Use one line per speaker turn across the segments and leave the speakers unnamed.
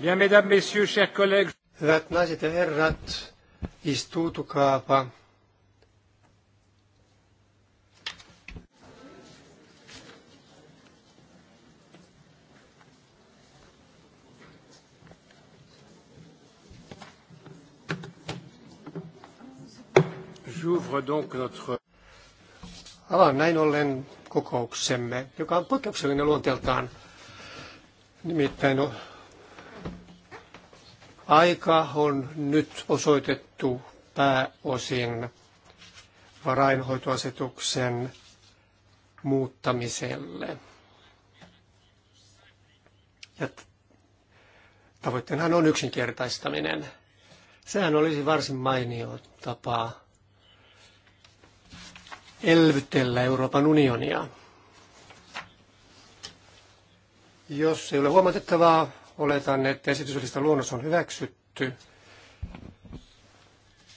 Ja mesdames, chers collègues. Hyvät naiset ja herrat, istuutukaapa. J'ouvre donc notre... Avaan näin ollen kokouksemme, joka on poikkeuksellinen luonteeltaan. Nimittäin Aika on nyt osoitettu pääosin varainhoitoasetuksen muuttamiselle. Ja tavoitteenhan on yksinkertaistaminen. Sehän olisi varsin mainio tapa elvytellä Euroopan unionia. Jos ei ole huomatettavaa Oletan, että esityslista luonnos on hyväksytty.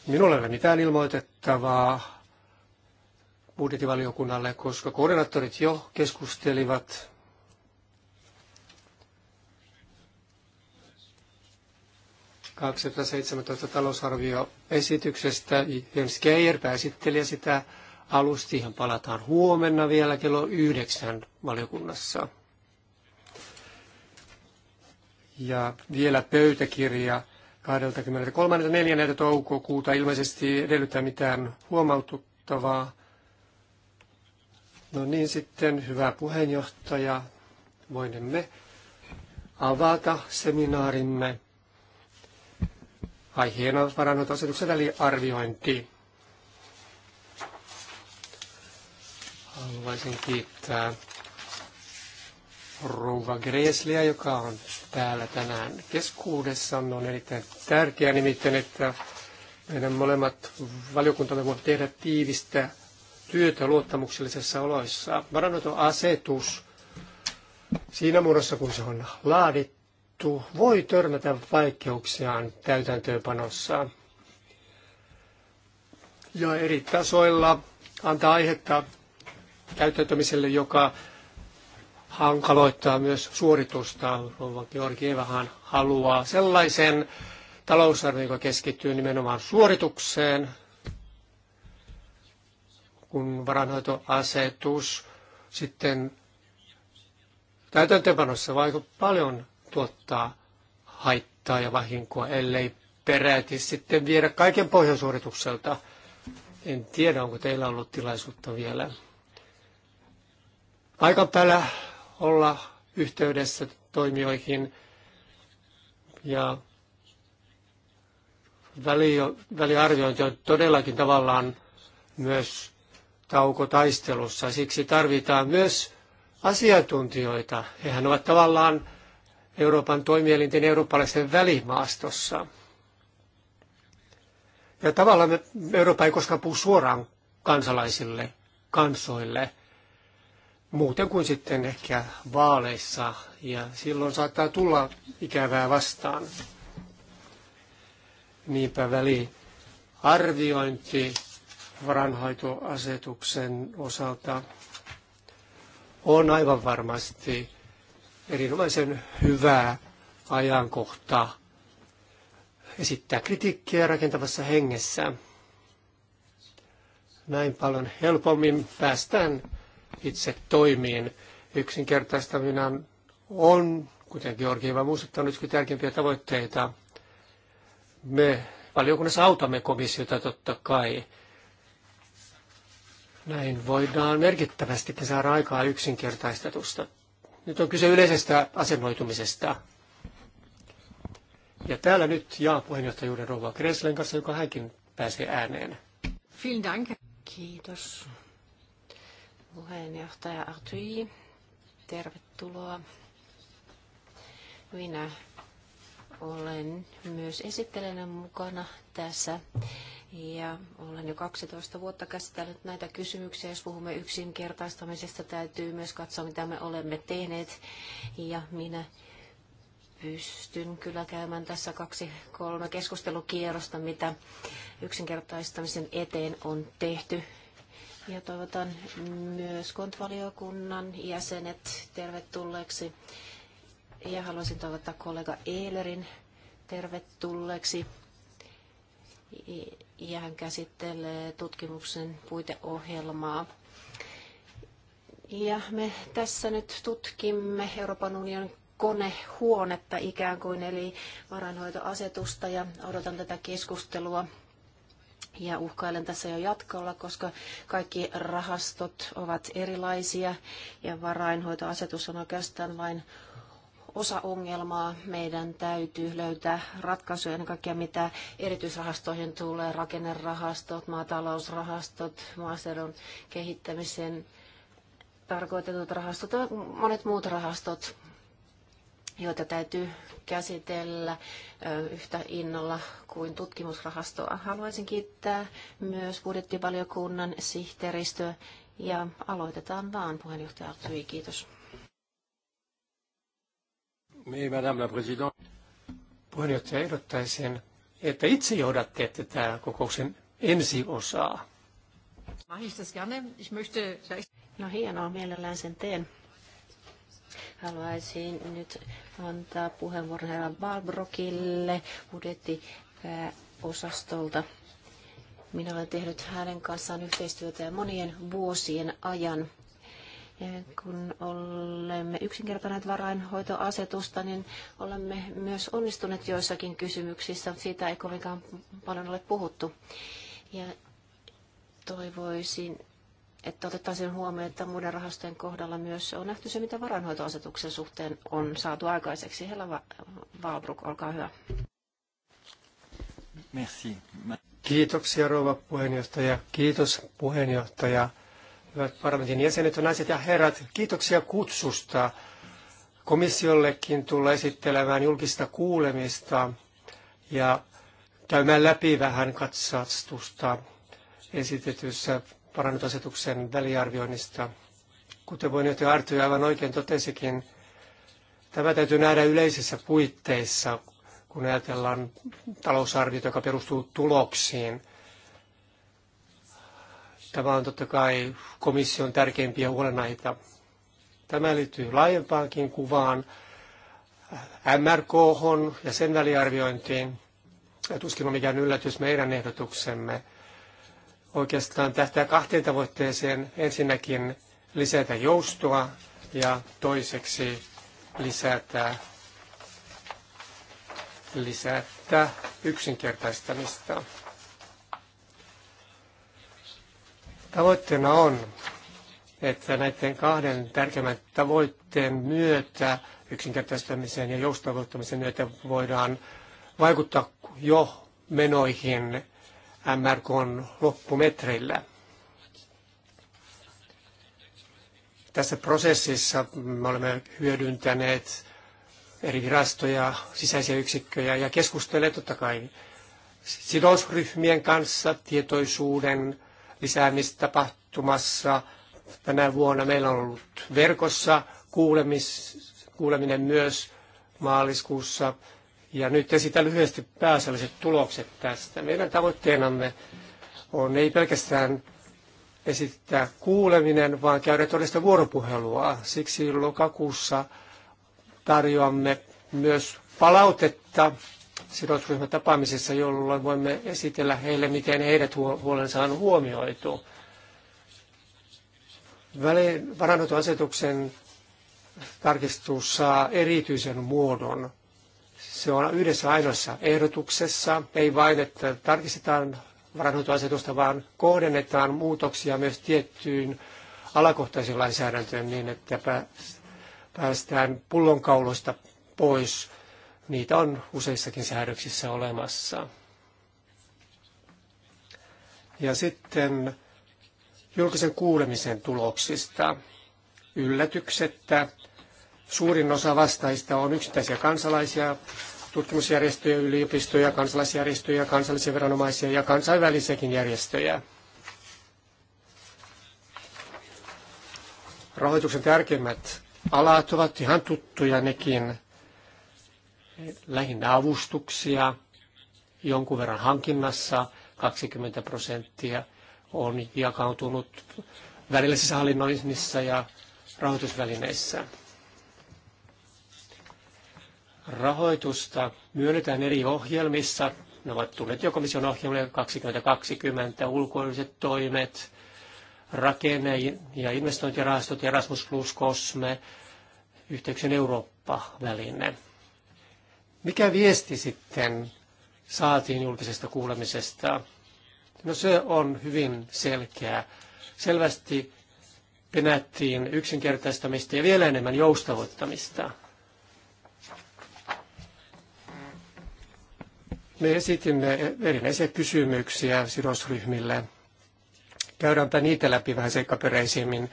Minulla ei ole mitään ilmoitettavaa budjettivaliokunnalle, koska koordinaattorit jo keskustelivat talousarvioesityksestä. Jens Geijer, pääsittelijä, sitä alusti. ja palataan huomenna vielä kello yhdeksän valiokunnassa ja vielä pöytäkirja 23.4. toukokuuta ilmeisesti edellyttää mitään huomaututtavaa. No niin sitten, hyvä puheenjohtaja, voinemme avata seminaarimme. Aiheena varannut asetuksen väliarviointi. Haluaisin kiittää rouva Greslia, joka on täällä tänään keskuudessa. On erittäin tärkeää nimittäin, että meidän molemmat valiokuntamme voivat tehdä tiivistä työtä luottamuksellisessa oloissa. Varannoton asetus siinä muodossa, kun se on laadittu, voi törmätä vaikeuksiaan täytäntöönpanossa. Ja eri tasoilla antaa aihetta käyttäytymiselle, joka hankaloittaa myös suoritusta. Rouva Georgievahan haluaa sellaisen talousarvion, joka keskittyy nimenomaan suoritukseen, kun varanhoitoasetus sitten täytäntöönpanossa vaikka paljon tuottaa haittaa ja vahinkoa, ellei peräti sitten viedä kaiken suoritukselta, En tiedä, onko teillä ollut tilaisuutta vielä. Paikan päällä olla yhteydessä toimijoihin ja väliarviointi on todellakin tavallaan myös tauko taistelussa. Siksi tarvitaan myös asiantuntijoita. Hehän ovat tavallaan Euroopan toimielinten eurooppalaisen välimaastossa. Ja tavallaan Eurooppa ei koskaan puhu suoraan kansalaisille, kansoille muuten kuin sitten ehkä vaaleissa, ja silloin saattaa tulla ikävää vastaan. Niinpä väli arviointi varanhoitoasetuksen osalta on aivan varmasti erinomaisen hyvää ajankohta esittää kritiikkiä rakentavassa hengessä. Näin paljon helpommin päästään itse toimiin. Yksinkertaistaminen on, kuten georgi on muistuttanut, yksi tärkeimpiä tavoitteita. Me valiokunnassa autamme komissiota totta kai. Näin voidaan merkittävästi saada aikaa yksinkertaistetusta. Nyt on kyse yleisestä asennoitumisesta. Ja täällä nyt jaa puheenjohtajuuden rouva Kreslen kanssa, joka hänkin pääsee ääneen.
Vielen Kiitos Puheenjohtaja Artyi, tervetuloa. Minä olen myös esittelijänä mukana tässä ja olen jo 12 vuotta käsitellyt näitä kysymyksiä. Jos puhumme yksinkertaistamisesta, täytyy myös katsoa, mitä me olemme tehneet. Ja minä pystyn kyllä käymään tässä kaksi, kolme keskustelukierrosta, mitä yksinkertaistamisen eteen on tehty. Ja toivotan myös kontvaliokunnan jäsenet tervetulleeksi. Ja haluaisin toivottaa kollega Eilerin tervetulleeksi. Ja hän käsittelee tutkimuksen puiteohjelmaa. Ja me tässä nyt tutkimme Euroopan unionin konehuonetta ikään kuin, eli varainhoitoasetusta, ja odotan tätä keskustelua ja uhkailen tässä jo jatkolla, koska kaikki rahastot ovat erilaisia ja varainhoitoasetus on oikeastaan vain osa ongelmaa. Meidän täytyy löytää ratkaisuja ennen kaikkea, mitä erityisrahastoihin tulee, rakennerahastot, maatalousrahastot, maaseudun kehittämisen tarkoitetut rahastot ja monet muut rahastot joita täytyy käsitellä yhtä innolla kuin tutkimusrahastoa. Haluaisin kiittää myös budjettivaliokunnan sihteeristöä ja aloitetaan vaan puheenjohtaja Artui. Kiitos.
madame la présidente. Puheenjohtaja ehdottaisin, että itse johdatte tätä kokouksen ensi osaa.
No hienoa, mielellään sen teen. Haluaisin nyt antaa puheenvuoron herra Balbrokille budjettipääosastolta. Minä olen tehnyt hänen kanssaan yhteistyötä ja monien vuosien ajan. Ja kun olemme yksinkertainen varainhoitoasetusta, niin olemme myös onnistuneet joissakin kysymyksissä, mutta siitä ei kovinkaan paljon ole puhuttu. Ja toivoisin, että otettaisiin huomioon, että muiden rahastojen kohdalla myös on nähty se, mitä varainhoitoasetuksen suhteen on saatu aikaiseksi. Hela Valbruk, olkaa hyvä.
Merci. Kiitoksia rouva puheenjohtaja. Kiitos puheenjohtaja. Hyvät parlamentin jäsenet, naiset ja herrat, kiitoksia kutsusta komissiollekin tulla esittelemään julkista kuulemista ja käymään läpi vähän katsastusta esitetyssä parannusasetuksen väliarvioinnista. Kuten puheenjohtaja Arty aivan oikein totesikin, tämä täytyy nähdä yleisissä puitteissa, kun ajatellaan talousarviota, joka perustuu tuloksiin. Tämä on totta kai komission tärkeimpiä huolenaiheita. Tämä liittyy laajempaankin kuvaan, MRK ja sen väliarviointiin. Tuskin on mikään yllätys meidän ehdotuksemme oikeastaan tähtää kahteen tavoitteeseen. Ensinnäkin lisätä joustoa ja toiseksi lisätä, lisätä yksinkertaistamista. Tavoitteena on, että näiden kahden tärkeimmän tavoitteen myötä, yksinkertaistamisen ja joustavoittamisen myötä, voidaan vaikuttaa jo menoihin MRK on loppumetreillä. Tässä prosessissa me olemme hyödyntäneet eri virastoja, sisäisiä yksikköjä ja keskustelleet totta kai sidosryhmien kanssa tietoisuuden lisäämistä tapahtumassa. Tänä vuonna meillä on ollut verkossa kuulemis, kuuleminen myös maaliskuussa ja nyt esitän lyhyesti pääasialliset tulokset tästä. Meidän tavoitteenamme on ei pelkästään esittää kuuleminen, vaan käydä todellista vuoropuhelua. Siksi lokakuussa tarjoamme myös palautetta sidosryhmätapaamisessa, jolloin voimme esitellä heille, miten heidät huolensa on huomioitu. Varanhoitoasetuksen tarkistus saa erityisen muodon se on yhdessä ainoassa ehdotuksessa, ei vain, että tarkistetaan varainhoitoasetusta, vaan kohdennetaan muutoksia myös tiettyyn alakohtaisen lainsäädäntöön niin, että päästään pullonkauloista pois. Niitä on useissakin säädöksissä olemassa. Ja sitten julkisen kuulemisen tuloksista. Yllätyksettä Suurin osa vastaajista on yksittäisiä kansalaisia, tutkimusjärjestöjä, yliopistoja, kansalaisjärjestöjä, kansallisia viranomaisia ja kansainvälisiäkin järjestöjä. Rahoituksen tärkeimmät alat ovat ihan tuttuja nekin. Lähinnä avustuksia, jonkun verran hankinnassa, 20 prosenttia on jakautunut välillisessä hallinnoinnissa ja rahoitusvälineissä rahoitusta myönnetään eri ohjelmissa. Ne ovat tulleet jo komission ohjelmille 2020, ulkoiset toimet, rakenne- ja investointirahastot, Erasmus Plus, Cosme, yhteyksien Eurooppa-väline. Mikä viesti sitten saatiin julkisesta kuulemisesta? No se on hyvin selkeä. Selvästi penättiin yksinkertaistamista ja vielä enemmän joustavoittamista. Me esitimme erinäisiä kysymyksiä sidosryhmille. Käydäänpä niitä läpi vähän seikkaperäisemmin.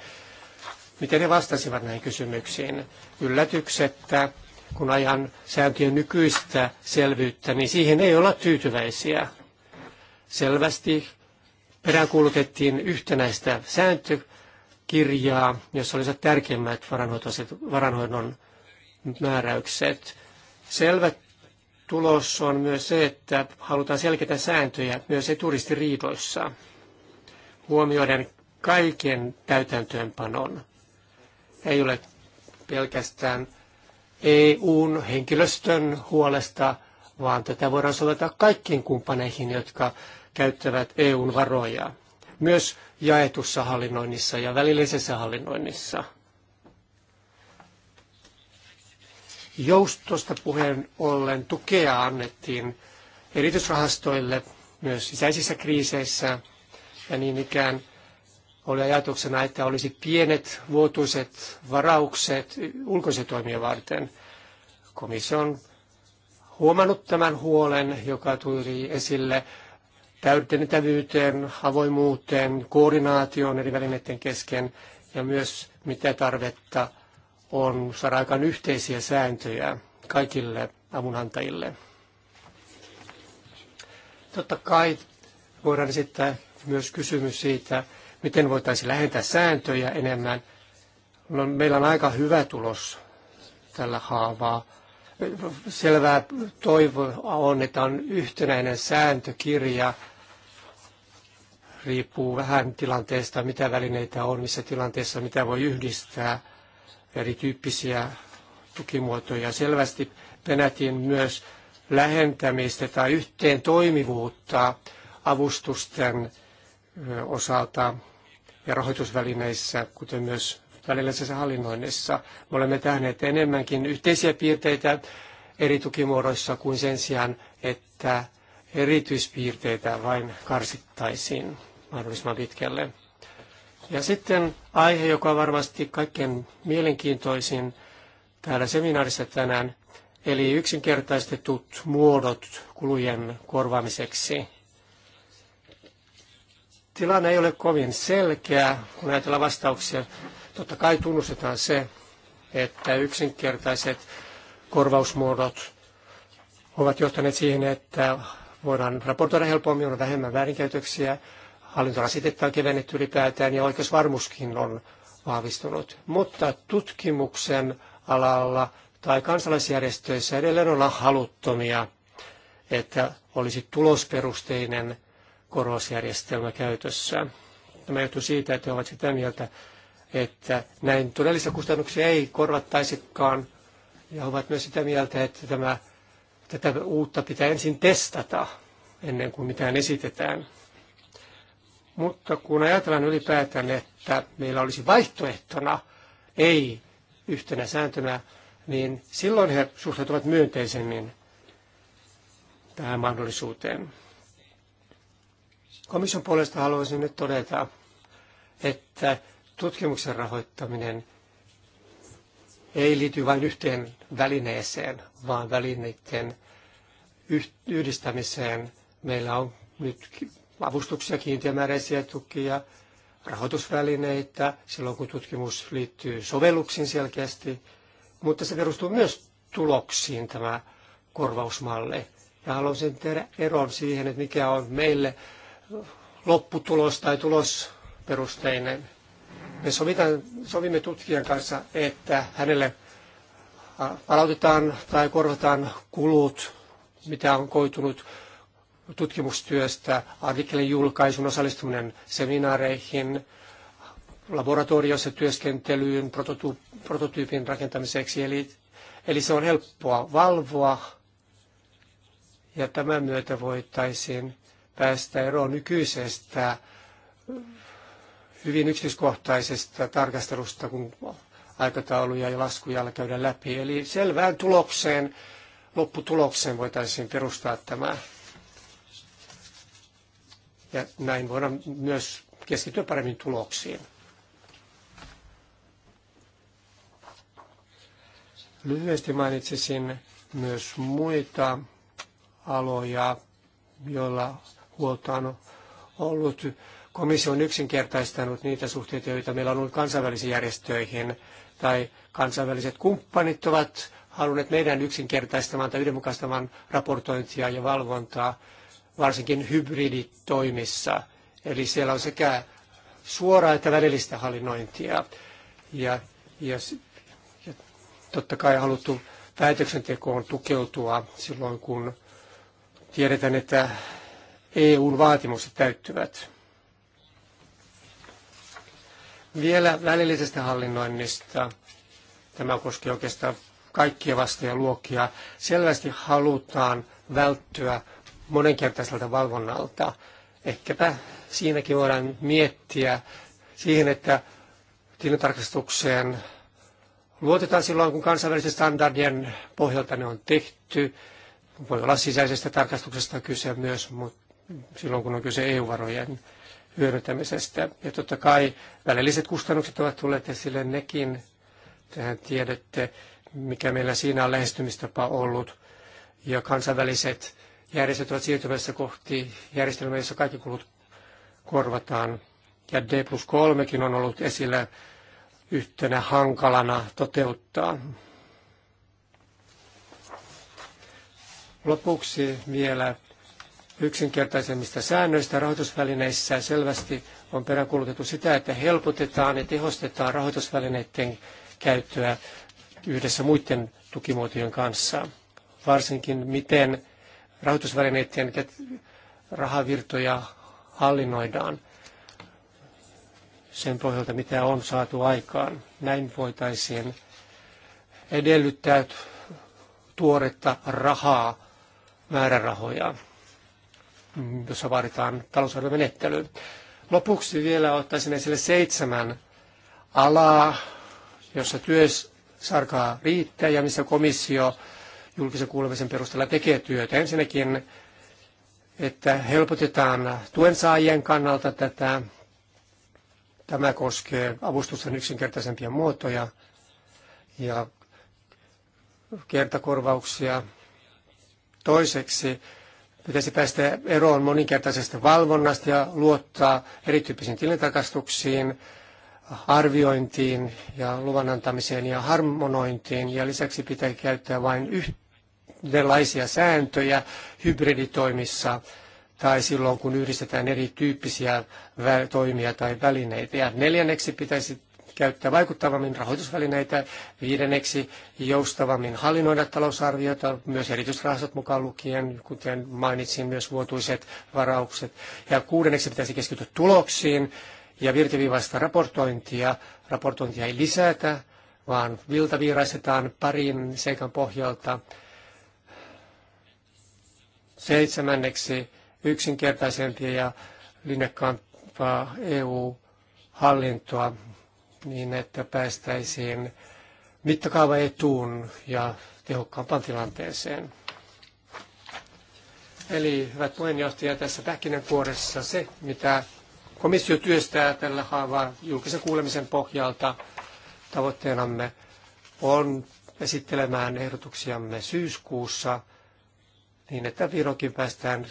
Miten he vastasivat näihin kysymyksiin? Yllätyksettä, kun ajan sääntöjen nykyistä selvyyttä, niin siihen ei olla tyytyväisiä. Selvästi peräänkuulutettiin yhtenäistä sääntökirjaa, jossa olisivat tärkeimmät varanhoidon määräykset. Selvät tulos on myös se, että halutaan selkeitä sääntöjä myös eturistiriidoissa, huomioiden kaiken täytäntöönpanon. Ei ole pelkästään EUn henkilöstön huolesta, vaan tätä voidaan soveltaa kaikkiin kumppaneihin, jotka käyttävät EUn varoja. Myös jaetussa hallinnoinnissa ja välillisessä hallinnoinnissa – joustosta puheen ollen tukea annettiin erityisrahastoille myös sisäisissä kriiseissä ja niin ikään oli ajatuksena, että olisi pienet vuotuiset varaukset ulkoisen toimia varten. Komissio on huomannut tämän huolen, joka tuli esille täydentävyyteen, avoimuuteen, koordinaatioon eri välineiden kesken ja myös mitä tarvetta on saada aikaan yhteisiä sääntöjä kaikille avunantajille. Totta kai voidaan esittää myös kysymys siitä, miten voitaisiin lähentää sääntöjä enemmän. No, meillä on aika hyvä tulos tällä haavaa. Selvää toivo on, että on yhtenäinen sääntökirja. Riippuu vähän tilanteesta, mitä välineitä on, missä tilanteessa mitä voi yhdistää – erityyppisiä tukimuotoja. Selvästi penätin myös lähentämistä tai yhteen toimivuutta avustusten osalta ja rahoitusvälineissä, kuten myös välillisessä hallinnoinnissa. Me olemme tähneet enemmänkin yhteisiä piirteitä eri tukimuodoissa kuin sen sijaan, että erityispiirteitä vain karsittaisiin mahdollisimman pitkälle. Ja sitten aihe, joka on varmasti kaikkein mielenkiintoisin täällä seminaarissa tänään, eli yksinkertaistetut muodot kulujen korvaamiseksi. Tilanne ei ole kovin selkeä, kun ajatellaan vastauksia. Totta kai tunnustetaan se, että yksinkertaiset korvausmuodot ovat johtaneet siihen, että voidaan raportoida helpommin, on vähemmän väärinkäytöksiä, hallintorasitetta on kevennetty ylipäätään ja oikeusvarmuuskin on vahvistunut. Mutta tutkimuksen alalla tai kansalaisjärjestöissä edelleen ollaan haluttomia, että olisi tulosperusteinen korvausjärjestelmä käytössä. Tämä johtuu siitä, että he ovat sitä mieltä, että näin todellisia kustannuksia ei korvattaisikaan. Ja ovat myös sitä mieltä, että tämä, tätä uutta pitää ensin testata ennen kuin mitään esitetään. Mutta kun ajatellaan ylipäätään, että meillä olisi vaihtoehtona, ei yhtenä sääntönä, niin silloin he suhtautuvat myönteisemmin tähän mahdollisuuteen. Komission puolesta haluaisin nyt todeta, että tutkimuksen rahoittaminen ei liity vain yhteen välineeseen, vaan välineiden yhdistämiseen. Meillä on nyt avustuksia, kiintiömääräisiä tukia, rahoitusvälineitä, silloin kun tutkimus liittyy sovelluksiin selkeästi, mutta se perustuu myös tuloksiin tämä korvausmalli. Ja haluaisin tehdä eron siihen, että mikä on meille lopputulos tai tulosperusteinen. Me sovitaan, sovimme tutkijan kanssa, että hänelle palautetaan tai korvataan kulut, mitä on koitunut tutkimustyöstä, artikkelin julkaisun, osallistuminen seminaareihin, laboratoriossa työskentelyyn, prototyypin rakentamiseksi. Eli, eli se on helppoa valvoa ja tämän myötä voitaisiin päästä eroon nykyisestä hyvin yksityiskohtaisesta tarkastelusta, kun aikatauluja ja laskuja käydään läpi. Eli selvään tulokseen, lopputulokseen voitaisiin perustaa tämä ja näin voidaan myös keskittyä paremmin tuloksiin. Lyhyesti mainitsisin myös muita aloja, joilla huolta on ollut. Komissio on yksinkertaistanut niitä suhteita, joita meillä on ollut kansainvälisiin järjestöihin, tai kansainväliset kumppanit ovat halunneet meidän yksinkertaistamaan tai yhdenmukaistamaan raportointia ja valvontaa varsinkin hybriditoimissa. Eli siellä on sekä suoraa että välillistä hallinnointia. Ja, ja, ja totta kai haluttu päätöksentekoon tukeutua silloin, kun tiedetään, että EUn vaatimukset täyttyvät. Vielä välillisestä hallinnoinnista. Tämä koskee oikeastaan kaikkia luokkia. Selvästi halutaan välttyä monenkertaiselta valvonnalta. Ehkäpä siinäkin voidaan miettiä siihen, että tilintarkastukseen luotetaan silloin, kun kansainvälisten standardien pohjalta ne on tehty. Voi olla sisäisestä tarkastuksesta kyse myös, mutta silloin kun on kyse EU-varojen hyödyntämisestä. Ja totta kai välilliset kustannukset ovat tulleet esille nekin. Tähän tiedätte, mikä meillä siinä on lähestymistapa ollut. Ja kansainväliset järjestöt ovat siirtymässä kohti järjestelmää, jossa kaikki kulut korvataan. Ja D plus 3 on ollut esillä yhtenä hankalana toteuttaa. Lopuksi vielä yksinkertaisemmista säännöistä rahoitusvälineissä selvästi on peräkulutettu sitä, että helpotetaan ja tehostetaan rahoitusvälineiden käyttöä yhdessä muiden tukimuotojen kanssa. Varsinkin miten rahoitusvälineiden rahavirtoja hallinnoidaan sen pohjalta, mitä on saatu aikaan. Näin voitaisiin edellyttää tuoretta rahaa, määrärahoja, jossa vaaditaan talousarviomenettelyä. Lopuksi vielä ottaisin esille seitsemän alaa, jossa sarkaa riittää ja missä komissio julkisen kuulemisen perusteella tekee työtä. Ensinnäkin, että helpotetaan tuen saajien kannalta tätä. Tämä koskee avustusten yksinkertaisempia muotoja ja kertakorvauksia. Toiseksi pitäisi päästä eroon moninkertaisesta valvonnasta ja luottaa erityyppisiin tilintarkastuksiin, arviointiin ja luvan antamiseen ja harmonointiin. Ja lisäksi pitää käyttää vain yhtä uudenlaisia sääntöjä hybriditoimissa tai silloin, kun yhdistetään erityyppisiä toimia tai välineitä. Ja neljänneksi pitäisi käyttää vaikuttavammin rahoitusvälineitä, viidenneksi joustavammin hallinnoida talousarviota, myös erityisrahastot mukaan lukien, kuten mainitsin, myös vuotuiset varaukset. Ja kuudenneksi pitäisi keskittyä tuloksiin ja virtiviivaista raportointia. Raportointia ei lisätä, vaan viltaviiraistetaan parin seikan pohjalta – Seitsemänneksi yksinkertaisempia ja linjakkaampaa EU-hallintoa niin, että päästäisiin mittakaavaetuun ja tehokkaampaan tilanteeseen. Eli hyvät puheenjohtajat, tässä pähkinänkuoressa se, mitä komissio työstää tällä haavaa julkisen kuulemisen pohjalta tavoitteenamme on esittelemään ehdotuksiamme syyskuussa – niin että Virokin päästään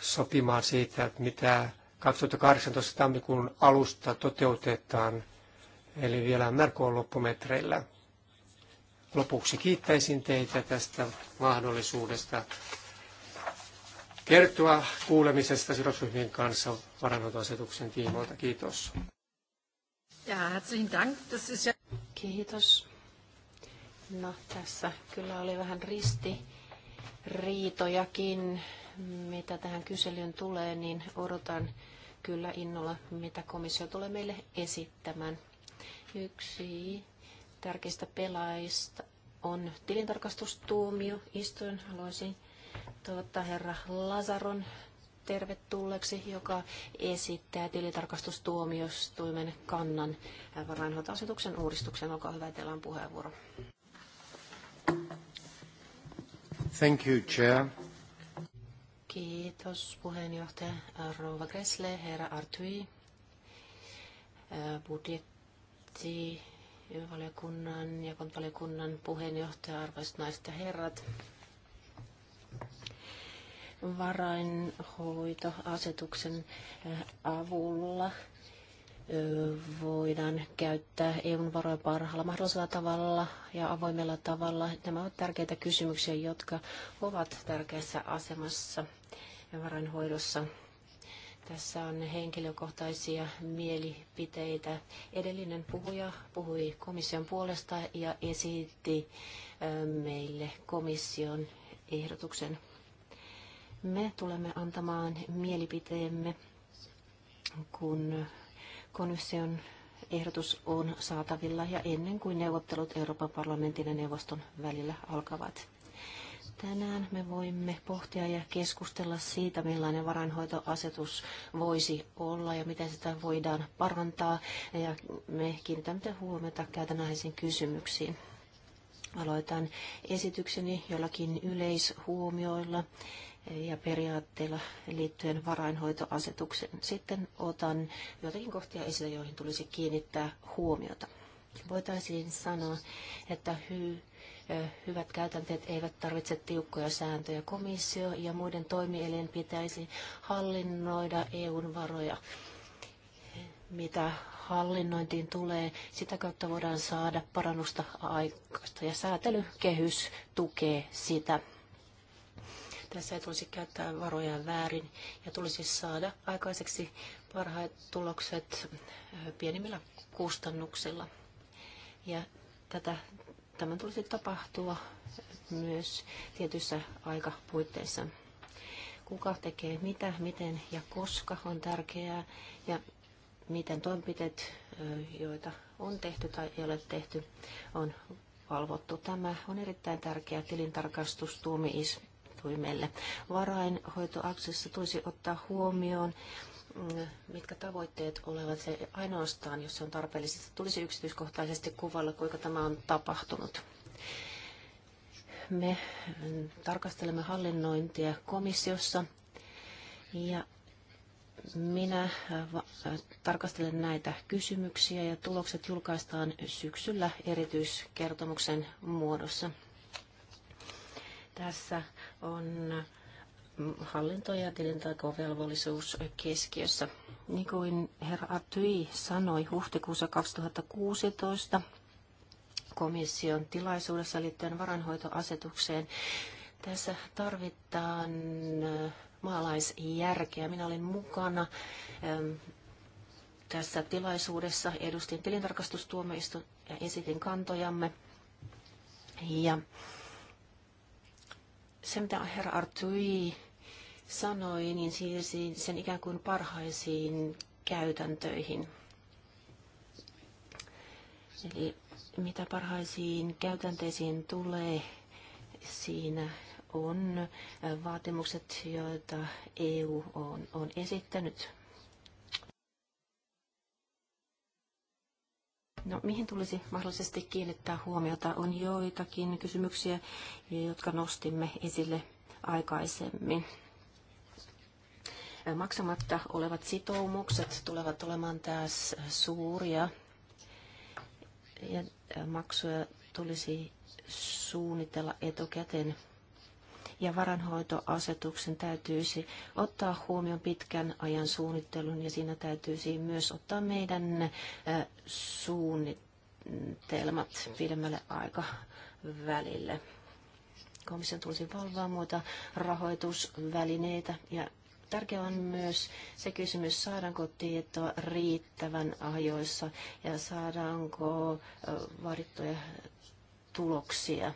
sopimaan siitä, mitä 2018 tammikuun alusta toteutetaan, eli vielä märkoon loppumetreillä. Lopuksi kiittäisin teitä tästä mahdollisuudesta kertoa kuulemisesta sidosryhmien kanssa varannontoasetuksen tiimoilta. Kiitos.
Ja, herzlichen Dank. Das ist ja... Kiitos. No, tässä kyllä oli vähän risti riitojakin, mitä tähän kyselyyn tulee, niin odotan kyllä innolla, mitä komissio tulee meille esittämään. Yksi tärkeistä pelaajista on tilintarkastustuomio. Istuin haluaisin toivottaa herra Lazaron tervetulleeksi, joka esittää tilintarkastustuomioistuimen kannan varainhoitoasetuksen uudistuksen. Olkaa hyvä, teillä on puheenvuoro.
Thank you, Chair.
Kiitos puheenjohtaja Rouva Gressle, herra Artui, budjetti, valiokunnan ja valiokunnan puheenjohtaja, arvoisat naiset ja herrat. Varainhoitoasetuksen avulla voidaan käyttää EUn varoja parhaalla mahdollisella tavalla ja avoimella tavalla. Nämä ovat tärkeitä kysymyksiä, jotka ovat tärkeässä asemassa varainhoidossa. Tässä on henkilökohtaisia mielipiteitä. Edellinen puhuja puhui komission puolesta ja esitti meille komission ehdotuksen. Me tulemme antamaan mielipiteemme, kun komission ehdotus on saatavilla ja ennen kuin neuvottelut Euroopan parlamentin ja neuvoston välillä alkavat. Tänään me voimme pohtia ja keskustella siitä, millainen varainhoitoasetus voisi olla ja miten sitä voidaan parantaa. Ja me kiinnitämme huomiota käytännöllisiin kysymyksiin. Aloitan esitykseni jollakin yleishuomioilla ja periaatteilla liittyen varainhoitoasetukseen. Sitten otan joitakin kohtia esille, joihin tulisi kiinnittää huomiota. Voitaisiin sanoa, että hy, hyvät käytänteet eivät tarvitse tiukkoja sääntöjä. Komissio ja muiden toimielin pitäisi hallinnoida EUn varoja mitä hallinnointiin tulee, sitä kautta voidaan saada parannusta aikaista ja säätelykehys tukee sitä. Tässä ei tulisi käyttää varoja väärin ja tulisi saada aikaiseksi parhaat tulokset eh, pienimmillä kustannuksilla. Ja tätä, tämän tulisi tapahtua myös tietyissä aikapuitteissa. Kuka tekee mitä, miten ja koska on tärkeää ja miten toimenpiteet, eh, joita on tehty tai ei ole tehty, on valvottu. Tämä on erittäin tärkeä tilintarkastustuomiois, tuomioistuimelle. Varainhoitoaksessa tulisi ottaa huomioon mm, mitkä tavoitteet olevat se ainoastaan, jos se on tarpeellista. Tulisi yksityiskohtaisesti kuvalla, kuinka tämä on tapahtunut. Me mm, tarkastelemme hallinnointia komissiossa ja minä äh, äh, tarkastelen näitä kysymyksiä ja tulokset julkaistaan syksyllä erityiskertomuksen muodossa. Tässä on hallinto- ja tilintakovelvollisuus keskiössä. Niin kuin herra Atyi sanoi huhtikuussa 2016 komission tilaisuudessa liittyen varanhoitoasetukseen, tässä tarvitaan maalaisjärkeä. Minä olin mukana tässä tilaisuudessa, edustin tilintarkastustuomioistuin ja esitin kantojamme. Ja se, mitä herra Artui sanoi, niin siirsi sen ikään kuin parhaisiin käytäntöihin. Eli mitä parhaisiin käytänteisiin tulee, siinä on vaatimukset, joita EU on, on esittänyt No, mihin tulisi mahdollisesti kiinnittää huomiota? On joitakin kysymyksiä, jotka nostimme esille aikaisemmin. Maksamatta olevat sitoumukset tulevat olemaan taas suuria ja maksuja tulisi suunnitella etukäteen ja varanhoitoasetuksen täytyisi ottaa huomioon pitkän ajan suunnittelun ja siinä täytyisi myös ottaa meidän suunnitelmat pidemmälle aikavälille. Komission tulisi valvoa muita rahoitusvälineitä ja Tärkeä on myös se kysymys, saadaanko tietoa riittävän ajoissa ja saadaanko vaadittuja tuloksia.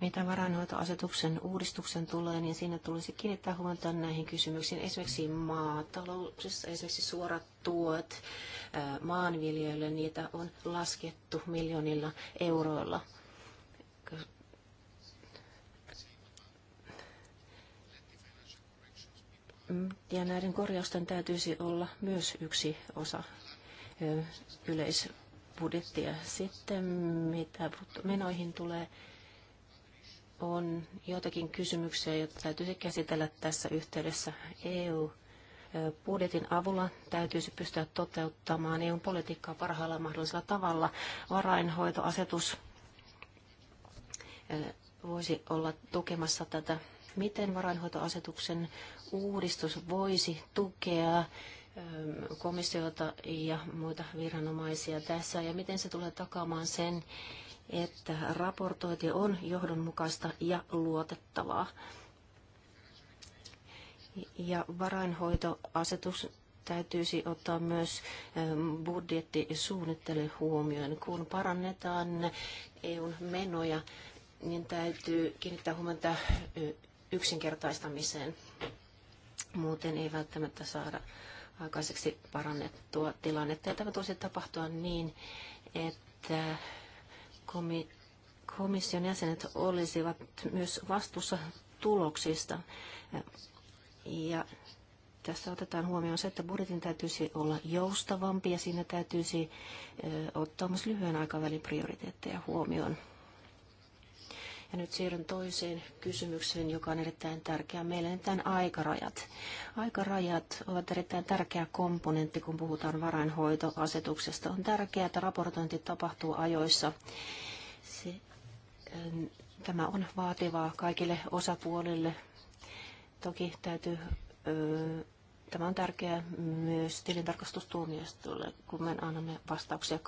Mitä varainhoitoasetuksen uudistuksen tulee, niin siinä tulisi kiinnittää huomiota näihin kysymyksiin. Esimerkiksi maataloudessa, esimerkiksi suorat tuot maanviljelijöille, niitä on laskettu miljoonilla euroilla. Ja näiden korjausten täytyisi olla myös yksi osa yleisbudjettia. Sitten mitä menoihin tulee, on joitakin kysymyksiä, joita täytyisi käsitellä tässä yhteydessä. EU-budjetin avulla täytyisi pystyä toteuttamaan eu politiikkaa parhaalla mahdollisella tavalla. Varainhoitoasetus voisi olla tukemassa tätä. Miten varainhoitoasetuksen uudistus voisi tukea komissiota ja muita viranomaisia tässä ja miten se tulee takaamaan sen, että raportointi on johdonmukaista ja luotettavaa. Ja varainhoitoasetus täytyisi ottaa myös ähm, budjettisuunnittelu huomioon. Kun parannetaan EUn menoja, niin täytyy kiinnittää huomiota äh, yksinkertaistamiseen. Muuten ei välttämättä saada aikaiseksi parannettua tilannetta. Ja tämä tulisi tapahtua niin, että komission jäsenet olisivat myös vastuussa tuloksista. Ja tässä otetaan huomioon se, että budjetin täytyisi olla joustavampi ja siinä täytyisi ottaa myös lyhyen aikavälin prioriteetteja huomioon. Ja nyt siirryn toiseen kysymykseen, joka on erittäin tärkeä meille, nimittäin aikarajat. Aikarajat ovat erittäin tärkeä komponentti, kun puhutaan varainhoitoasetuksesta. On tärkeää, että raportointi tapahtuu ajoissa. Se, ähm, tämä on vaativaa kaikille osapuolille. Toki täytyy äh, Tämä on tärkeää myös tilintarkastustuomioistuille, kun me annamme vastauksia.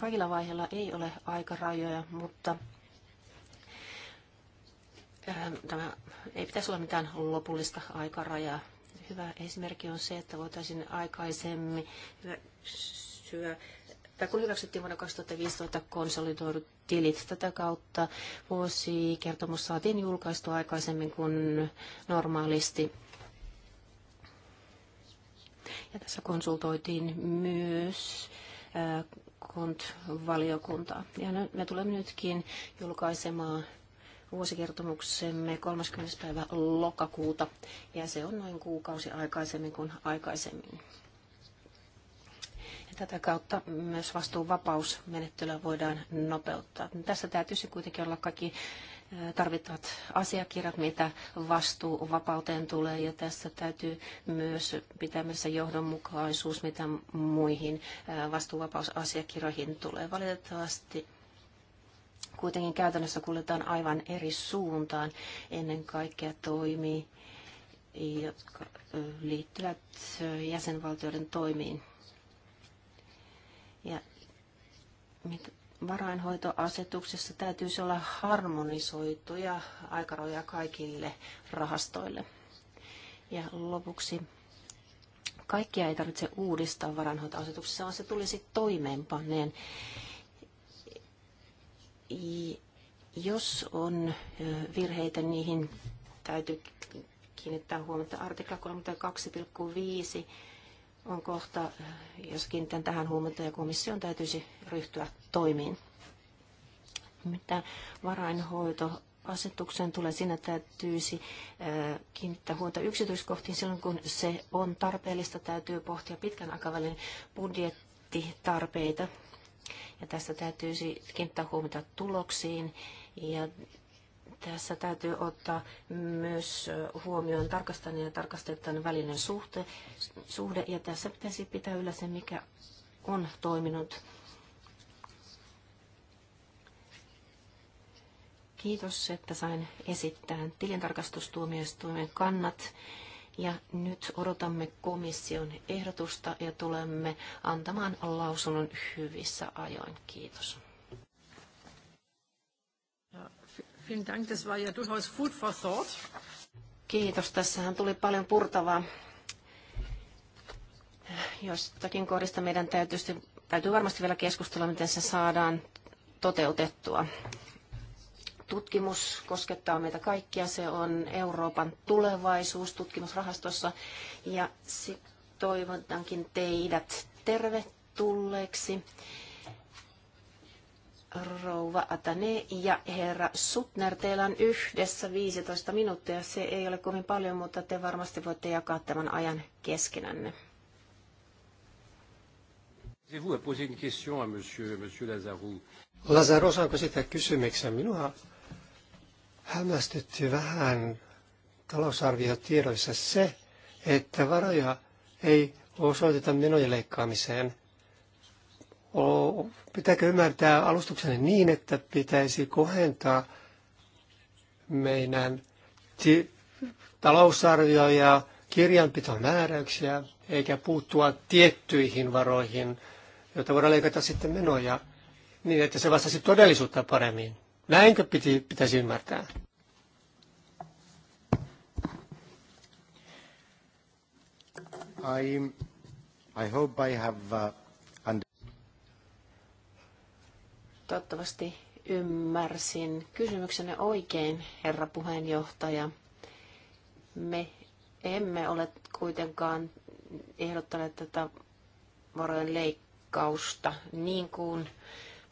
Kaikilla vaiheilla ei ole aikarajoja, mutta tämä ei pitäisi olla mitään lopullista aikarajaa. Hyvä esimerkki on se, että voitaisiin aikaisemmin syö tai kun hyväksyttiin vuonna 2015 konsolidoidut tilit tätä kautta, vuosikertomus saatiin julkaistua aikaisemmin kuin normaalisti. Ja tässä konsultoitiin myös äh, KONT-valiokuntaa. Ja me tulemme nytkin julkaisemaan vuosikertomuksemme 30. päivä lokakuuta ja se on noin kuukausi aikaisemmin kuin aikaisemmin. Ja tätä kautta myös vastuuvapausmenettelyä voidaan nopeuttaa. Tässä täytyisi kuitenkin olla kaikki tarvittavat asiakirjat, mitä vapauteen tulee, ja tässä täytyy myös pitää myös johdonmukaisuus, mitä muihin vastuuvapausasiakirjoihin tulee. Valitettavasti Kuitenkin käytännössä kuljetaan aivan eri suuntaan. Ennen kaikkea toimii, jotka liittyvät jäsenvaltioiden toimiin. Ja varainhoitoasetuksessa täytyisi olla harmonisoituja aikaroja kaikille rahastoille. Ja lopuksi kaikkia ei tarvitse uudistaa varainhoitoasetuksessa, vaan se tulisi toimeenpaneen. Jos on virheitä, niihin täytyy kiinnittää huomiota. Artikla 32,5 on kohta, jos kiinnitän tähän huomiota, ja komission täytyisi ryhtyä toimiin. Mitä varainhoito tulee, siinä täytyisi kiinnittää huomiota yksityiskohtiin. Silloin kun se on tarpeellista, täytyy pohtia pitkän aikavälin budjettitarpeita. Ja tässä täytyy kiinnittää huomiota tuloksiin ja tässä täytyy ottaa myös huomioon tarkastajan ja tarkastettavan välinen suhte, suhde, ja tässä pitäisi pitää yllä se, mikä on toiminut. Kiitos, että sain esittää tilintarkastustuomioistuimen kannat ja nyt odotamme komission ehdotusta ja tulemme antamaan lausunnon hyvissä ajoin. Kiitos. Kiitos. Tässähän tuli paljon purtavaa. Jostakin kohdista meidän täytyy, täytyy varmasti vielä keskustella, miten se saadaan toteutettua tutkimus koskettaa meitä kaikkia. Se on Euroopan tulevaisuus tutkimusrahastossa. Ja toivotankin teidät tervetulleeksi rouva Atane ja herra Sutner. Teillä on yhdessä 15 minuuttia. Se ei ole kovin paljon, mutta te varmasti voitte jakaa tämän ajan
keskenänne. Lazaro, saanko sitä kysymyksen? Minua hämmästytti vähän talousarviotiedoissa se, että varoja ei osoiteta menojen leikkaamiseen. Pitääkö ymmärtää alustuksen niin, että pitäisi kohentaa meidän talousarvio- ja kirjanpitomääräyksiä, eikä puuttua tiettyihin varoihin, joita voidaan leikata sitten menoja, niin että se vastasi todellisuutta paremmin. Näinkö piti, pitäisi ymmärtää? I, I hope I have uh, under...
Toivottavasti ymmärsin kysymyksenne oikein, herra puheenjohtaja. Me emme ole kuitenkaan ehdottaneet tätä varojen leikkausta, niin kuin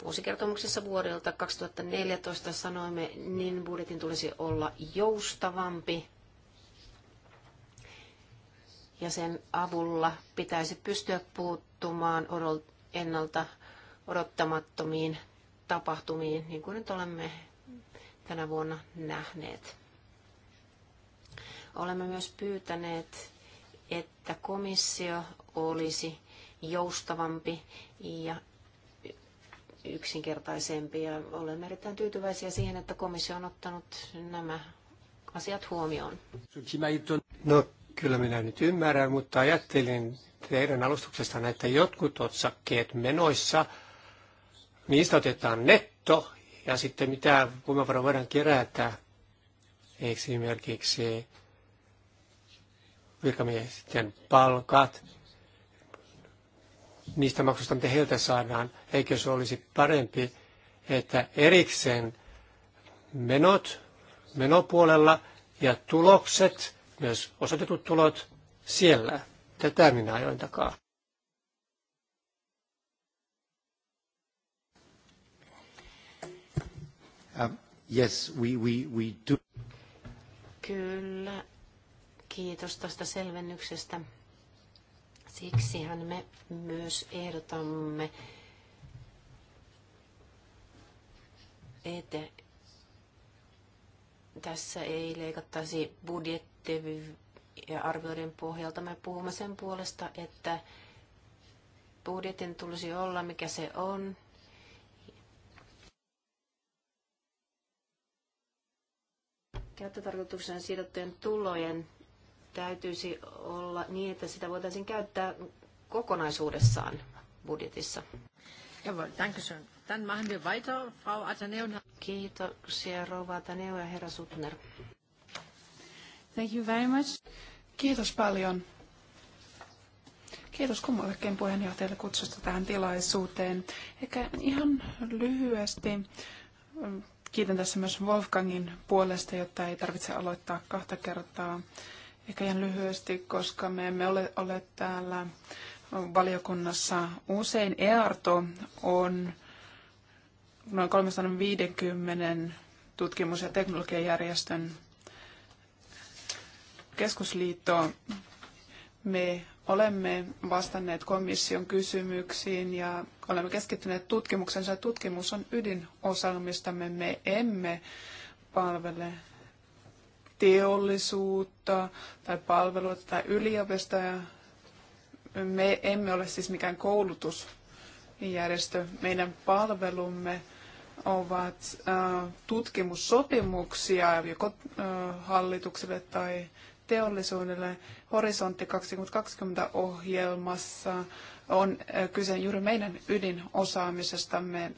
vuosikertomuksessa vuodelta 2014 sanoimme, niin budjetin tulisi olla joustavampi ja sen avulla pitäisi pystyä puuttumaan ennalta odottamattomiin tapahtumiin, niin kuin nyt olemme tänä vuonna nähneet. Olemme myös pyytäneet, että komissio olisi joustavampi ja yksinkertaisempi ja olemme erittäin tyytyväisiä siihen, että komissio on ottanut nämä asiat huomioon.
No kyllä minä nyt ymmärrän, mutta ajattelin teidän alustuksestanne, että jotkut otsakkeet menoissa, niistä otetaan netto ja sitten mitä voimavaroja voidaan kerätä esimerkiksi virkamiesten palkat, niistä maksusta mitä heiltä saadaan. Eikö se olisi parempi, että erikseen menot menopuolella ja tulokset, myös osoitetut tulot, siellä. Tätä minä ajoin takaa. Um, yes, we, we, we do.
Kyllä. Kiitos tuosta selvennyksestä. Siksihän me myös ehdotamme, että tässä ei leikattaisi budjetti ja arvioiden pohjalta. Me puhumme sen puolesta, että budjetin tulisi olla, mikä se on, Käyttötarkoituksen sidottujen tulojen täytyisi olla niin, että sitä voitaisiin käyttää kokonaisuudessaan budjetissa. Jawohl, danke schön. Dann machen wir weiter, Frau Ateneu. Kiitoksia, rouva Ateneu ja herra
Sutner. Thank you very much. Kiitos paljon. Kiitos kummallekin puheenjohtajalle kutsusta tähän tilaisuuteen. Ehkä ihan lyhyesti mm, kiitän tässä myös Wolfgangin puolesta, jotta ei tarvitse aloittaa kahta kertaa. Ehkä ihan lyhyesti, koska me emme ole, ole täällä valiokunnassa usein. EARTO on noin 350 tutkimus- ja teknologiajärjestön keskusliitto. Me olemme vastanneet komission kysymyksiin ja olemme keskittyneet tutkimuksensa. Tutkimus on ydinosaamistamme. Me emme palvele teollisuutta tai palveluita tai yliopistoa. Me emme ole siis mikään koulutusjärjestö. Meidän palvelumme ovat äh, tutkimussopimuksia joko äh, hallitukselle tai teollisuudelle. Horisontti 2020-ohjelmassa on äh, kyse juuri meidän ydinosaamisestamme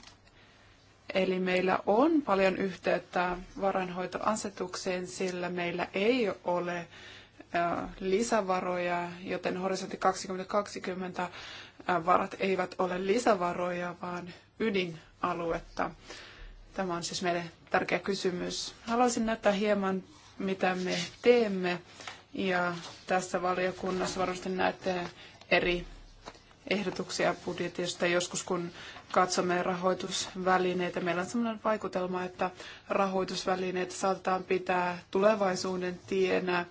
Eli meillä on paljon yhteyttä varainhoitoasetukseen, sillä meillä ei ole lisävaroja, joten horisontti 2020 varat eivät ole lisävaroja, vaan ydinaluetta. Tämä on siis meille tärkeä kysymys. Haluaisin näyttää hieman, mitä me teemme. Ja tässä valiokunnassa varmasti näette eri ehdotuksia budjetista joskus, kun katsomme rahoitusvälineitä. Meillä on sellainen vaikutelma, että rahoitusvälineitä saatetaan pitää tulevaisuuden tienä.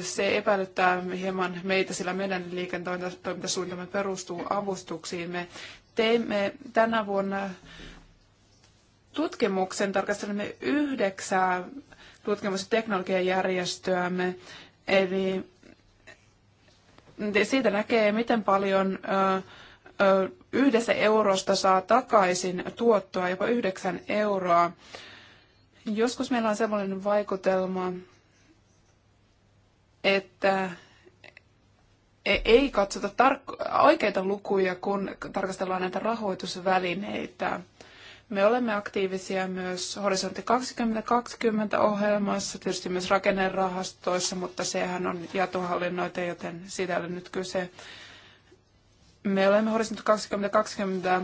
Se epäilyttää hieman meitä, sillä meidän liiketoimintasuunnitelma perustuu avustuksiin. Me teimme tänä vuonna tutkimuksen, tarkastelemme yhdeksää tutkimus- ja teknologiajärjestöämme, eli siitä näkee, miten paljon yhdessä eurosta saa takaisin tuottoa jopa yhdeksän euroa. Joskus meillä on sellainen vaikutelma, että e, ei katsota tark- oikeita lukuja, kun tarkastellaan näitä rahoitusvälineitä. Me olemme aktiivisia myös Horisontti 2020 ohjelmassa, tietysti myös rakennerahastoissa, mutta sehän on jatuhallinnoita, joten siitä ei ole nyt kyse. Me olemme Horisontti 2020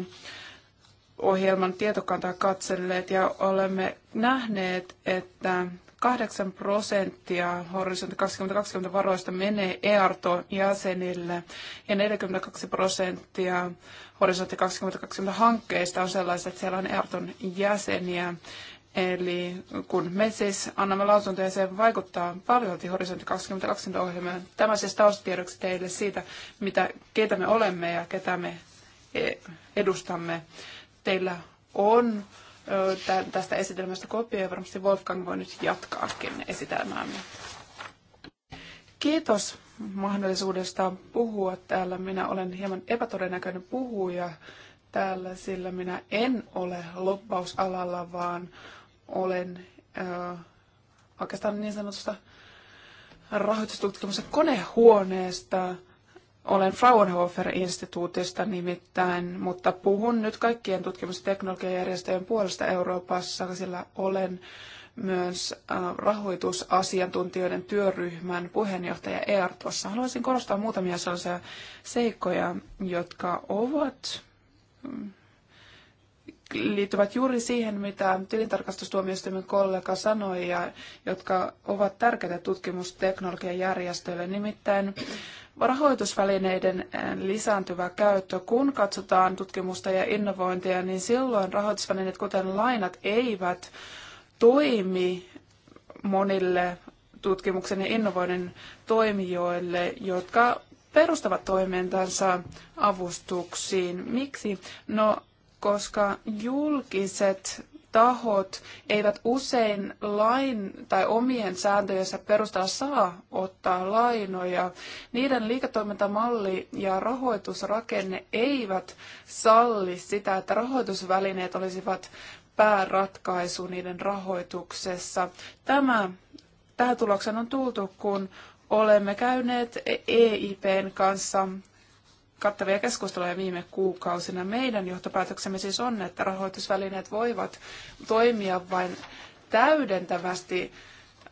ohjelman tietokantaa katselleet ja olemme nähneet, että 8 prosenttia Horisontti 2020 varoista menee EARTO-jäsenille ja 42 prosenttia Horisontti 2020 hankkeista on sellaisia, että siellä on EARTOn jäseniä. Eli kun me siis annamme lausuntoja, se vaikuttaa paljon Horisontti 2020 ohjelmaan. Tämä siis taustatiedoksi teille siitä, mitä, keitä me olemme ja ketä me e, edustamme. Teillä on tästä esitelmästä kopio ja varmasti Wolfgang voi nyt jatkaakin esitelmäämme. Kiitos mahdollisuudesta puhua täällä. Minä olen hieman epätodennäköinen puhuja täällä, sillä minä en ole loppausalalla, vaan olen äh, oikeastaan niin sanotusta rahoitustutkimuksen konehuoneesta. Olen Fraunhofer-instituutista nimittäin, mutta puhun nyt kaikkien tutkimus- ja teknologiajärjestöjen puolesta Euroopassa, sillä olen myös äh, rahoitusasiantuntijoiden työryhmän puheenjohtaja EARTOssa. Haluaisin korostaa muutamia sellaisia seikkoja, jotka ovat mm, liittyvät juuri siihen, mitä tilintarkastustuomioistuimen kollega sanoi, ja jotka ovat tärkeitä tutkimusteknologian järjestöille. Nimittäin rahoitusvälineiden eh, lisääntyvä käyttö, kun katsotaan tutkimusta ja innovointia, niin silloin rahoitusvälineet, kuten lainat, eivät toimi monille tutkimuksen ja innovoinnin toimijoille, jotka perustavat toimintansa avustuksiin. Miksi? No koska julkiset tahot eivät usein lain tai omien sääntöjensä perusteella saa ottaa lainoja. Niiden liiketoimintamalli ja rahoitusrakenne eivät salli sitä, että rahoitusvälineet olisivat pääratkaisu niiden rahoituksessa. Tämä, tähän tulokseen on tultu, kun olemme käyneet EIPn kanssa kattavia keskusteluja viime kuukausina. Meidän johtopäätöksemme siis on, että rahoitusvälineet voivat toimia vain täydentävästi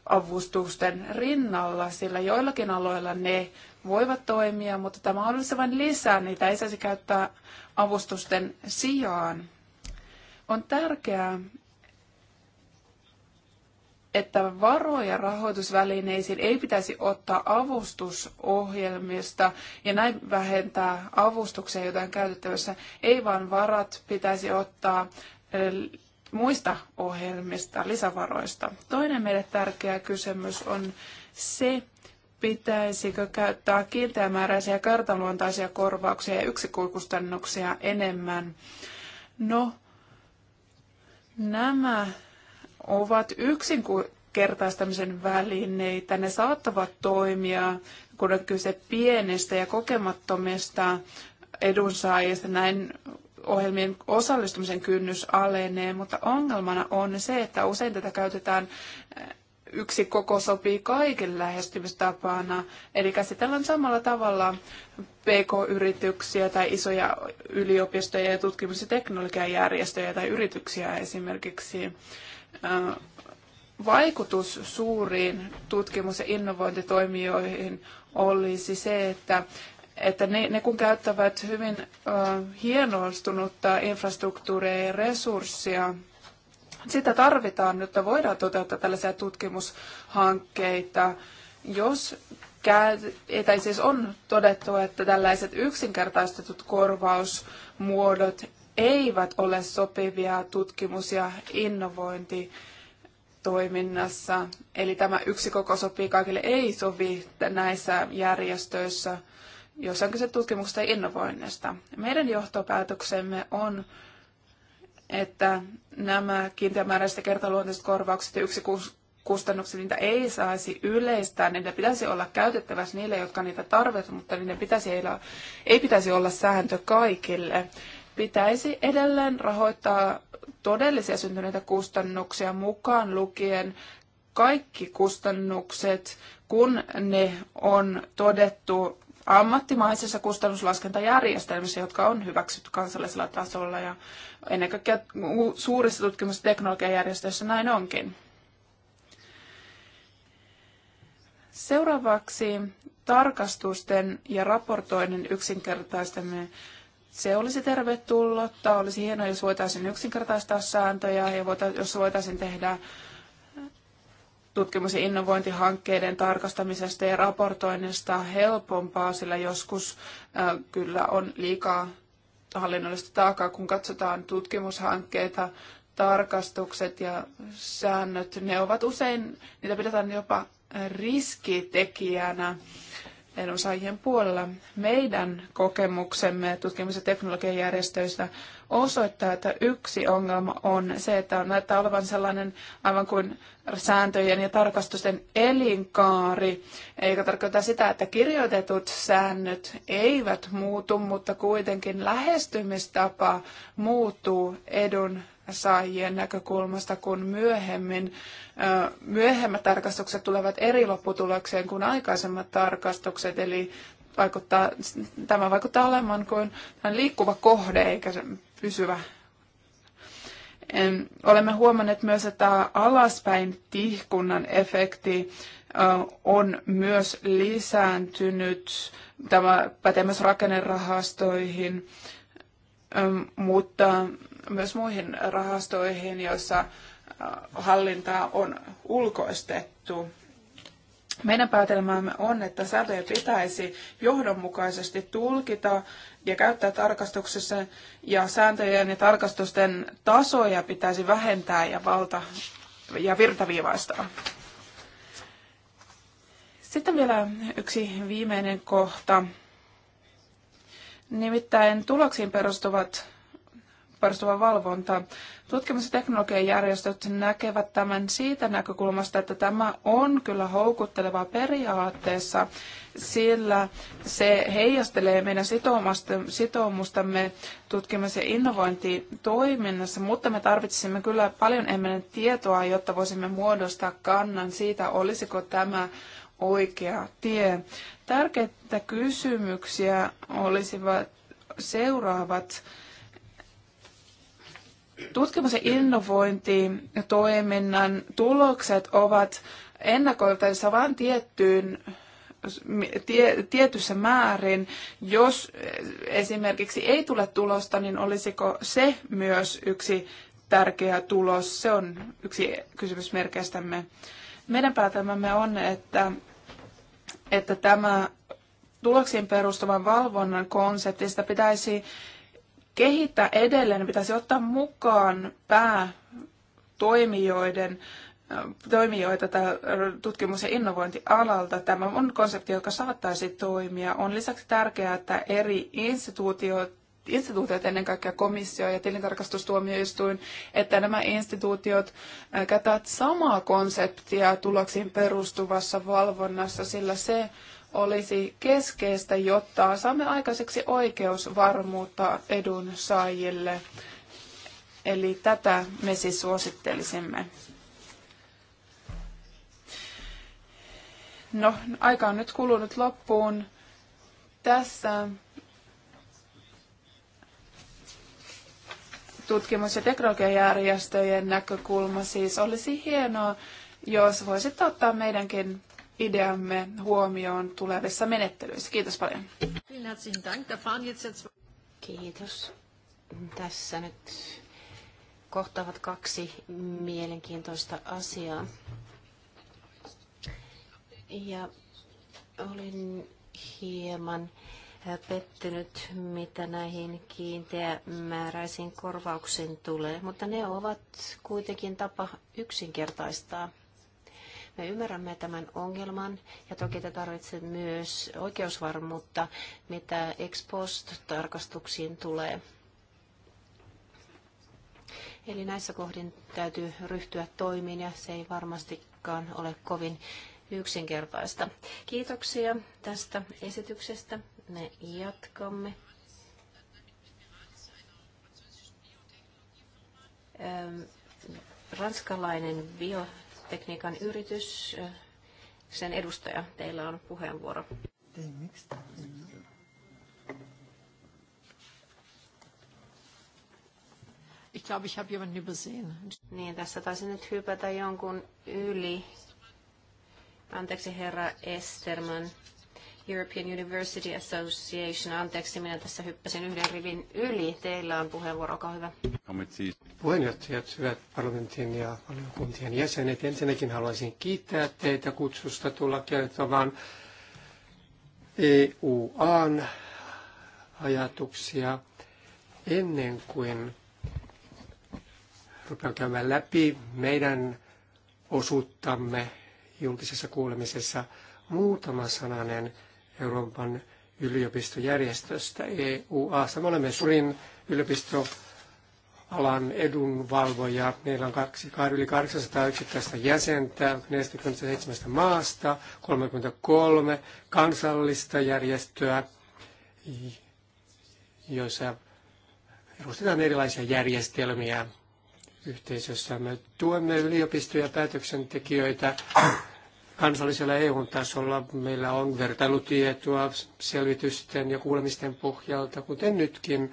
avustusten rinnalla, sillä joillakin aloilla ne voivat toimia, mutta tämä on se vain lisää, niitä ei saisi käyttää avustusten sijaan. On tärkeää, että varoja rahoitusvälineisiin ei pitäisi ottaa avustusohjelmista ja näin vähentää avustuksia, joita on käytettävissä, ei vaan varat pitäisi ottaa muista ohjelmista, lisävaroista. Toinen meille tärkeä kysymys on se, pitäisikö käyttää kiinteämääräisiä kertaluontaisia korvauksia ja yksikukustannuksia enemmän. No, nämä ovat yksinkertaistamisen välineitä. Ne saattavat toimia, kun on kyse pienestä ja kokemattomista edunsaajista. Näin ohjelmien osallistumisen kynnys alenee, mutta ongelmana on se, että usein tätä käytetään eh, yksi koko sopii kaiken lähestymistapana. Eli käsitellään samalla tavalla PK-yrityksiä tai isoja yliopistoja ja tutkimus- ja teknologiajärjestöjä tai yrityksiä esimerkiksi vaikutus suuriin tutkimus- ja innovointitoimijoihin olisi se, että, että ne, ne kun käyttävät hyvin äh, hienostunutta infrastruktuuria ja resurssia, sitä tarvitaan, jotta voidaan toteuttaa tällaisia tutkimushankkeita. Jos tai siis on todettu, että tällaiset yksinkertaistetut korvausmuodot eivät ole sopivia tutkimus- ja innovointitoiminnassa. Eli tämä yksi koko sopii kaikille, ei sovi näissä järjestöissä, joissa on kyse tutkimuksesta ja innovoinnista. Meidän johtopäätöksemme on, että nämä kiinteämääräiset kertaluonteiset korvaukset ja yksi kustannukset, niitä ei saisi yleistää, niitä pitäisi olla käytettävässä niille, jotka niitä tarvitsevat, mutta niiden pitäisi, ei pitäisi olla sääntö kaikille pitäisi edelleen rahoittaa todellisia syntyneitä kustannuksia mukaan lukien kaikki kustannukset, kun ne on todettu ammattimaisissa kustannuslaskentajärjestelmissä, jotka on hyväksytty kansallisella tasolla ja ennen kaikkea suurissa tutkimus- ja teknologiajärjestöissä näin onkin. Seuraavaksi tarkastusten ja raportoinnin yksinkertaistaminen. Se olisi tervetullutta, olisi hienoa, jos voitaisiin yksinkertaistaa sääntöjä ja jos voitaisiin tehdä tutkimus- ja innovointihankkeiden tarkastamisesta ja raportoinnista helpompaa, sillä joskus äh, kyllä on liikaa hallinnollista taakaa, kun katsotaan tutkimushankkeita, tarkastukset ja säännöt, ne ovat usein, niitä pidetään jopa riskitekijänä edunsaajien puolella. Meidän kokemuksemme tutkimus- ja teknologiajärjestöistä osoittaa, että yksi ongelma on se, että näyttää olevan sellainen aivan kuin sääntöjen ja tarkastusten elinkaari, eikä tarkoita sitä, että kirjoitetut säännöt eivät muutu, mutta kuitenkin lähestymistapa muuttuu edun saajien näkökulmasta, kun myöhemmin, myöhemmät tarkastukset tulevat eri lopputulokseen kuin aikaisemmat tarkastukset, eli vaikuttaa, tämä vaikuttaa olemaan kuin liikkuva kohde eikä pysyvä. Olemme huomanneet myös, että alaspäin tihkunnan efekti on myös lisääntynyt. Tämä pätee myös rakennerahastoihin, mutta myös muihin rahastoihin, joissa äh, hallintaa on ulkoistettu. Meidän päätelmämme on, että sääntöjä pitäisi johdonmukaisesti tulkita ja käyttää tarkastuksessa, ja sääntöjen ja tarkastusten tasoja pitäisi vähentää ja valta ja virtaviivaistaa. Sitten vielä yksi viimeinen kohta. Nimittäin tuloksiin perustuvat perustuva valvonta. Tutkimus- ja teknologiajärjestöt näkevät tämän siitä näkökulmasta, että tämä on kyllä houkutteleva periaatteessa, sillä se heijastelee meidän sitoumustamme tutkimus- ja innovointitoiminnassa, mutta me tarvitsisimme kyllä paljon enemmän tietoa, jotta voisimme muodostaa kannan siitä, olisiko tämä oikea tie. Tärkeitä kysymyksiä olisivat seuraavat. Tutkimus- ja innovointitoiminnan tulokset ovat ennakoitavissa vain tiettyyn tie, tietyssä määrin. Jos esimerkiksi ei tule tulosta, niin olisiko se myös yksi tärkeä tulos? Se on yksi kysymysmerkeistämme. Meidän päätelmämme on, että, että tämä tuloksiin perustuvan valvonnan konseptista pitäisi kehittää edelleen, niin pitäisi ottaa mukaan päätoimijoiden toimijoita tutkimus- ja innovointialalta. Tämä on konsepti, joka saattaisi toimia. On lisäksi tärkeää, että eri instituutiot instituutiot, ennen kaikkea komissio ja tilintarkastustuomioistuin, että nämä instituutiot äh, käyttävät samaa konseptia tuloksiin perustuvassa valvonnassa, sillä se olisi keskeistä, jotta saamme aikaiseksi oikeusvarmuutta edunsaajille. Eli tätä me siis suosittelisimme. No, aika on nyt kulunut loppuun. Tässä tutkimus- ja teknologiajärjestöjen näkökulma siis olisi hienoa, jos voisit ottaa meidänkin ideamme huomioon tulevissa menettelyissä. Kiitos paljon. Kiitos. Tässä nyt
kohtaavat kaksi mielenkiintoista asiaa. Ja olin hieman äh, pettynyt, mitä näihin kiinteämääräisiin korvauksiin tulee, mutta ne ovat kuitenkin tapa yksinkertaistaa me ymmärrämme tämän ongelman ja toki te tarvitsette myös oikeusvarmuutta, mitä ex post-tarkastuksiin tulee. Eli näissä kohdin täytyy ryhtyä toimiin ja se ei varmastikaan ole kovin yksinkertaista. Kiitoksia tästä esityksestä. Me jatkamme. ranskalainen bio tekniikan yritys. Sen edustaja, teillä on puheenvuoro. Ich glaube, ich habe jemanden übersehen. Niin, tässä taisin nyt hypätä jonkun yli. Anteeksi, herra Esterman. European University Association. Anteeksi, minä tässä hyppäsin yhden rivin yli. Teillä on puheenvuoro, olkaa hyvä.
Puheenjohtajat, hyvät parlamentin ja valiokuntien jäsenet, ensinnäkin haluaisin kiittää teitä kutsusta tulla kertomaan EUAn ajatuksia ennen kuin rupean käymään läpi meidän osuuttamme julkisessa kuulemisessa muutama sananen Euroopan yliopistojärjestöstä EUA. Me olemme suurin yliopistoalan edunvalvoja. Meillä on kaksi, yli 800 yksittäistä jäsentä 47 maasta, 33 kansallista järjestöä, joissa edustetaan erilaisia järjestelmiä yhteisössä. Me tuemme yliopistoja päätöksentekijöitä kansallisella EU-tasolla meillä on vertailutietoa selvitysten ja kuulemisten pohjalta, kuten nytkin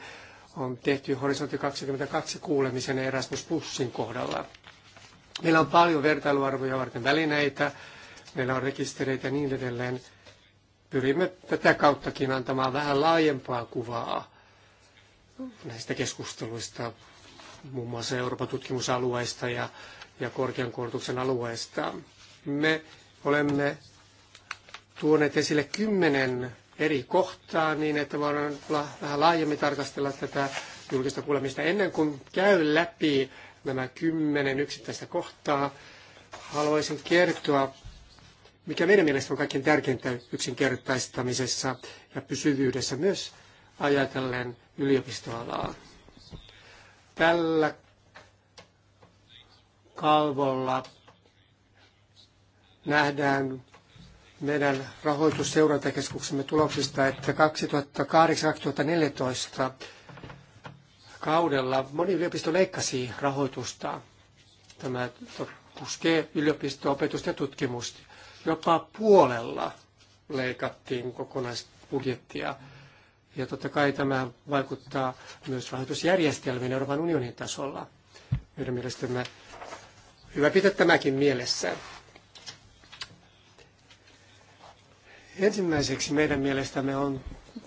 on tehty Horisontti 22 kuulemisen Erasmus Plusin kohdalla. Meillä on paljon vertailuarvoja varten välineitä, meillä on rekistereitä ja niin edelleen. Pyrimme tätä kauttakin antamaan vähän laajempaa kuvaa näistä keskusteluista, muun muassa Euroopan tutkimusalueista ja, ja korkean koulutuksen alueista. Me Olemme tuoneet esille kymmenen eri kohtaa niin, että voidaan vähän laajemmin tarkastella tätä julkista kuulemista. Ennen kuin käy läpi nämä kymmenen yksittäistä kohtaa, haluaisin kertoa, mikä meidän mielestä on kaikkein tärkeintä yksinkertaistamisessa ja pysyvyydessä myös ajatellen yliopistoalaa. Tällä kalvolla nähdään meidän rahoitusseurantakeskuksemme tuloksista, että 2008-2014 kaudella moni yliopisto leikkasi rahoitusta. Tämä koskee yliopisto-opetusta ja tutkimusta. Jopa puolella leikattiin kokonaisbudjettia. Ja totta kai tämä vaikuttaa myös rahoitusjärjestelmiin Euroopan unionin tasolla. Meidän mielestämme hyvä pitää tämäkin mielessä. Ensimmäiseksi meidän mielestämme on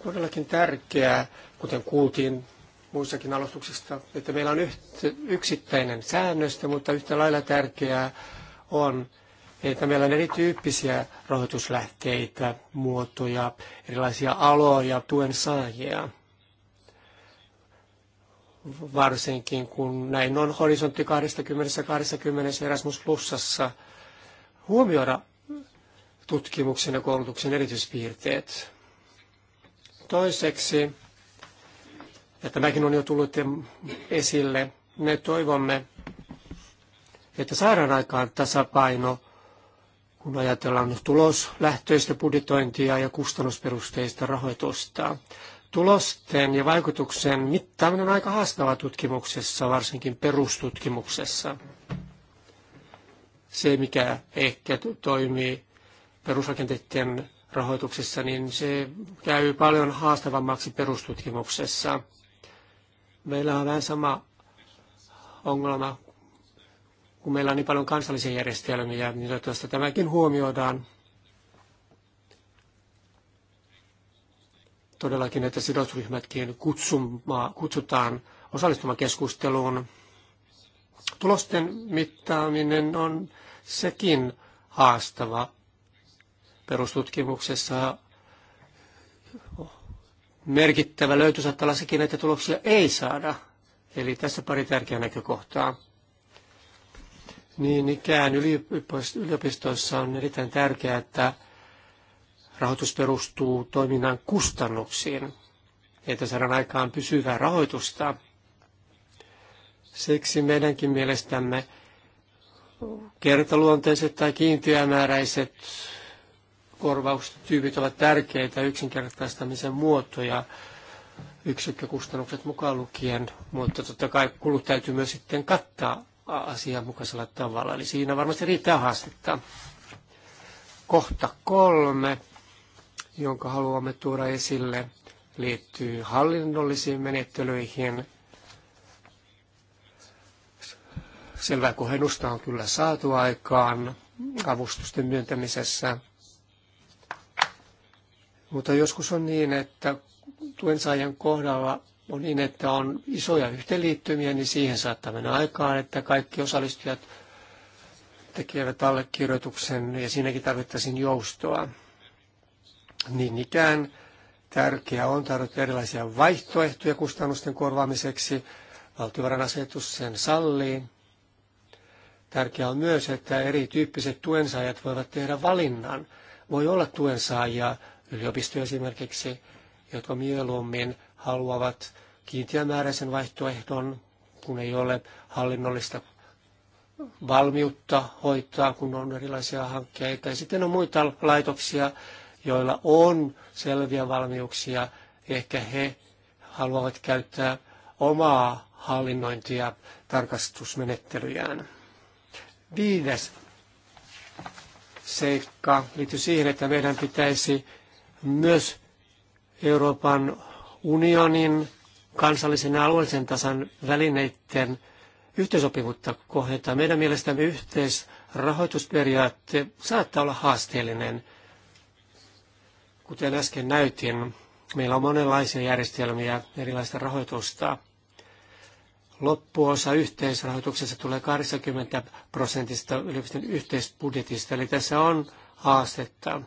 todellakin tärkeää, kuten kuultiin muissakin alustuksista, että meillä on yksittäinen säännöstö, mutta yhtä lailla tärkeää on, että meillä on erityyppisiä rahoituslähteitä, muotoja, erilaisia aloja, tuen saajia. Varsinkin kun näin on horisontti 20-20 Erasmus Plusassa huomioida tutkimuksen ja koulutuksen erityispiirteet. Toiseksi, ja tämäkin on jo tullut esille, me toivomme, että saadaan aikaan tasapaino, kun ajatellaan tuloslähtöistä budjetointia ja kustannusperusteista rahoitusta. Tulosten ja vaikutuksen mittaaminen on aika haastavaa tutkimuksessa, varsinkin perustutkimuksessa. Se, mikä ehkä toimii perusrakenteiden rahoituksessa, niin se käy paljon haastavammaksi perustutkimuksessa. Meillä on vähän sama ongelma, kun meillä on niin paljon kansallisia järjestelmiä, niin toivottavasti tämäkin huomioidaan. Todellakin, että sidosryhmätkin kutsutaan osallistumaan keskusteluun. Tulosten mittaaminen on sekin haastava Perustutkimuksessa merkittävä löytö saattaa olla sekin, että tuloksia ei saada. Eli tässä pari tärkeää näkökohtaa. Niin ikään yliopistoissa on erittäin tärkeää, että rahoitus perustuu toiminnan kustannuksiin, että saadaan aikaan pysyvää rahoitusta. Siksi meidänkin mielestämme kertaluonteiset tai kiintiömääräiset korvaustyypit ovat tärkeitä yksinkertaistamisen muotoja, yksikkökustannukset mukaan lukien, mutta totta kai kulut täytyy myös sitten kattaa asianmukaisella tavalla. Eli siinä varmasti riittää haastetta. Kohta kolme, jonka haluamme tuoda esille, liittyy hallinnollisiin menettelyihin. Selvää kohennusta on kyllä saatu aikaan avustusten myöntämisessä – mutta joskus on niin, että tuensaajan kohdalla on niin, että on isoja yhteenliittymiä, niin siihen saattaa mennä aikaan, että kaikki osallistujat tekevät allekirjoituksen ja siinäkin tarvittaisiin joustoa. Niin ikään tärkeää on tarjota erilaisia vaihtoehtoja kustannusten korvaamiseksi. Valtiovaran asetus sen sallii. Tärkeää on myös, että erityyppiset tuensaajat voivat tehdä valinnan. Voi olla tuensaajia, yliopisto esimerkiksi, jotka mieluummin haluavat kiintiömääräisen vaihtoehdon, kun ei ole hallinnollista valmiutta hoitaa, kun on erilaisia hankkeita. Ja sitten on muita laitoksia, joilla on selviä valmiuksia. Ehkä he haluavat käyttää omaa hallinnointia ja tarkastusmenettelyjään. Viides seikka liittyy siihen, että meidän pitäisi myös Euroopan unionin kansallisen ja alueellisen tasan välineiden yhteisopivuutta kohdentaa. Meidän mielestämme yhteisrahoitusperiaatte saattaa olla haasteellinen. Kuten äsken näytin, meillä on monenlaisia järjestelmiä, erilaista rahoitusta. Loppuosa yhteisrahoituksessa tulee 80 prosentista yliopiston yhteisbudjetista, eli tässä on haastetta.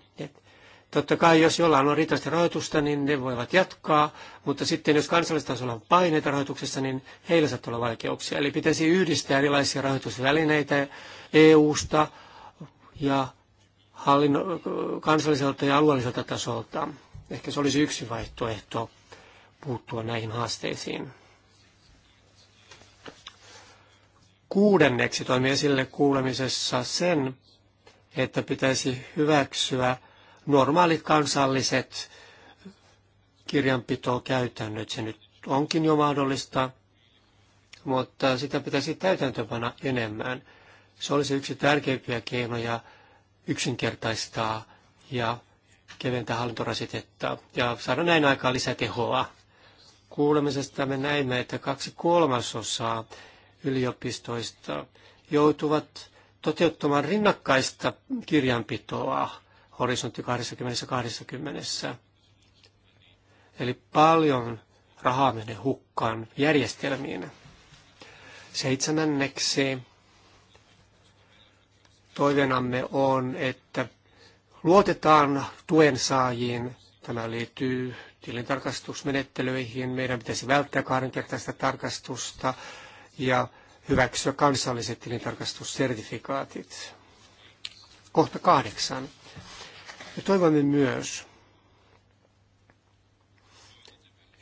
Totta kai, jos jollain on riittävästi rahoitusta, niin ne voivat jatkaa, mutta sitten jos kansallistasolla on paineita rahoituksessa, niin heillä saattaa olla vaikeuksia. Eli pitäisi yhdistää erilaisia rahoitusvälineitä EU-sta ja hallinno- kansalliselta ja alueelliselta tasolta. Ehkä se olisi yksi vaihtoehto puuttua näihin haasteisiin. Kuudenneksi toimii esille kuulemisessa sen, että pitäisi hyväksyä normaalit kansalliset kirjanpitokäytännöt. Se nyt onkin jo mahdollista, mutta sitä pitäisi täytäntöpana enemmän. Se olisi yksi tärkeimpiä keinoja yksinkertaistaa ja keventää hallintorasitetta ja saada näin aikaa lisätehoa. Kuulemisesta me näimme, että kaksi kolmasosaa yliopistoista joutuvat toteuttamaan rinnakkaista kirjanpitoa horisontti 2020. Eli paljon rahaa menee hukkaan järjestelmiin. Seitsemänneksi toiveenamme on, että luotetaan tuen saajiin. Tämä liittyy tilintarkastusmenettelyihin. Meidän pitäisi välttää kahdenkertaista tarkastusta ja hyväksyä kansalliset tilintarkastussertifikaatit. Kohta kahdeksan. Me toivomme myös,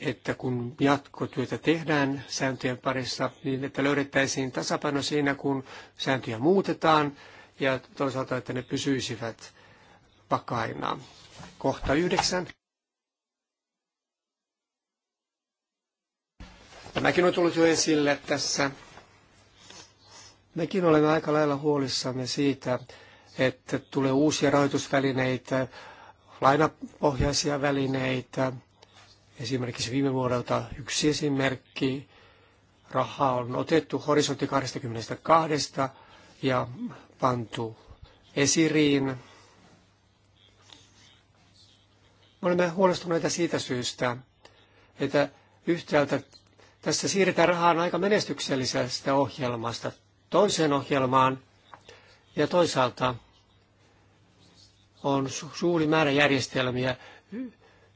että kun jatkotyötä tehdään sääntöjen parissa, niin että löydettäisiin tasapaino siinä, kun sääntöjä muutetaan ja toisaalta, että ne pysyisivät vakaina. Kohta yhdeksän. Tämäkin on tullut jo esille tässä. Mekin olemme aika lailla huolissamme siitä, että tulee uusia rahoitusvälineitä, lainapohjaisia välineitä. Esimerkiksi viime vuodelta yksi esimerkki. Rahaa on otettu horisontti 22 ja pantu esiriin. Me olemme huolestuneita siitä syystä, että yhtäältä tässä siirretään rahaa aika menestyksellisestä ohjelmasta toiseen ohjelmaan – ja toisaalta on suuri määrä järjestelmiä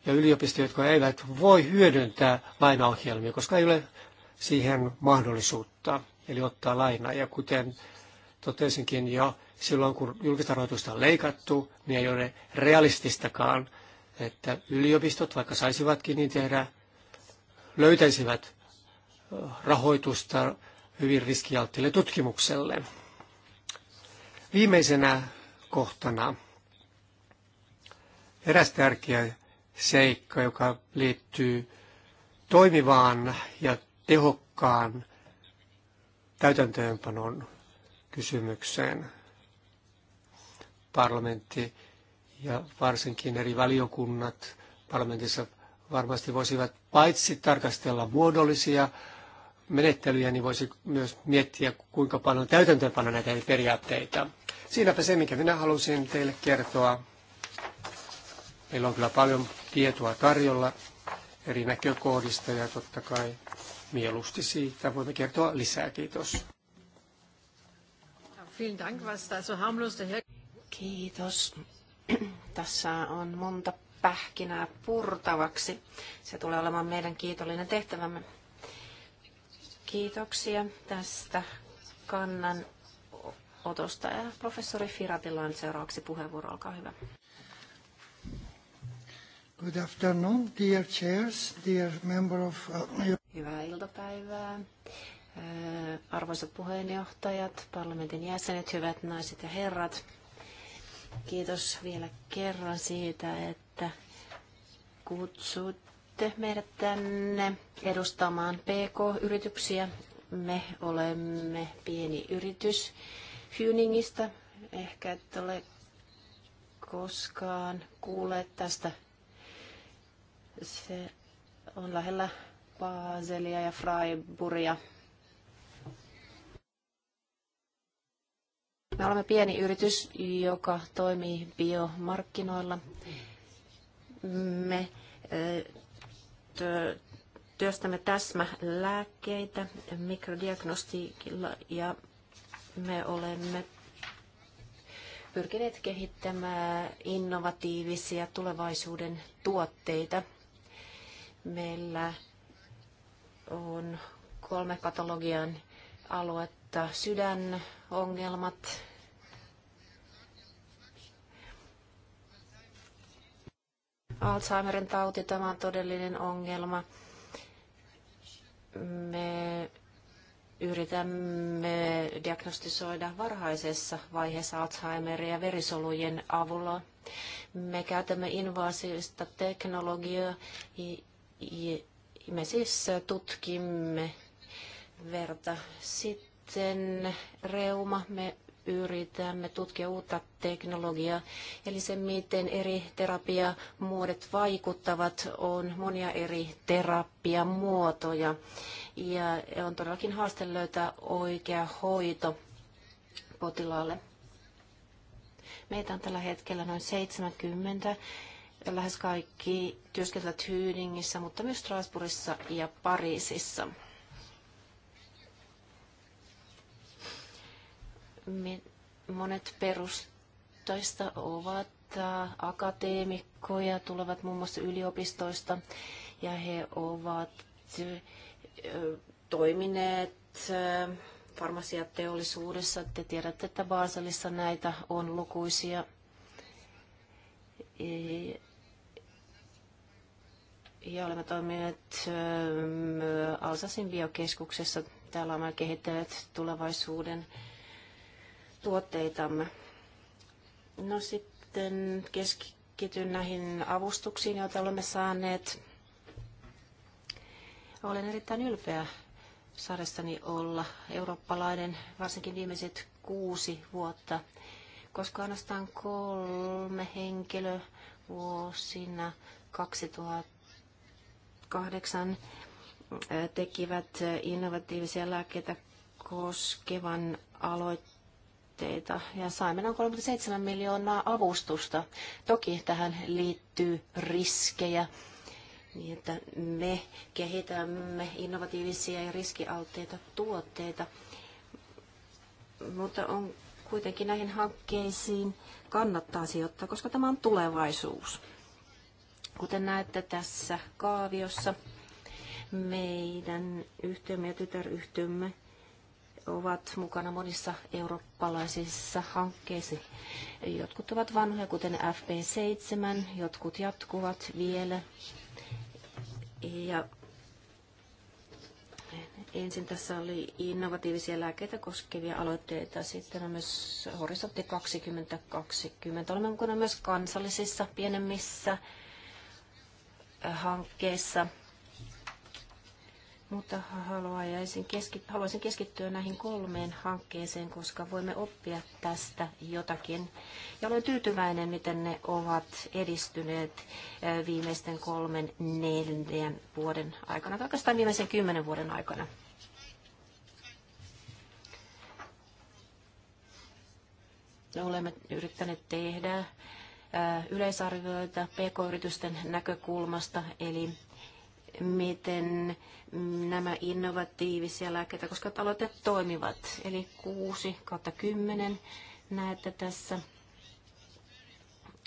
ja yliopistoja, jotka eivät voi hyödyntää lainaohjelmia, koska ei ole siihen mahdollisuutta, eli ottaa lainaa. Ja kuten totesinkin jo, silloin kun julkista rahoitusta on leikattu, niin ei ole realististakaan, että yliopistot, vaikka saisivatkin niin tehdä, löytäisivät rahoitusta hyvin riskialttille tutkimukselle. Viimeisenä kohtana eräs tärkeä seikka, joka liittyy toimivaan ja tehokkaan täytäntöönpanon kysymykseen. Parlamentti ja varsinkin eri valiokunnat parlamentissa varmasti voisivat paitsi tarkastella muodollisia menettelyjä, niin voisi myös miettiä, kuinka paljon täytäntöönpano näitä eri periaatteita. Siinäpä se, mikä minä halusin teille kertoa. Meillä on kyllä paljon tietoa tarjolla eri näkökohdista ja totta kai mieluusti siitä voimme kertoa lisää. Kiitos.
Kiitos. Tässä on monta pähkinää purtavaksi. Se tulee olemaan meidän kiitollinen tehtävämme. Kiitoksia tästä kannan otosta. Ja professori Firatilla on seuraavaksi puheenvuoro. Olkaa hyvä.
Good afternoon, dear chairs, dear member of... Uh,
Hyvää iltapäivää. Äh, arvoisat puheenjohtajat, parlamentin jäsenet, hyvät naiset ja herrat. Kiitos vielä kerran siitä, että kutsut kutsuitte meidät tänne edustamaan PK-yrityksiä. Me olemme pieni yritys Hyningistä. Ehkä et ole koskaan kuulleet tästä. Se on lähellä Baselia ja Freiburgia. Me olemme pieni yritys, joka toimii biomarkkinoilla. Me työstämme täsmälääkkeitä mikrodiagnostiikilla ja me olemme pyrkineet kehittämään innovatiivisia tulevaisuuden tuotteita. Meillä on kolme patologian aluetta, sydänongelmat, Alzheimerin tauti, tämä on todellinen ongelma. Me yritämme diagnostisoida varhaisessa vaiheessa Alzheimeria verisolujen avulla. Me käytämme invasiivista teknologiaa. Me siis tutkimme verta. Sitten reuma. Me yritämme tutkia uutta teknologiaa. Eli se, miten eri terapiamuodot vaikuttavat, on monia eri terapiamuotoja. Ja on todellakin haaste löytää oikea hoito potilaalle. Meitä on tällä hetkellä noin 70 lähes kaikki työskentelevät Hyydingissä, mutta myös Strasbourgissa ja Pariisissa. monet perustoista ovat äh, akateemikkoja, tulevat muun muassa yliopistoista ja he ovat äh, toimineet äh, farmasiateollisuudessa. Te tiedätte, että Baselissa näitä on lukuisia. E- ja olemme toimineet Alsasin biokeskuksessa. Täällä olemme kehittäneet tulevaisuuden tuotteitamme. No sitten keskityn näihin avustuksiin, joita olemme saaneet. Olen erittäin ylpeä saadessani olla eurooppalainen, varsinkin viimeiset kuusi vuotta, koska ainoastaan kolme henkilö vuosina 2008 tekivät innovatiivisia lääkkeitä koskevan aloitteen tavoitteita ja saimme noin 37 miljoonaa avustusta. Toki tähän liittyy riskejä, niin että me kehitämme innovatiivisia ja riskialtteita tuotteita, mutta on kuitenkin näihin hankkeisiin kannattaa sijoittaa, koska tämä on tulevaisuus. Kuten näette tässä kaaviossa, meidän yhtiömme ja tytäryhtiömme ovat mukana monissa eurooppalaisissa hankkeissa. Jotkut ovat vanhoja, kuten FP7, jotkut jatkuvat vielä. Ja ensin tässä oli innovatiivisia lääkkeitä koskevia aloitteita, sitten on myös Horisontti 2020. Olemme mukana myös kansallisissa pienemmissä hankkeissa mutta haluaisin, keskittyä, haluaisin keskittyä näihin kolmeen hankkeeseen, koska voimme oppia tästä jotakin. Ja olen tyytyväinen, miten ne ovat edistyneet viimeisten kolmen, neljän vuoden aikana, oikeastaan viimeisen kymmenen vuoden aikana. Olemme yrittäneet tehdä yleisarvioita pk-yritysten näkökulmasta, eli miten nämä innovatiivisia lääkkeitä koska talot toimivat. Eli 6 kautta 10 näette tässä.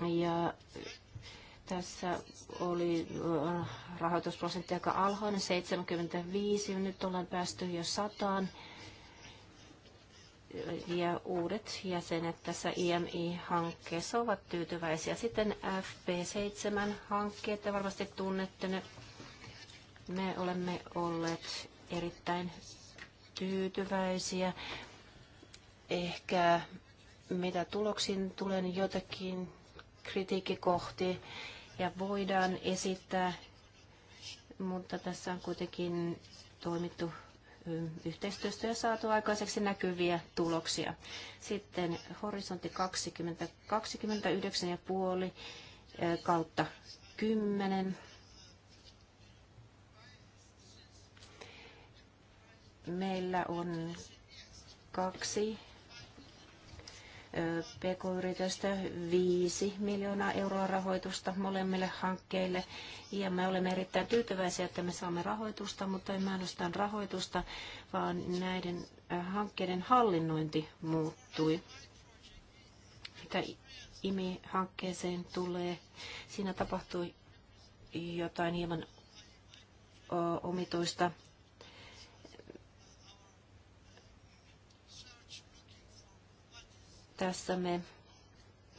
Ja tässä oli äh, rahoitusprosentti aika alhainen, 75, nyt ollaan päästy jo sataan. Ja uudet jäsenet tässä IMI-hankkeessa ovat tyytyväisiä. Sitten FP7-hankkeet, varmasti tunnette ne me olemme olleet erittäin tyytyväisiä. Ehkä mitä tuloksiin tulee, niin jotakin kritiikki kohti, ja voidaan esittää, mutta tässä on kuitenkin toimittu yhteistyöstä ja saatu aikaiseksi näkyviä tuloksia. Sitten horisontti 20, 29,5 kautta 10 Meillä on kaksi PK-yritystä 5 miljoonaa euroa rahoitusta molemmille hankkeille. Ja me olemme erittäin tyytyväisiä, että me saamme rahoitusta, mutta ei ainoastaan rahoitusta, vaan näiden hankkeiden hallinnointi muuttui. Mitä IMI-hankkeeseen tulee, siinä tapahtui jotain hieman omituista Tässä me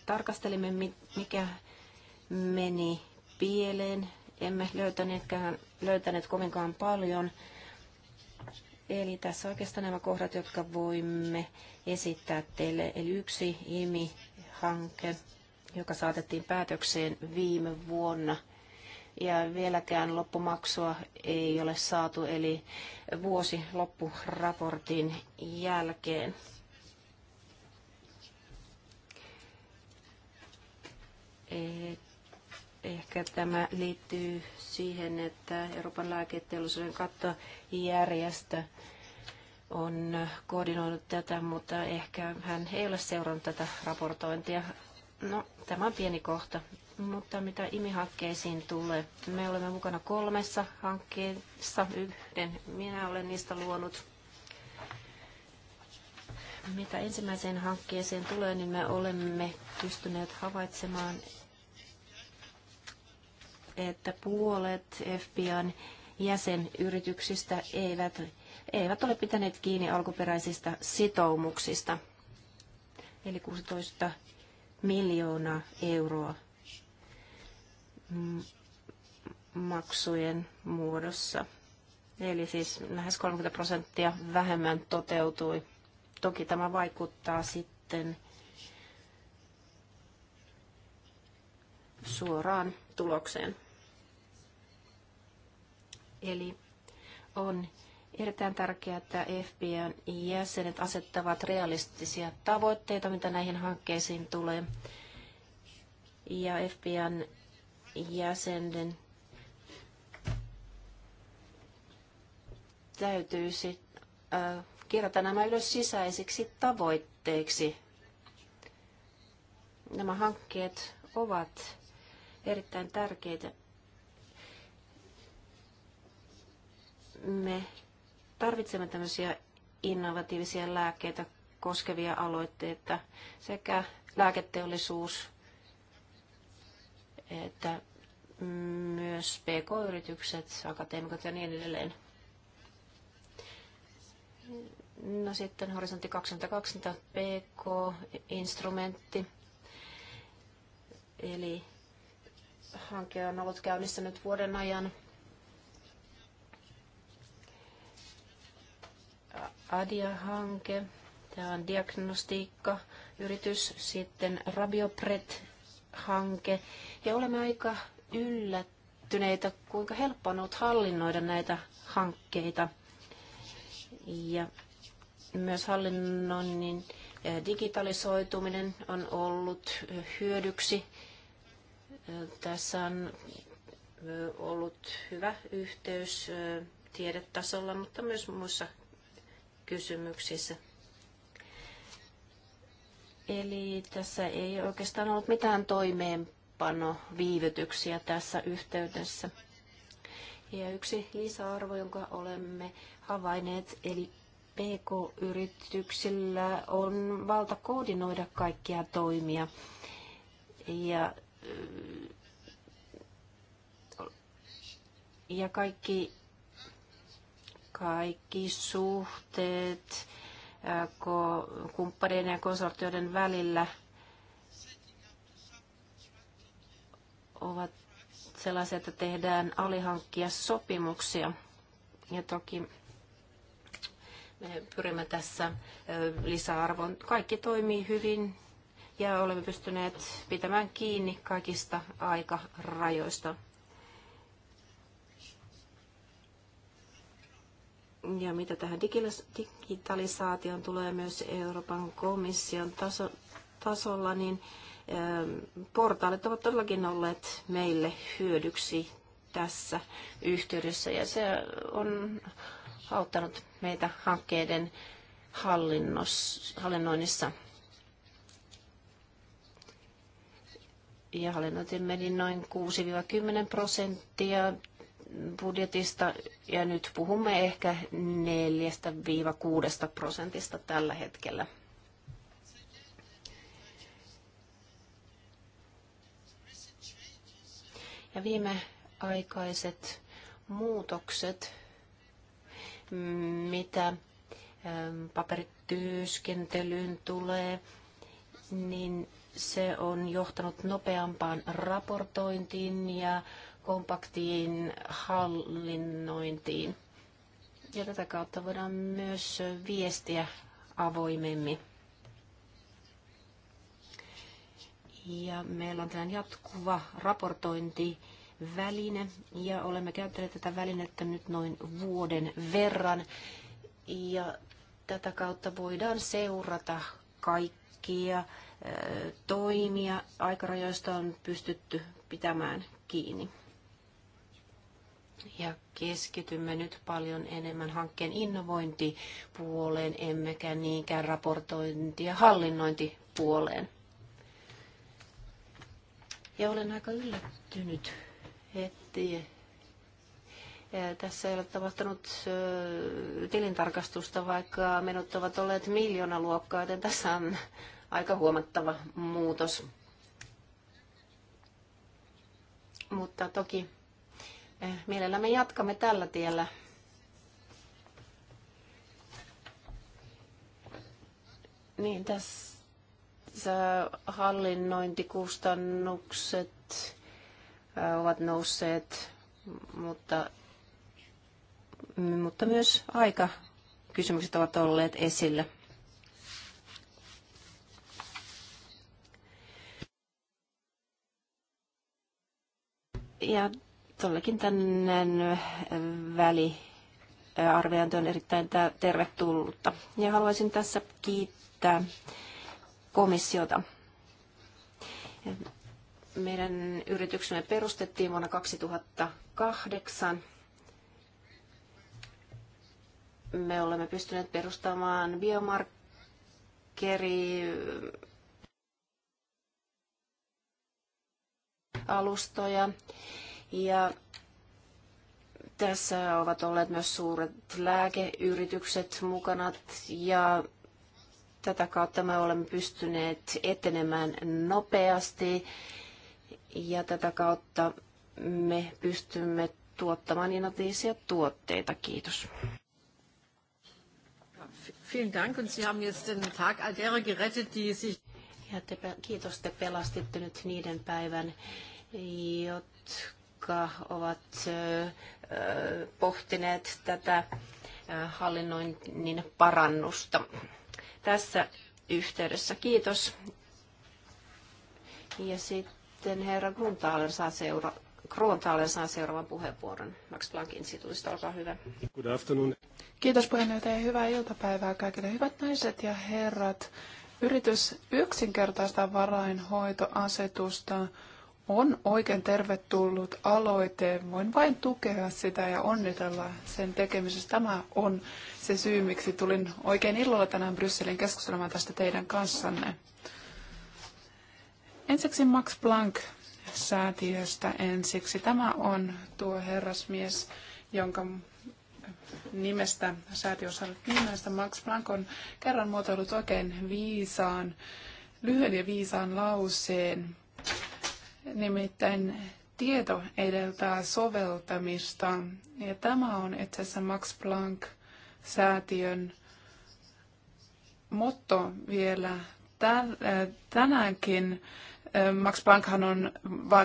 tarkastelimme, mikä meni pieleen. Emme löytäneetkään, löytäneet kovinkaan paljon. Eli tässä oikeastaan nämä kohdat, jotka voimme esittää teille. Eli yksi IMI-hanke, joka saatettiin päätökseen viime vuonna. Ja vieläkään loppumaksua ei ole saatu, eli vuosi loppuraportin jälkeen. Eh, ehkä tämä liittyy siihen, että Euroopan lääketeollisuuden kattojärjestö on koordinoinut tätä, mutta ehkä hän ei ole seurannut tätä raportointia. No, tämä on pieni kohta. Mutta mitä imihankkeisiin tulee? Me olemme mukana kolmessa hankkeessa, yhden minä olen niistä luonut. Mitä ensimmäiseen hankkeeseen tulee, niin me olemme pystyneet havaitsemaan, että puolet FBIn jäsenyrityksistä eivät, eivät ole pitäneet kiinni alkuperäisistä sitoumuksista, eli 16 miljoonaa euroa maksujen muodossa. Eli siis lähes 30 prosenttia vähemmän toteutui. Toki tämä vaikuttaa sitten suoraan tulokseen. Eli on erittäin tärkeää, että FBN jäsenet asettavat realistisia tavoitteita, mitä näihin hankkeisiin tulee. Ja FBN jäsenen täytyisi äh, kirjata nämä ylös sisäisiksi tavoitteiksi. Nämä hankkeet ovat erittäin tärkeitä. Me tarvitsemme tämmöisiä innovatiivisia lääkkeitä koskevia aloitteita sekä lääketeollisuus että myös PK-yritykset, akateemikot ja niin edelleen. No sitten horisontti 2020 PK-instrumentti. Eli Hanke on ollut käynnissä nyt vuoden ajan. ADIA-hanke, tämä on diagnostiikkayritys, sitten Rabiopret-hanke. Ja olemme aika yllättyneitä, kuinka helppo on ollut hallinnoida näitä hankkeita. Ja myös hallinnoinnin eh, digitalisoituminen on ollut eh, hyödyksi tässä on ollut hyvä yhteys tiedetasolla, mutta myös muissa kysymyksissä. Eli tässä ei oikeastaan ollut mitään toimeenpanoviivytyksiä tässä yhteydessä. Ja yksi lisäarvo, jonka olemme havainneet, eli PK-yrityksillä on valta koordinoida kaikkia toimia. Ja ja kaikki, kaikki suhteet kumppaneiden ja konsortioiden välillä ovat sellaisia, että tehdään alihankkia sopimuksia. Ja toki me pyrimme tässä lisäarvon. Kaikki toimii hyvin ja olemme pystyneet pitämään kiinni kaikista aikarajoista. Ja mitä tähän digitalisaation tulee myös Euroopan komission taso, tasolla, niin ähm, portaalit ovat todellakin olleet meille hyödyksi tässä yhteydessä ja se on auttanut meitä hankkeiden hallinnossa, hallinnoinnissa. ja hallinnointi meni niin noin 6-10 prosenttia budjetista ja nyt puhumme ehkä 4-6 prosentista tällä hetkellä. Ja viimeaikaiset muutokset, mitä ähm, paperityöskentelyyn tulee, niin se on johtanut nopeampaan raportointiin ja kompaktiin hallinnointiin. Ja tätä kautta voidaan myös viestiä avoimemmin. Ja meillä on tällainen jatkuva raportointi väline ja olemme käyttäneet tätä välinettä nyt noin vuoden verran. Ja tätä kautta voidaan seurata kaikkia toimia. Aikarajoista on pystytty pitämään kiinni. Ja keskitymme nyt paljon enemmän hankkeen innovointipuoleen, emmekä niinkään raportointi- ja hallinnointipuoleen. Ja olen aika yllättynyt, että tässä ei ole tapahtunut tilintarkastusta, vaikka menot ovat olleet miljoonaluokkaa, joten tässä on aika huomattava muutos. Mutta toki eh, mielellämme jatkamme tällä tiellä. Niin, tässä hallinnointikustannukset eh, ovat nousseet, mutta, mutta myös aika kysymykset ovat olleet esillä. Ja todellakin tänne väli arviointi on erittäin tervetullutta. Ja haluaisin tässä kiittää komissiota. Meidän yrityksemme perustettiin vuonna 2008. Me olemme pystyneet perustamaan biomarkkeri alustoja. Ja tässä ovat olleet myös suuret lääkeyritykset mukana ja tätä kautta me olemme pystyneet etenemään nopeasti ja tätä kautta me pystymme tuottamaan innovatiivisia tuotteita. Kiitos. Ja te, kiitos, te pelastitte nyt niiden päivän, jotka ovat pohtineet tätä hallinnoinnin parannusta. Tässä yhteydessä kiitos. Ja sitten herra Gruntaalen saa seura- Kroontaalen saa seuraavan puheenvuoron. Max Planck
instituutista,
olkaa hyvä. Good afternoon.
Kiitos puheenjohtaja ja hyvää iltapäivää kaikille hyvät naiset ja herrat. Yritys yksinkertaista varainhoitoasetusta on oikein tervetullut aloite. Voin vain tukea sitä ja onnitella sen tekemisestä. Tämä on se syy, miksi tulin oikein illalla tänään Brysselin keskustelemaan tästä teidän kanssanne. Ensiksi Max Planck säätiöstä ensiksi. Tämä on tuo herrasmies, jonka nimestä säätiö on saanut nimestä. Max Planck on kerran muotoillut oikein viisaan, lyhyen ja viisaan lauseen Nimittäin tieto edeltää soveltamista, ja tämä on itse asiassa Max Planck-säätiön motto vielä äh, tänäänkin. Äh, Max Planckhan on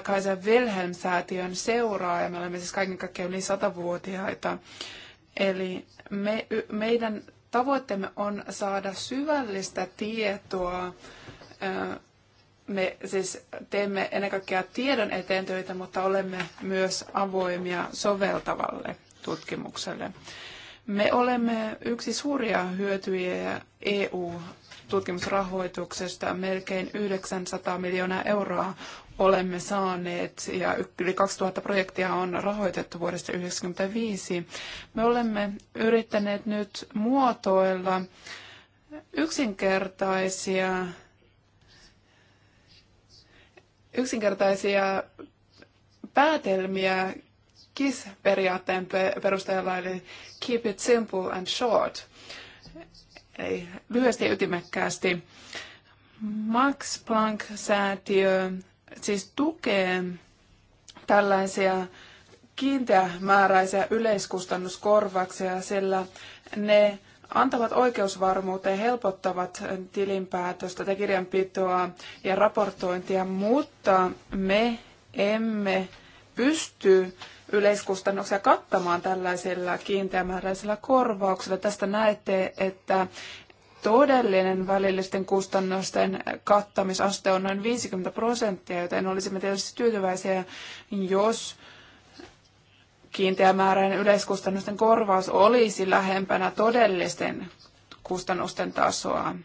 Kaiser Wilhelm-säätiön seuraaja. Me olemme siis kaiken kaikkiaan yli satavuotiaita. Eli me, meidän tavoitteemme on saada syvällistä tietoa äh, me siis teemme ennen kaikkea tiedon eteen töitä, mutta olemme myös avoimia soveltavalle tutkimukselle. Me olemme yksi suuria hyötyjiä EU-tutkimusrahoituksesta. Melkein 900 miljoonaa euroa olemme saaneet ja yli 2000 projektia on rahoitettu vuodesta 1995. Me olemme yrittäneet nyt muotoilla yksinkertaisia yksinkertaisia päätelmiä KISS-periaatteen perusteella, eli keep it simple and short, eli lyhyesti ja ytimekkäästi. Max Planck-säätiö siis tukee tällaisia kiinteämääräisiä yleiskustannuskorvauksia, sillä ne antavat oikeusvarmuutta ja helpottavat tilinpäätöstä tai kirjanpitoa ja raportointia, mutta me emme pysty yleiskustannuksia kattamaan tällaisilla kiinteämääräisillä korvauksilla. Tästä näette, että todellinen välillisten kustannusten kattamisaste on noin 50 prosenttia, joten olisimme tietysti tyytyväisiä, jos kiinteämääräinen yleiskustannusten korvaus olisi lähempänä todellisten kustannusten tasoa.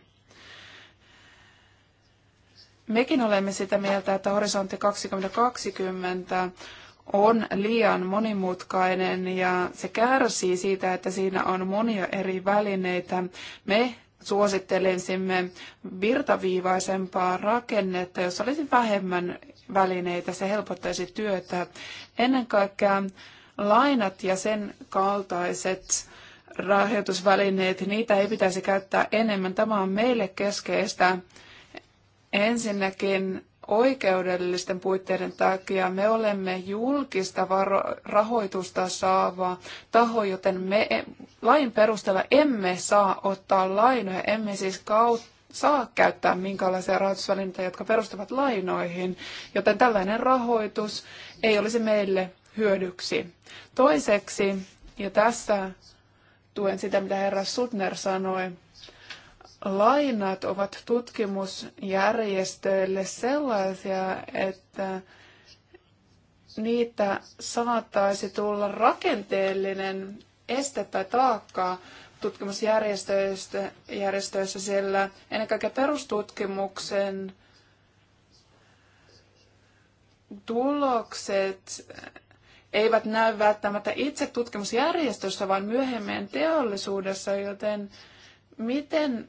Mekin olemme sitä mieltä, että horisontti 2020 on liian monimutkainen ja se kärsii siitä, että siinä on monia eri välineitä. Me suosittelisimme virtaviivaisempaa rakennetta, jossa olisi vähemmän välineitä, se helpottaisi työtä. Ennen kaikkea lainat ja sen kaltaiset rahoitusvälineet, niitä ei pitäisi käyttää enemmän. Tämä on meille keskeistä. Ensinnäkin oikeudellisten puitteiden takia me olemme julkista rahoitusta saava taho, joten me e- lain perusteella emme saa ottaa lainoja, emme siis kautta saa käyttää minkälaisia rahoitusvälineitä, jotka perustuvat lainoihin, joten tällainen rahoitus ei olisi meille hyödyksi. Toiseksi, ja tässä tuen sitä, mitä herra Sutner sanoi, lainat ovat tutkimusjärjestöille sellaisia, että niitä saattaisi tulla rakenteellinen este tai taakka tutkimusjärjestöissä, sillä ennen kaikkea perustutkimuksen tulokset eivät näy välttämättä itse tutkimusjärjestössä, vaan myöhemmin teollisuudessa, joten miten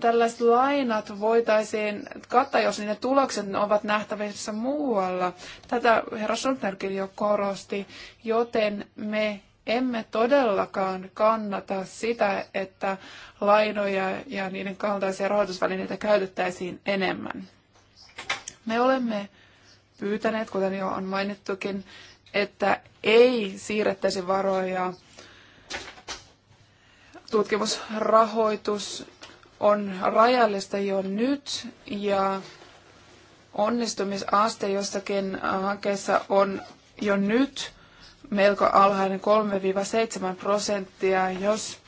tällaiset lainat voitaisiin kattaa, jos niiden tulokset ovat nähtävissä muualla. Tätä herra Sundnerkin jo korosti, joten me emme todellakaan kannata sitä, että lainoja ja niiden kaltaisia rahoitusvälineitä käytettäisiin enemmän. Me olemme pyytäneet, kuten jo on mainittukin, että ei siirrettäisi varoja. Tutkimusrahoitus on rajallista jo nyt ja onnistumisaste jossakin hankkeessa on jo nyt melko alhainen 3-7 prosenttia, jos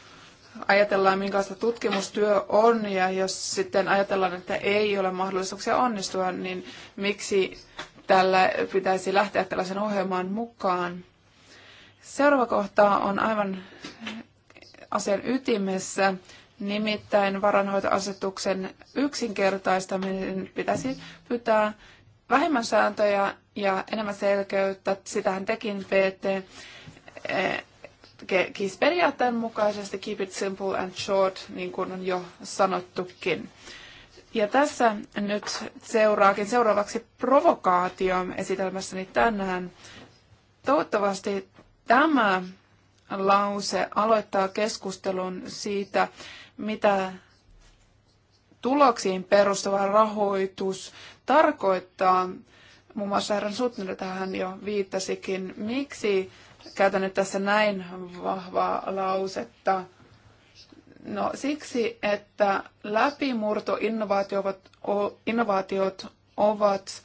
ajatellaan, minkälaista tutkimustyö on ja jos sitten ajatellaan, että ei ole mahdollisuuksia onnistua, niin miksi tällä pitäisi lähteä tällaisen ohjelmaan mukaan. Seuraava kohta on aivan asian ytimessä, nimittäin varanhoitoasetuksen yksinkertaistaminen pitäisi pyytää vähemmän sääntöjä ja enemmän selkeyttä. Sitähän tekin PT eh, KIS-periaatteen mukaisesti, keep it simple and short, niin kuin on jo sanottukin. Ja tässä nyt seuraakin seuraavaksi provokaatio esitelmässäni tänään. Toivottavasti tämä lause aloittaa keskustelun siitä, mitä tuloksiin perustuva rahoitus tarkoittaa. Muun muassa herran Sutner tähän jo viittasikin. Miksi käytän nyt tässä näin vahvaa lausetta? No siksi, että läpimurtoinnovaatiot innovaatiot ovat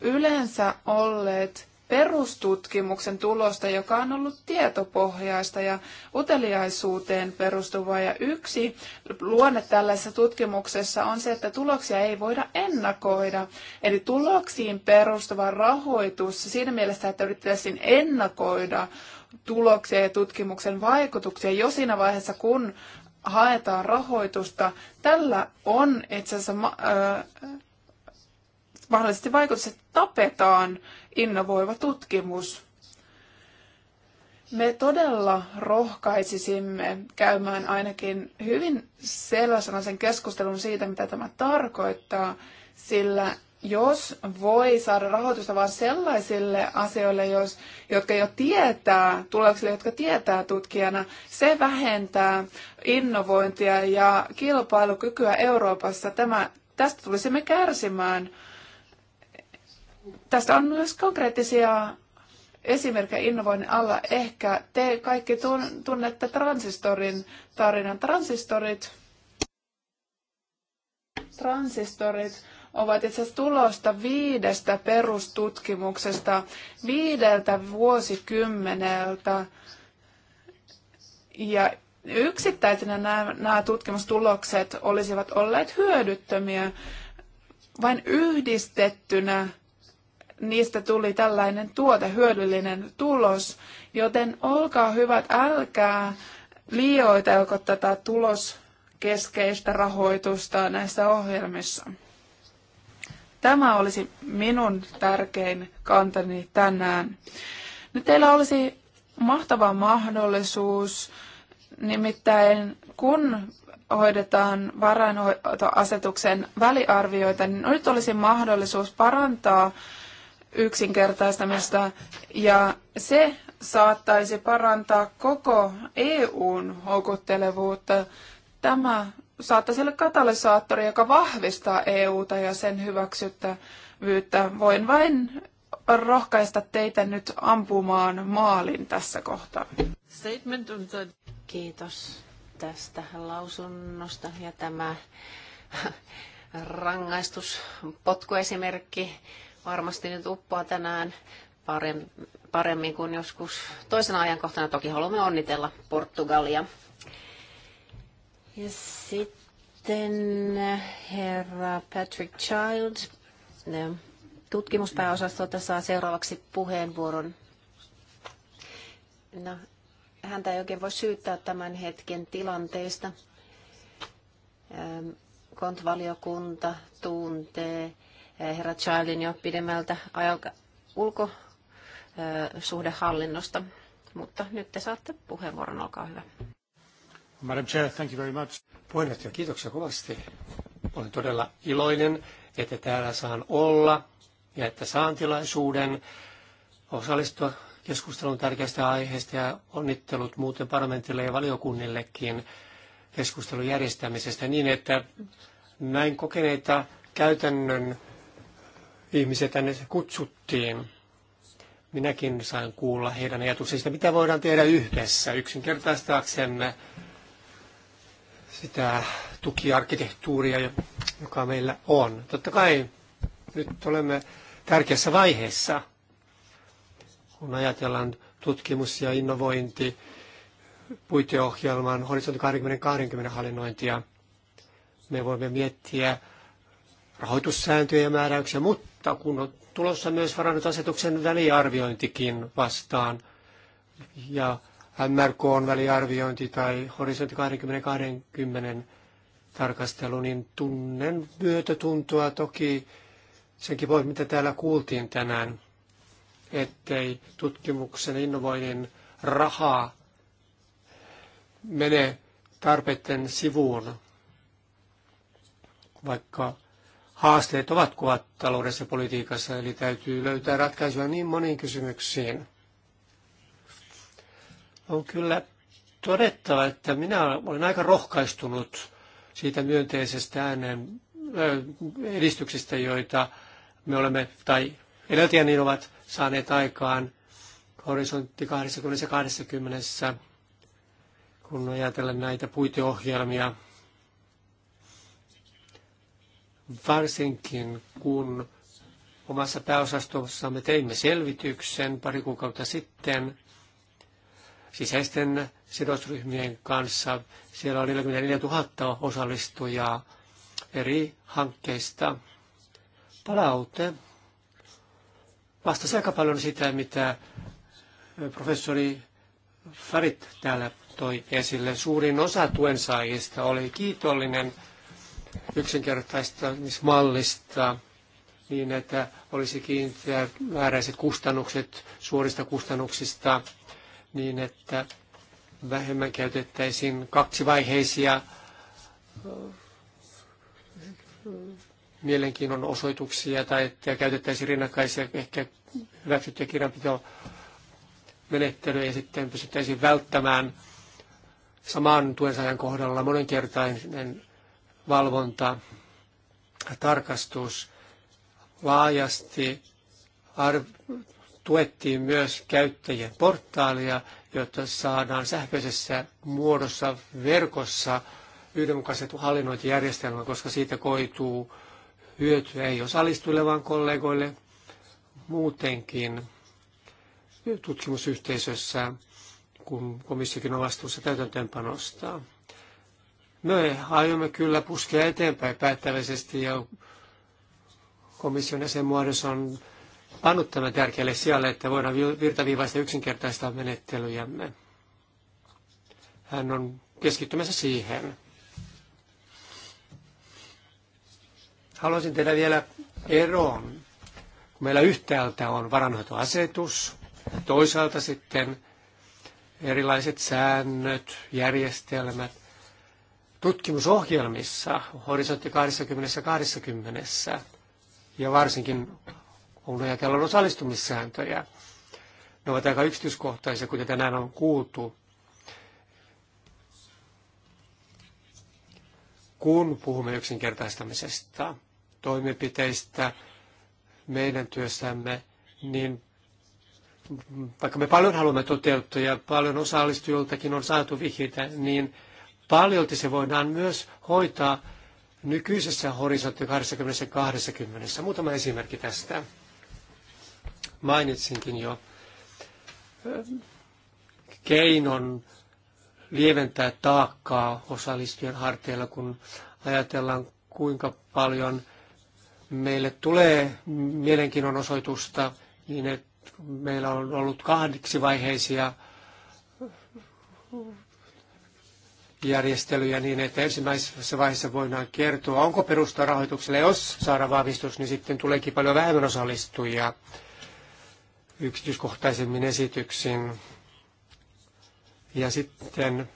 yleensä olleet perustutkimuksen tulosta, joka on ollut tietopohjaista ja uteliaisuuteen perustuvaa. Ja yksi luonne tällaisessa tutkimuksessa on se, että tuloksia ei voida ennakoida. Eli tuloksiin perustuva rahoitus siinä mielessä, että yrittäisiin ennakoida tuloksia ja tutkimuksen vaikutuksia jo siinä vaiheessa, kun haetaan rahoitusta. Tällä on itse asiassa äh, mahdollisesti vaikutus, että tapetaan innovoiva tutkimus. Me todella rohkaisisimme käymään ainakin hyvin selväsanaisen keskustelun siitä, mitä tämä tarkoittaa, sillä jos voi saada rahoitusta vain sellaisille asioille, jos, jotka jo tietää, tuloksille, jotka tietää tutkijana, se vähentää innovointia ja kilpailukykyä Euroopassa. Tämä, tästä tulisimme kärsimään. Tästä on myös konkreettisia esimerkkejä innovoinnin alla. Ehkä te kaikki tunnette transistorin tarinan. Transistorit, transistorit ovat itse asiassa tulosta viidestä perustutkimuksesta viideltä vuosikymmeneltä. Ja yksittäisenä nämä, nämä tutkimustulokset olisivat olleet hyödyttömiä. Vain yhdistettynä niistä tuli tällainen tuote, hyödyllinen tulos. Joten olkaa hyvät, älkää liioitelko tätä tuloskeskeistä rahoitusta näissä ohjelmissa. Tämä olisi minun tärkein kantani tänään. Nyt teillä olisi mahtava mahdollisuus, nimittäin kun hoidetaan varainhoitoasetuksen väliarvioita, niin nyt olisi mahdollisuus parantaa yksinkertaistamista ja se saattaisi parantaa koko EUn houkuttelevuutta. Tämä saattaisi olla katalysaattori, joka vahvistaa EUta ja sen hyväksyttävyyttä. Voin vain rohkaista teitä nyt ampumaan maalin tässä kohtaa.
Statement on the... Kiitos tästä lausunnosta ja tämä rangaistuspotkuesimerkki varmasti nyt uppoaa tänään paremmin kuin joskus toisena ajankohtana. Toki haluamme onnitella Portugalia sitten eh, herra Patrick Child eh, tutkimuspääosastolta saa seuraavaksi puheenvuoron. No, häntä ei oikein voi syyttää tämän hetken tilanteesta. Eh, Kontvaliokunta tuntee herra Childin jo pidemmältä ajalta ulkosuhdehallinnosta. Mutta nyt te saatte puheenvuoron, olkaa hyvä.
Madam Chair, thank you very much. Puheenjohtaja, kiitoksia kovasti. Olen todella iloinen, että täällä saan olla ja että saan tilaisuuden osallistua keskustelun tärkeästä aiheesta ja onnittelut muuten parlamentille ja valiokunnillekin keskustelun järjestämisestä niin, että näin kokeneita käytännön ihmisiä tänne kutsuttiin. Minäkin sain kuulla heidän ajatuksista, mitä voidaan tehdä yhdessä yksinkertaistaaksemme sitä tukiarkkitehtuuria, joka meillä on. Totta kai nyt olemme tärkeässä vaiheessa, kun ajatellaan tutkimus- ja innovointi, puiteohjelman horisontti 2020 hallinnointia. Me voimme miettiä rahoitussääntöjä ja määräyksiä, mutta kun on tulossa myös varannut asetuksen väliarviointikin vastaan ja MRK on väliarviointi tai horisontti 2020 tarkastelu, niin tunnen myötätuntoa toki senkin voi, mitä täällä kuultiin tänään, ettei tutkimuksen innovoinnin rahaa mene tarpeiden sivuun, vaikka haasteet ovat kovat taloudessa ja politiikassa, eli täytyy löytää ratkaisuja niin moniin kysymyksiin on kyllä todettava, että minä olen aika rohkaistunut siitä myönteisestä äänen edistyksestä, joita me olemme, tai edeltäjäni ovat saaneet aikaan horisontti 2020, kun ajatellaan näitä puiteohjelmia. Varsinkin kun omassa pääosastossamme teimme selvityksen pari kuukautta sitten sisäisten sidosryhmien kanssa. Siellä oli 44 000 osallistujaa eri hankkeista. Palaute vastasi aika paljon sitä, mitä professori Farit täällä toi esille. Suurin osa saajista oli kiitollinen yksinkertaistamismallista niin, että olisi kiinteämääräiset kustannukset suorista kustannuksista – niin, että vähemmän käytettäisiin kaksivaiheisia mielenkiinnon osoituksia tai että käytettäisiin rinnakkaisia ehkä hyväksyttyjä kirjanpitomenettelyjä ja sitten pystyttäisiin välttämään saman tuensaajan kohdalla monenkertainen valvonta, tarkastus, laajasti tuettiin myös käyttäjien portaalia, jotta saadaan sähköisessä muodossa verkossa yhdenmukaiset hallinnointijärjestelmä, koska siitä koituu hyötyä ei osallistuille, vaan kollegoille muutenkin tutkimusyhteisössä, kun komissiokin on vastuussa täytäntöönpanosta. Me aiomme kyllä puskea eteenpäin päättäväisesti ja komission jäsenmuodossa on pannut tämän tärkeälle sijalle, että voidaan virtaviivaista yksinkertaistaa menettelyjämme. Hän on keskittymässä siihen. Haluaisin tehdä vielä eroon. Meillä yhtäältä on varanhoitoasetus, toisaalta sitten erilaiset säännöt, järjestelmät, tutkimusohjelmissa, horisontti 2020 ja varsinkin on osallistumissääntöjä. Ne ovat aika yksityiskohtaisia, kuten tänään on kuultu. Kun puhumme yksinkertaistamisesta, toimenpiteistä, meidän työssämme, niin vaikka me paljon haluamme toteuttaa ja paljon osallistujiltakin on saatu vihjeitä, niin paljolti se voidaan myös hoitaa nykyisessä horisontti 80-20. Muutama esimerkki tästä mainitsinkin jo eh, keinon lieventää taakkaa osallistujien harteilla, kun ajatellaan kuinka paljon meille tulee mielenkiinnon osoitusta, niin että meillä on ollut kahdeksi vaiheisia järjestelyjä niin, että ensimmäisessä vaiheessa voidaan kertoa, onko perusta rahoitukselle, jos saadaan vahvistus, niin sitten tuleekin paljon vähemmän osallistujia yksityiskohtaisemmin esityksiin. Ja sitten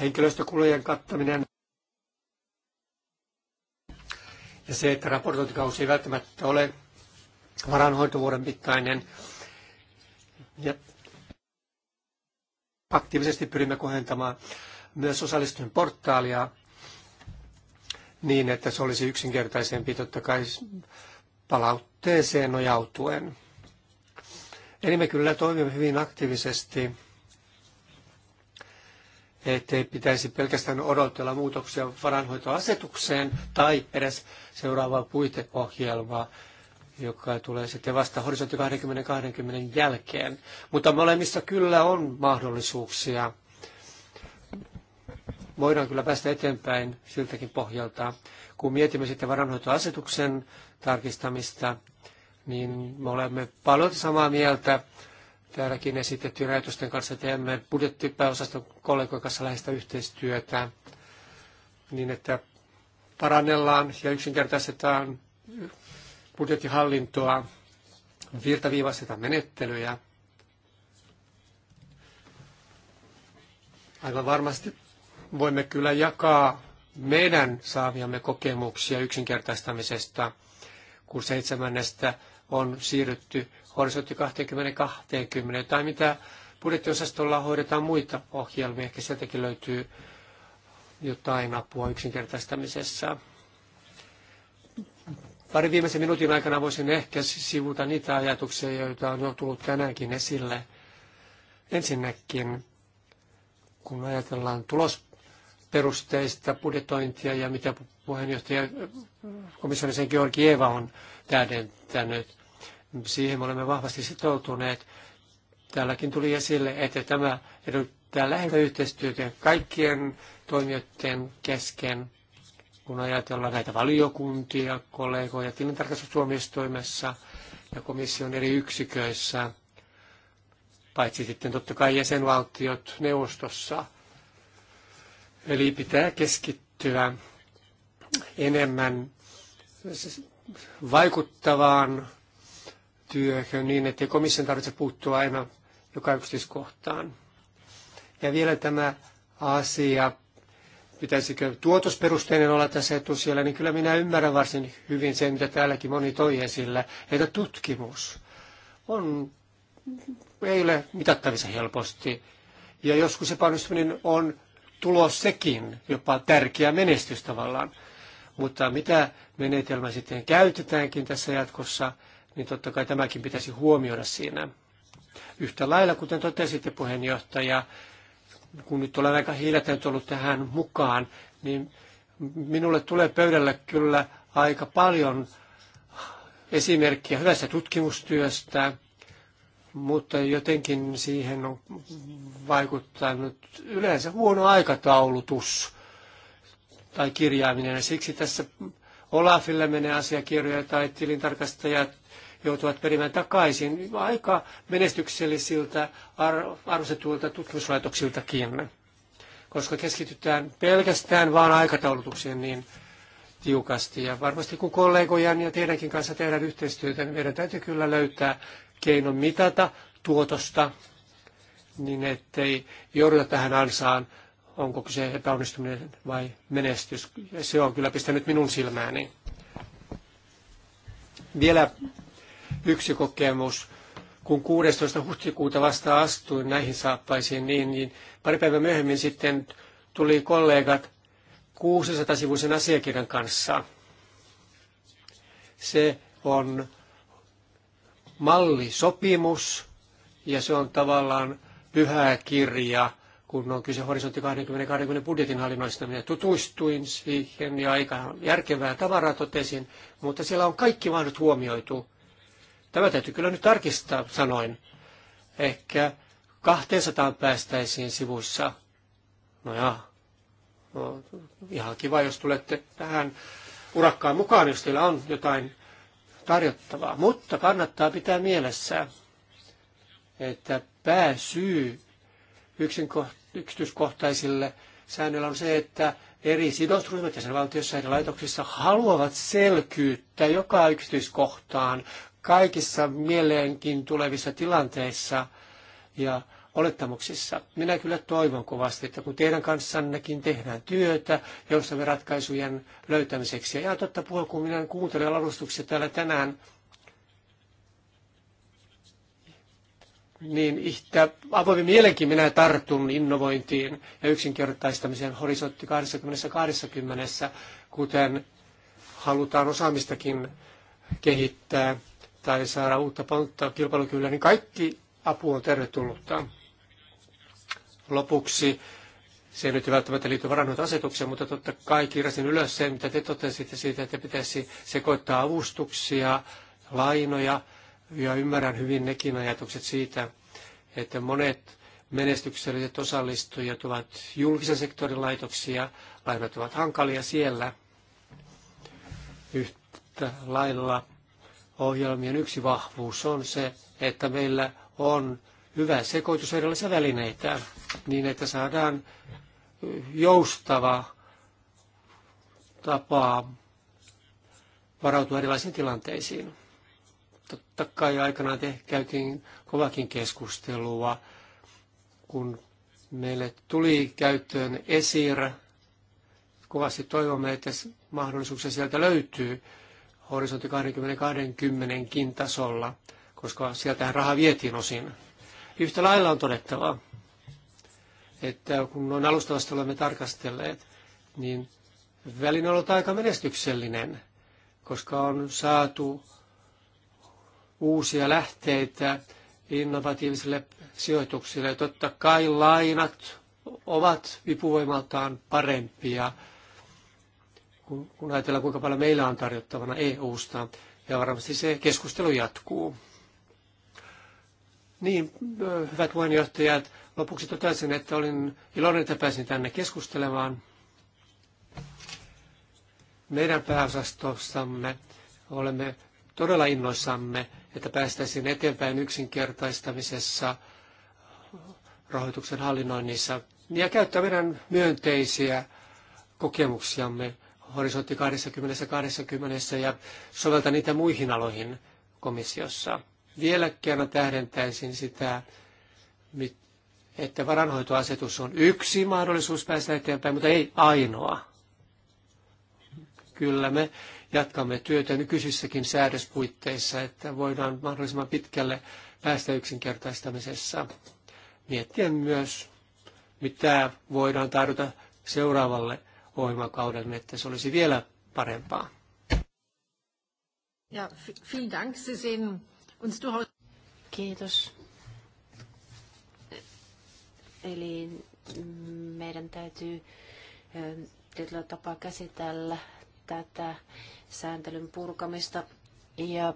henkilöstökulujen kattaminen ja se, että raportointikausi ei välttämättä ole varanhoitovuoden mittainen. Ja aktiivisesti pyrimme kohentamaan myös osallistujien portaalia niin, että se olisi yksinkertaisempi totta kai palautteeseen nojautuen. Eli me kyllä toimimme hyvin aktiivisesti, ettei pitäisi pelkästään odotella muutoksia varanhoitoasetukseen tai edes seuraavaa puiteohjelmaa, joka tulee sitten vasta horisontti 2020 jälkeen. Mutta molemmissa kyllä on mahdollisuuksia. Voidaan kyllä päästä eteenpäin siltäkin pohjalta. Kun mietimme sitten varanhoitoasetuksen tarkistamista, niin me olemme paljon samaa mieltä täälläkin esitettyjen rajoitusten kanssa. Teemme budjettipääosaston kollegojen kanssa läheistä yhteistyötä niin, että parannellaan ja yksinkertaistetaan budjettihallintoa, virtaviivaistetaan menettelyjä. Aivan varmasti voimme kyllä jakaa meidän saaviamme kokemuksia yksinkertaistamisesta, kun seitsemännestä on siirrytty horisontti 2020 tai mitä budjettiosastolla hoidetaan muita ohjelmia. Ehkä sieltäkin löytyy jotain apua yksinkertaistamisessa. Pari viimeisen minuutin aikana voisin ehkä sivuta niitä ajatuksia, joita on jo tullut tänäänkin esille. Ensinnäkin, kun ajatellaan tulosperusteista budjetointia ja mitä puheenjohtaja komissaarisen Georgieva on täydentänyt, Siihen me olemme vahvasti sitoutuneet. Täälläkin tuli esille, että tämä edellyttää läheltä yhteistyötä kaikkien toimijoiden kesken, kun ajatellaan näitä valiokuntia, kollegoja tilintarkastustuomioistuimessa ja komission eri yksiköissä, paitsi sitten totta kai jäsenvaltiot neuvostossa. Eli pitää keskittyä enemmän vaikuttavaan työhön niin, ettei komission tarvitse puuttua aina joka yksityiskohtaan. Ja vielä tämä asia, pitäisikö tuotosperusteinen olla tässä etusijalla, niin kyllä minä ymmärrän varsin hyvin sen, mitä täälläkin moni toi esille, että tutkimus on, ei ole mitattavissa helposti. Ja joskus epäonnistuminen on tulos sekin, jopa tärkeä menestys tavallaan. Mutta mitä menetelmä sitten käytetäänkin tässä jatkossa, niin totta kai tämäkin pitäisi huomioida siinä. Yhtä lailla, kuten totesitte puheenjohtaja, kun nyt olen aika hiljattain tullut tähän mukaan, niin minulle tulee pöydällä kyllä aika paljon esimerkkiä hyvästä tutkimustyöstä, mutta jotenkin siihen on vaikuttanut yleensä huono aikataulutus tai kirjaaminen. siksi tässä Olafille menee asiakirjoja tai tilintarkastajat joutuvat perimään takaisin aika menestyksellisiltä arvostetuilta tutkimuslaitoksiltakin. Koska keskitytään pelkästään vaan aikataulutukseen niin tiukasti. Ja varmasti kun kollegojen ja teidänkin kanssa tehdään yhteistyötä, niin meidän täytyy kyllä löytää keino mitata tuotosta, niin ettei jouduta tähän ansaan onko se epäonnistuminen vai menestys. Se on kyllä pistänyt minun silmääni. Vielä yksi kokemus. Kun 16. huhtikuuta vasta astuin näihin saappaisiin, niin, niin pari päivää myöhemmin sitten tuli kollegat 600-sivuisen asiakirjan kanssa. Se on mallisopimus ja se on tavallaan pyhä kirja, kun on kyse horisontti 2020 budjetin hallinnoista. Minä tutustuin siihen ja aika järkevää tavaraa totesin, mutta siellä on kaikki mahdot huomioitu. Tämä täytyy kyllä nyt tarkistaa, sanoin. Ehkä 200 päästäisiin sivuissa. No ja No, ihan kiva, jos tulette tähän urakkaan mukaan, jos teillä on jotain tarjottavaa. Mutta kannattaa pitää mielessä, että pääsyy yksityiskohtaisille säännöillä on se, että eri sidosryhmät valtiossa ja laitoksissa haluavat selkyyttä joka yksityiskohtaan kaikissa mieleenkin tulevissa tilanteissa ja olettamuksissa. Minä kyllä toivon kovasti, että kun teidän kanssannekin tehdään työtä, joustamme ratkaisujen löytämiseksi. Ja totta puhua, kun minä kuuntelen alustuksia täällä tänään, niin yhtä avoimen mielenkin minä tartun innovointiin ja yksinkertaistamiseen horisontti 80-80, kuten halutaan osaamistakin kehittää tai saada uutta pontta kilpailukyvyllä, niin kaikki apu on tervetullutta. Lopuksi se ei nyt välttämättä liity varannut mutta totta kai kirjasin ylös sen, mitä te totesitte siitä, että pitäisi sekoittaa avustuksia, lainoja, ja ymmärrän hyvin nekin ajatukset siitä, että monet menestykselliset osallistujat ovat julkisen sektorin laitoksia, lainat ovat hankalia siellä yhtä lailla ohjelmien yksi vahvuus on se, että meillä on hyvä sekoitus erilaisia välineitä niin, että saadaan joustava tapa varautua erilaisiin tilanteisiin. Totta kai aikanaan te käytiin kovakin keskustelua, kun meille tuli käyttöön esir. Kovasti toivomme, että mahdollisuuksia sieltä löytyy horisontti 20-20kin tasolla, koska sieltähän raha vietiin osin. Yhtä lailla on todettava, että kun on alustavasti olemme tarkastelleet, niin välin on ollut aika menestyksellinen, koska on saatu uusia lähteitä innovatiivisille sijoituksille. Totta kai lainat ovat vipuvoimaltaan parempia kun, kun ajatellaan kuinka paljon meillä on tarjottavana EU-sta, ja varmasti se keskustelu jatkuu. Niin, hyvät puheenjohtajat, lopuksi totesin, että olin iloinen, että pääsin tänne keskustelemaan. Meidän pääosastossamme olemme todella innoissamme, että päästäisiin eteenpäin yksinkertaistamisessa, rahoituksen hallinnoinnissa ja käyttää meidän myönteisiä kokemuksiamme horisontti 20-20 ja soveltaa niitä muihin aloihin komissiossa. Vielä kerran tähdentäisin sitä, että varanhoitoasetus on yksi mahdollisuus päästä eteenpäin, mutta ei ainoa. Kyllä me jatkamme työtä nykyisissäkin säädöspuitteissa, että voidaan mahdollisimman pitkälle päästä yksinkertaistamisessa. Miettiä myös, mitä voidaan tarjota seuraavalle ohjelmakaudelle, että se olisi vielä parempaa. Ja,
vielen Dank. Sie sehen uns durchaus... Kiitos. Eli meidän täytyy tietyllä tapaa käsitellä tätä sääntelyn purkamista. Ja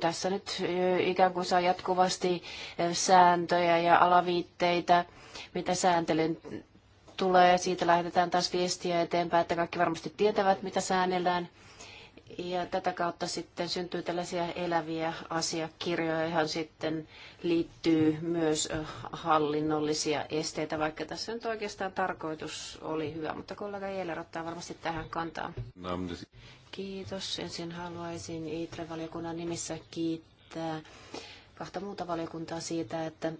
tässä nyt ikään kuin saa jatkuvasti sääntöjä ja alaviitteitä, mitä sääntelyn tulee. Siitä lähetetään taas viestiä eteenpäin, että kaikki varmasti tietävät, mitä säännellään. Ja tätä kautta sitten syntyy tällaisia eläviä asiakirjoja, johon sitten liittyy myös hallinnollisia esteitä, vaikka tässä nyt oikeastaan tarkoitus oli hyvä, mutta kollega Jeller ottaa varmasti tähän kantaa. Kiitos. Ensin haluaisin ITRE-valiokunnan nimissä kiittää kahta muuta valiokuntaa siitä, että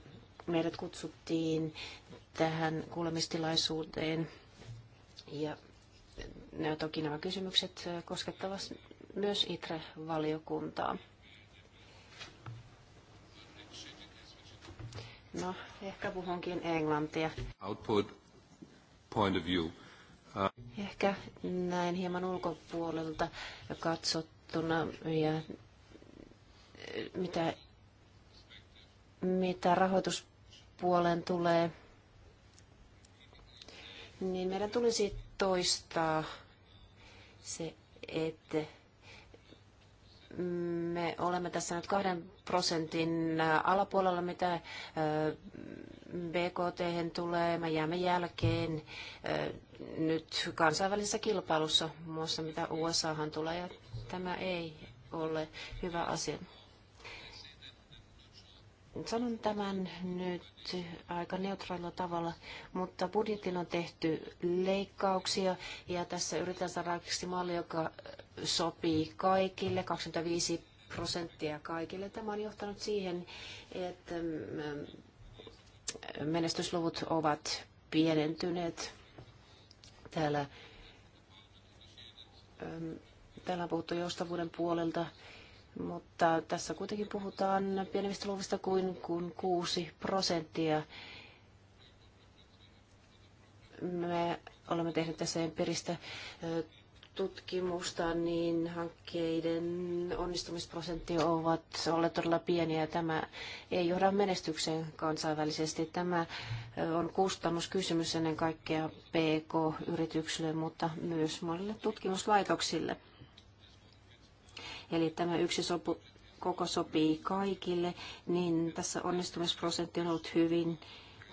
meidät kutsuttiin tähän kuulemistilaisuuteen ja ne, toki nämä kysymykset koskettavat myös ITRE-valiokuntaa. No, ehkä puhunkin englantia.
Output
point of view. Uh...
Ehkä näin hieman ulkopuolelta katsottuna ja mitä, mitä rahoitus puolen tulee, niin meidän tulisi toistaa se, että me olemme tässä nyt kahden prosentin alapuolella, mitä BKT tulee. Me jäämme jälkeen nyt kansainvälisessä kilpailussa, muassa mitä USAhan tulee, ja tämä ei ole hyvä asia. Sanon tämän nyt aika neutraalilla tavalla, mutta budjetin on tehty leikkauksia ja tässä yritetään saada malli, joka sopii kaikille, 25 prosenttia kaikille. Tämä on johtanut siihen, että mm, menestysluvut ovat pienentyneet täällä. Mm, täällä on puhuttu joustavuuden puolelta mutta tässä kuitenkin puhutaan pienemmistä luvista kuin, kuin 6 prosenttia. Me olemme tehneet tässä empiiristä tutkimusta, niin hankkeiden onnistumisprosentti ovat olleet todella pieniä ja tämä ei johda menestykseen kansainvälisesti. Tämä on kustannuskysymys ennen kaikkea PK-yrityksille, mutta myös monille tutkimuslaitoksille. Eli tämä yksi sopu, koko sopii kaikille, niin tässä onnistumisprosentti on ollut hyvin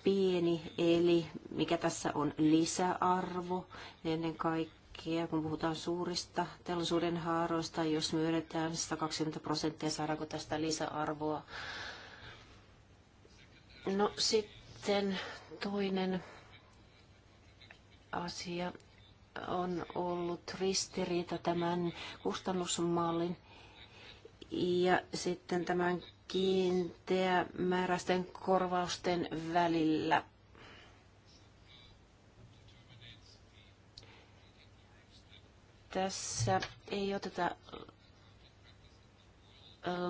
pieni, eli mikä tässä on lisäarvo ennen kaikkea, kun puhutaan suurista teollisuuden haaroista, jos myönnetään 120 prosenttia, saadaanko tästä lisäarvoa. No sitten toinen asia on ollut ristiriita tämän kustannusmallin ja sitten tämän kiinteä määräisten korvausten välillä. Tässä ei oteta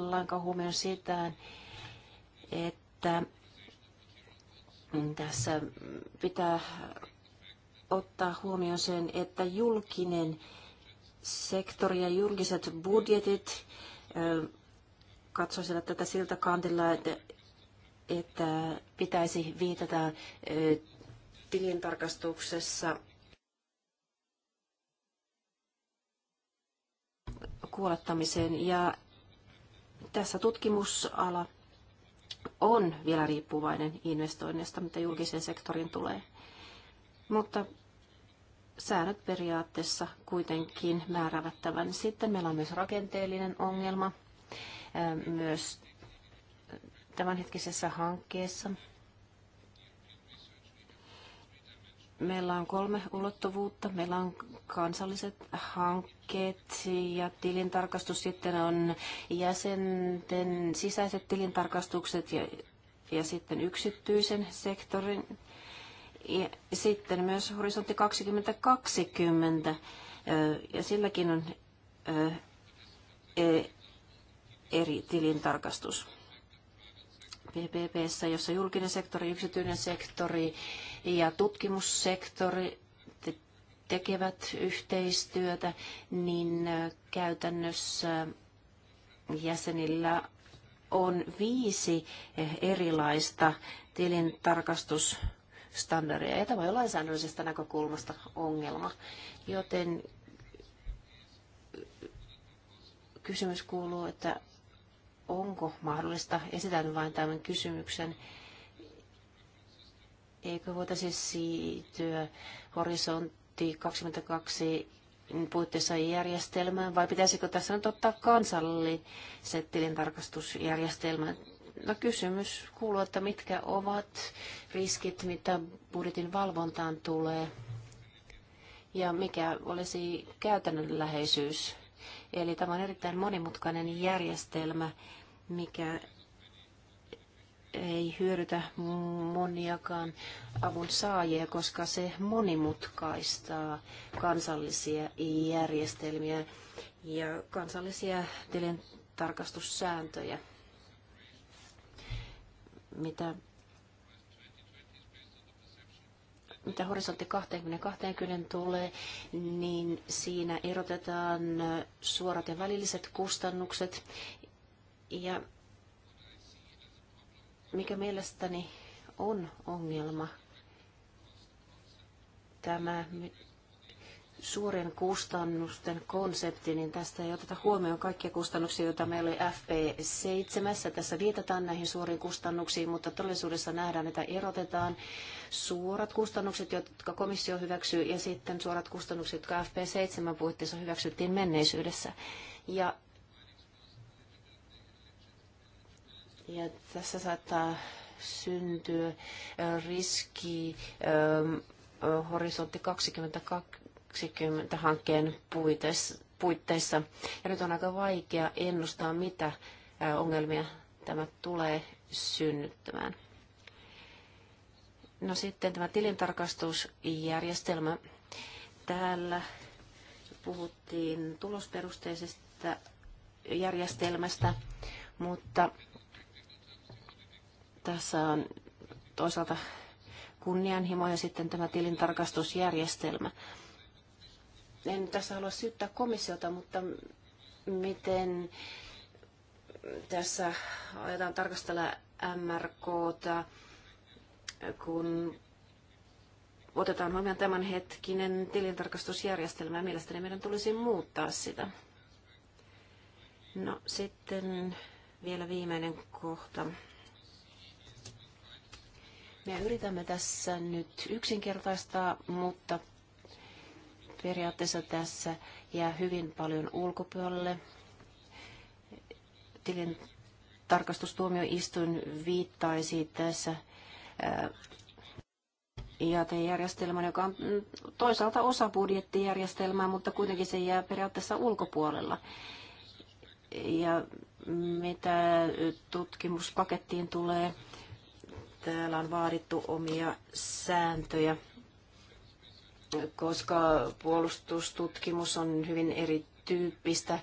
lainkaan huomioon sitä, että tässä pitää ottaa huomioon sen, että julkinen sektori ja julkiset budjetit katsoisivat tätä siltä kantilla, että, että pitäisi viitata tilintarkastuksessa kuolettamiseen. Ja tässä tutkimusala on vielä riippuvainen investoinnista, mitä julkisen sektorin tulee. Mutta säännöt periaatteessa kuitenkin määräävät tämän. Sitten meillä on myös rakenteellinen ongelma myös tämänhetkisessä hankkeessa. Meillä on kolme ulottuvuutta. Meillä on kansalliset hankkeet ja tilintarkastus. Sitten on jäsenten sisäiset tilintarkastukset ja, ja sitten yksityisen sektorin ja sitten myös horisontti 2020, ja silläkin on e, eri tilintarkastus. PPPssä, jossa julkinen sektori, yksityinen sektori ja tutkimussektori tekevät yhteistyötä, niin käytännössä jäsenillä on viisi e, erilaista tilintarkastus standardeja. Ja tämä on lainsäädännöllisestä näkökulmasta ongelma. Joten kysymys kuuluu, että onko mahdollista, esitän vain tämän kysymyksen, eikö voitaisi siirtyä horisontti 22 puitteissa järjestelmään, vai pitäisikö tässä nyt ottaa kansalliset tilintarkastusjärjestelmät No kysymys kuuluu, että mitkä ovat riskit, mitä budjetin valvontaan tulee ja mikä olisi läheisyys. Eli tämä on erittäin monimutkainen järjestelmä, mikä ei hyödytä moniakaan avun saajia, koska se monimutkaistaa kansallisia järjestelmiä ja kansallisia tilintarkastussääntöjä mitä, mitä horisontti 2020 tulee, niin siinä erotetaan suorat ja välilliset kustannukset. Ja mikä mielestäni on ongelma, tämä suuren kustannusten konsepti, niin tästä ei oteta huomioon kaikkia kustannuksia, joita meillä oli FP7. Tässä viitataan näihin suuriin kustannuksiin, mutta todellisuudessa nähdään, että erotetaan suorat kustannukset, jotka komissio hyväksyy, ja sitten suorat kustannukset, jotka FP7 puitteissa hyväksyttiin menneisyydessä. Ja, ja tässä saattaa syntyä riski horisontti 22. 2020 hankkeen puitteissa. Ja nyt on aika vaikea ennustaa, mitä ongelmia tämä tulee synnyttämään. No sitten tämä tilintarkastusjärjestelmä. Täällä puhuttiin tulosperusteisesta järjestelmästä, mutta tässä on toisaalta kunnianhimo ja sitten tämä tilintarkastusjärjestelmä en tässä halua syyttää komissiota, mutta miten tässä ajetaan tarkastella MRKta, kun otetaan huomioon tämänhetkinen tilintarkastusjärjestelmä. Mielestäni meidän tulisi muuttaa sitä. No sitten vielä viimeinen kohta. Me yritämme tässä nyt yksinkertaistaa, mutta periaatteessa tässä jää hyvin paljon ulkopuolelle. Tilin tarkastustuomioistuin viittaisi tässä iat järjestelmään joka on mm, toisaalta osa budjettijärjestelmää, mutta kuitenkin se jää periaatteessa ulkopuolella. Ja mitä tutkimuspakettiin tulee, täällä on vaadittu omia sääntöjä koska puolustustutkimus on hyvin erityyppistä.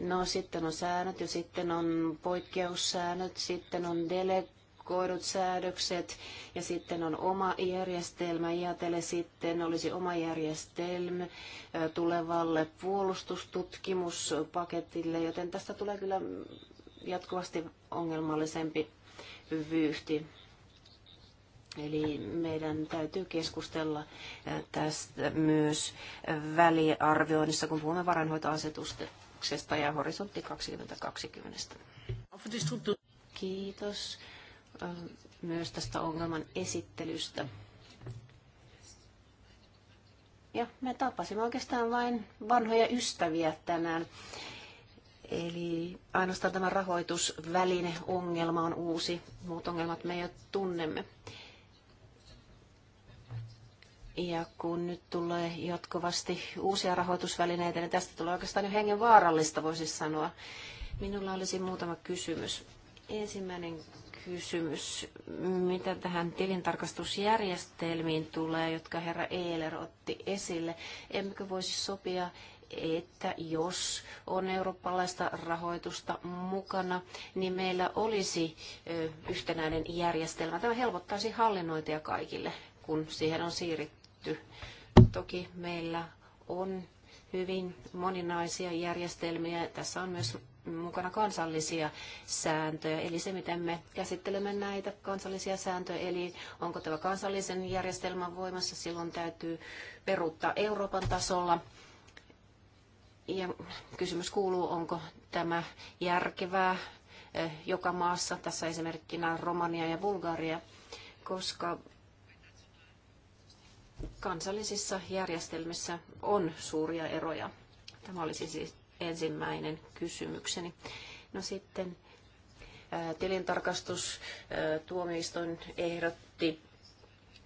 No sitten on säännöt ja sitten on poikkeussäännöt, sitten on delegoidut säädökset ja sitten on oma järjestelmä. Iatele sitten olisi oma järjestelmä tulevalle puolustustutkimuspaketille, joten tästä tulee kyllä jatkuvasti ongelmallisempi vyyhti. Eli meidän täytyy keskustella tästä myös väliarvioinnissa, kun puhumme varainhoitoasetuksesta ja horisontti 2020. Kiitos myös tästä ongelman esittelystä. Ja me tapasimme oikeastaan vain vanhoja ystäviä tänään. Eli ainoastaan tämä rahoitusväline ongelma on uusi, muut ongelmat me jo tunnemme. Ja kun nyt tulee jatkuvasti uusia rahoitusvälineitä, niin tästä tulee oikeastaan jo hengen vaarallista, voisi sanoa. Minulla olisi muutama kysymys. Ensimmäinen kysymys, mitä tähän tilintarkastusjärjestelmiin tulee, jotka herra Eeler otti esille. Emmekö voisi sopia, että jos on eurooppalaista rahoitusta mukana, niin meillä olisi yhtenäinen järjestelmä. Tämä helpottaisi hallinnointia kaikille kun siihen on siirrytty tehty. Toki meillä on hyvin moninaisia järjestelmiä. Tässä on myös mukana kansallisia sääntöjä, eli se, miten me käsittelemme näitä kansallisia sääntöjä, eli onko tämä kansallisen järjestelmän voimassa, silloin täytyy peruuttaa Euroopan tasolla. Ja kysymys kuuluu, onko tämä järkevää eh, joka maassa, tässä esimerkkinä Romania ja Bulgaria, koska kansallisissa järjestelmissä on suuria eroja. Tämä olisi siis ensimmäinen kysymykseni. No sitten tilintarkastustuomioistuin ehdotti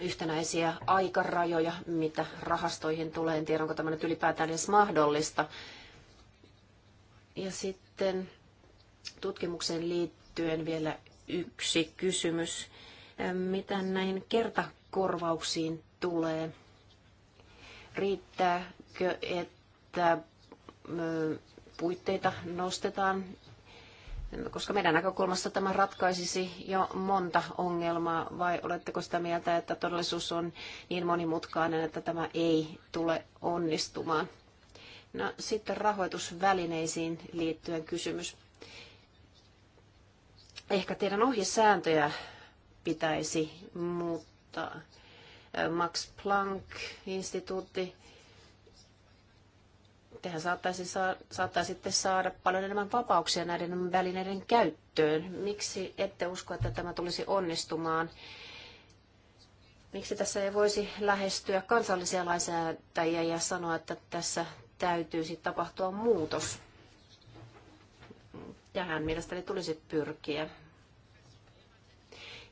yhtenäisiä aikarajoja, mitä rahastoihin tulee. En tiedä, onko tämä nyt ylipäätään edes mahdollista. Ja sitten tutkimukseen liittyen vielä yksi kysymys mitä näihin kertakorvauksiin tulee? Riittääkö, että puitteita nostetaan? Koska meidän näkökulmassa tämä ratkaisisi jo monta ongelmaa, vai oletteko sitä mieltä, että todellisuus on niin monimutkainen, että tämä ei tule onnistumaan? No, sitten rahoitusvälineisiin liittyen kysymys. Ehkä teidän ohjesääntöjä pitäisi muuttaa. Max Planck-instituutti, tehän saattaisi saa, saattaisitte saada paljon enemmän vapauksia näiden välineiden käyttöön. Miksi ette usko, että tämä tulisi onnistumaan? Miksi tässä ei voisi lähestyä kansallisia lainsäätäjiä ja sanoa, että tässä täytyisi tapahtua muutos? Tähän mielestäni tulisi pyrkiä.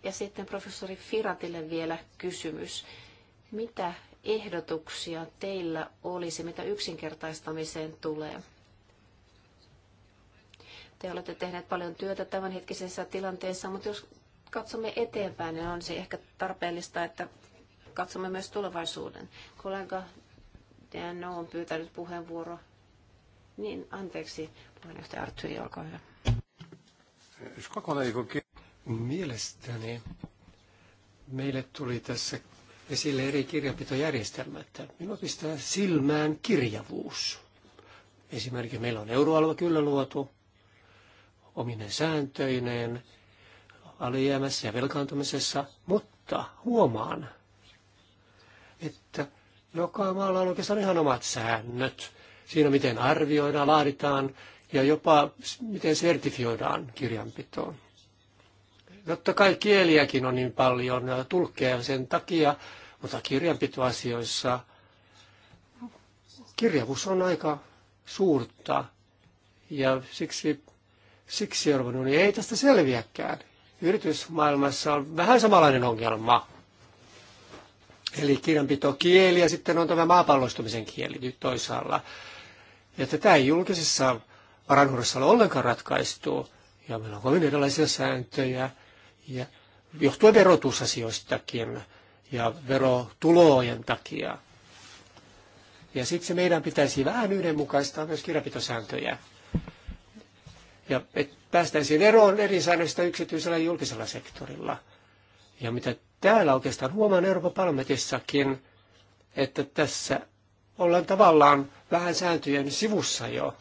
Ja sitten professori Firatille vielä kysymys. Mitä ehdotuksia teillä olisi, mitä yksinkertaistamiseen tulee? Te olette tehneet paljon työtä tämänhetkisessä tilanteessa, mutta jos katsomme eteenpäin, niin on se ehkä tarpeellista, että katsomme myös tulevaisuuden. Kollega Dano on pyytänyt puheenvuoro. Niin, anteeksi, puheenjohtaja
Arturi, olkaa hyvä. Mielestäni meille tuli tässä esille eri kirjanpitojärjestelmät. Minua pistää silmään kirjavuus. Esimerkiksi meillä on euroalue kyllä luotu ominen sääntöineen alijäämässä ja velkaantumisessa, mutta huomaan, että joka maalla on oikeastaan ihan omat säännöt siinä, miten arvioidaan, laaditaan ja jopa miten sertifioidaan kirjanpitoon. Totta kai kieliäkin on niin paljon ja tulkkeja sen takia, mutta kirjanpitoasioissa kirjavuus on aika suurta. Ja siksi, siksi Euroopan unioni ei tästä selviäkään. Yritysmaailmassa on vähän samanlainen ongelma. Eli kirjanpito kieli ja sitten on tämä maapalloistumisen kieli nyt toisaalla. Ja tätä ei julkisessa varanhuudessa ole ollenkaan ratkaistu. Ja meillä on kovin erilaisia sääntöjä ja johtuen verotusasioistakin ja verotulojen takia. Ja siksi meidän pitäisi vähän yhdenmukaistaa myös kirjapitosääntöjä. Ja että päästäisiin eroon eri säännöistä yksityisellä ja julkisella sektorilla. Ja mitä täällä oikeastaan huomaan Euroopan parlamentissakin, että tässä ollaan tavallaan vähän sääntöjen sivussa jo.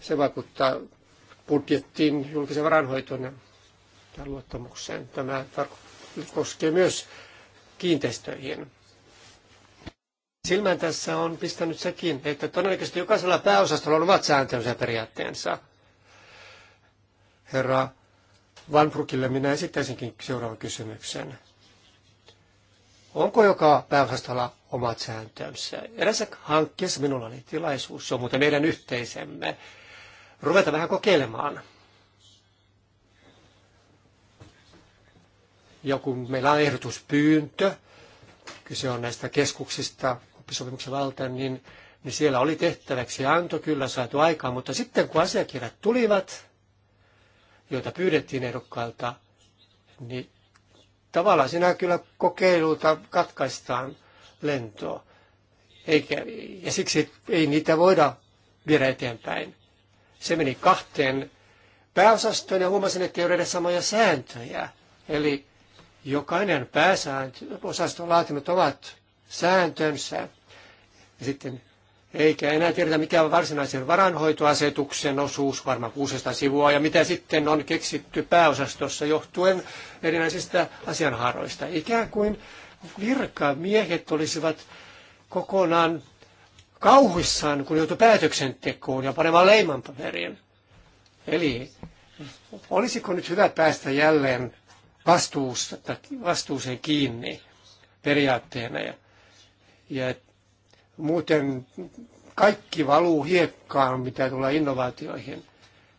Se vaikuttaa budjettiin, julkisen varanhoitoon ja tämän luottamukseen. Tämä koskee myös kiinteistöihin. Silmän tässä on pistänyt sekin, että todennäköisesti jokaisella pääosastolla on omat sääntönsä ja periaatteensa. Herra Vanbrukille minä esittäisinkin seuraavan kysymyksen. Onko joka pääosastolla omat sääntönsä? Erässä hankkeessa minulla oli tilaisuus, se on muuten meidän yhteisemme, ruveta vähän kokeilemaan – Ja kun meillä on ehdotuspyyntö, kyse on näistä keskuksista oppisopimuksen valta, niin, niin siellä oli tehtäväksi anto kyllä saatu aikaan, mutta sitten kun asiakirjat tulivat, joita pyydettiin ehdokkailta, niin tavallaan sinä kyllä kokeilulta katkaistaan lentoa. Eikä, ja siksi ei niitä voida viedä eteenpäin. Se meni kahteen pääosastoon ja huomasin, että ei ole edes samoja sääntöjä. Eli Jokainen pääosasto on laatinut ovat sääntönsä. Ja sitten eikä enää tiedetä, mikä on varsinaisen varanhoitoasetuksen osuus, varmaan 600 sivua, ja mitä sitten on keksitty pääosastossa johtuen erinäisistä asianhaaroista. Ikään kuin virkamiehet olisivat kokonaan kauhuissaan, kun joutui päätöksentekoon ja panemaan leiman paperiin. Eli olisiko nyt hyvä päästä jälleen tai vastuuseen kiinni periaatteena. Ja, ja muuten kaikki valuu hiekkaan, mitä tulee innovaatioihin.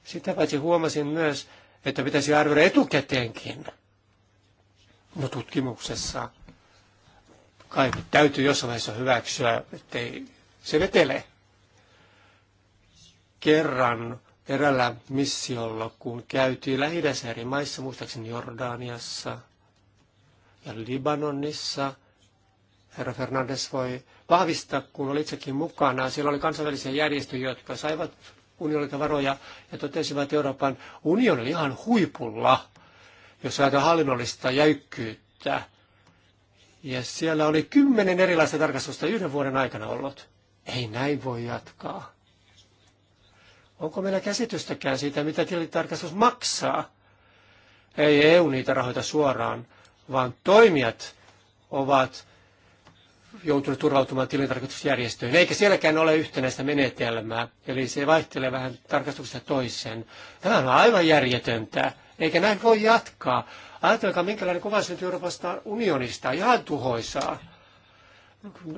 Sitä paitsi huomasin myös, että pitäisi arvioida etukäteenkin no, tutkimuksessa. Kai täytyy jossain vaiheessa hyväksyä, ettei se vetele. Kerran eräällä missiolla, kun käytiin lähi eri maissa, muistaakseni Jordaniassa ja Libanonissa. Herra Fernandes voi vahvistaa, kun oli itsekin mukana. Siellä oli kansainvälisiä järjestöjä, jotka saivat unionilta varoja ja totesivat, että Euroopan unionin oli ihan huipulla, jos ajatellaan hallinnollista jäykkyyttä. Ja siellä oli kymmenen erilaista tarkastusta yhden vuoden aikana ollut. Ei näin voi jatkaa. Onko meillä käsitystäkään siitä, mitä tilitarkastus maksaa? Ei EU niitä rahoita suoraan, vaan toimijat ovat joutuneet turvautumaan tilintarkastusjärjestöihin, eikä sielläkään ole yhtenäistä menetelmää, eli se vaihtelee vähän tarkastuksesta toiseen. Tämä on aivan järjetöntä, eikä näin voi jatkaa. Ajatelkaa, minkälainen kuva syntyy Euroopasta unionista, ihan tuhoisaa.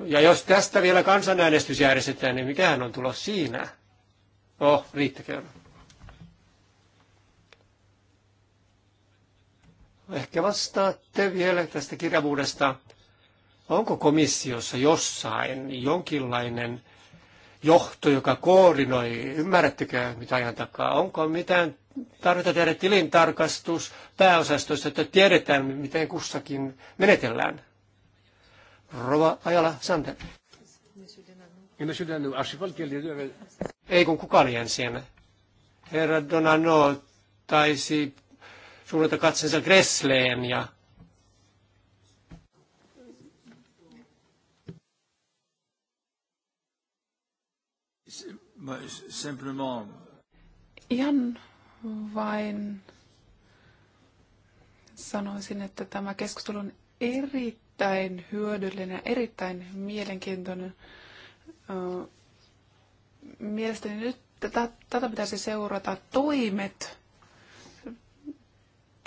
Ja jos tästä vielä kansanäänestys järjestetään, niin mikähän on tulos siinä? Oh, riittäkö? Ehkä vastaatte vielä tästä kirjavuudesta. Onko komissiossa jossain jonkinlainen johto, joka koordinoi, ymmärrättekö mitä ajan takaa? Onko mitään tarvita tehdä tilintarkastus pääosastoista, että tiedetään, miten kussakin menetellään? Rova Ajala Santer. Ei kun kukaan ensin. Herra Donano taisi suunnata katseensa Gressleen ja Simplement.
Ihan vain sanoisin, että tämä keskustelu on erittäin hyödyllinen ja erittäin mielenkiintoinen Mielestäni nyt tätä, tätä pitäisi seurata toimet.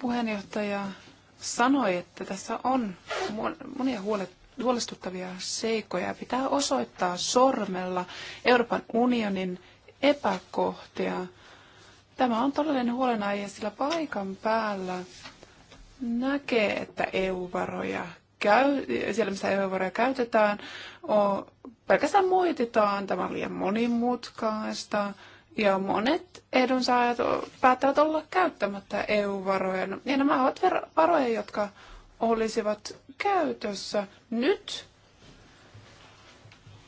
Puheenjohtaja sanoi, että tässä on monia huolet, huolestuttavia seikkoja. Pitää osoittaa sormella Euroopan unionin epäkohtia. Tämä on todellinen huolenaihe, sillä paikan päällä näkee, että EU-varoja käy, siellä missä EU-varoja käytetään, pelkästään moititaan, tämä on liian monimutkaista, ja monet edunsaajat päättävät olla käyttämättä EU-varoja. Ja nämä ovat varoja, jotka olisivat käytössä nyt.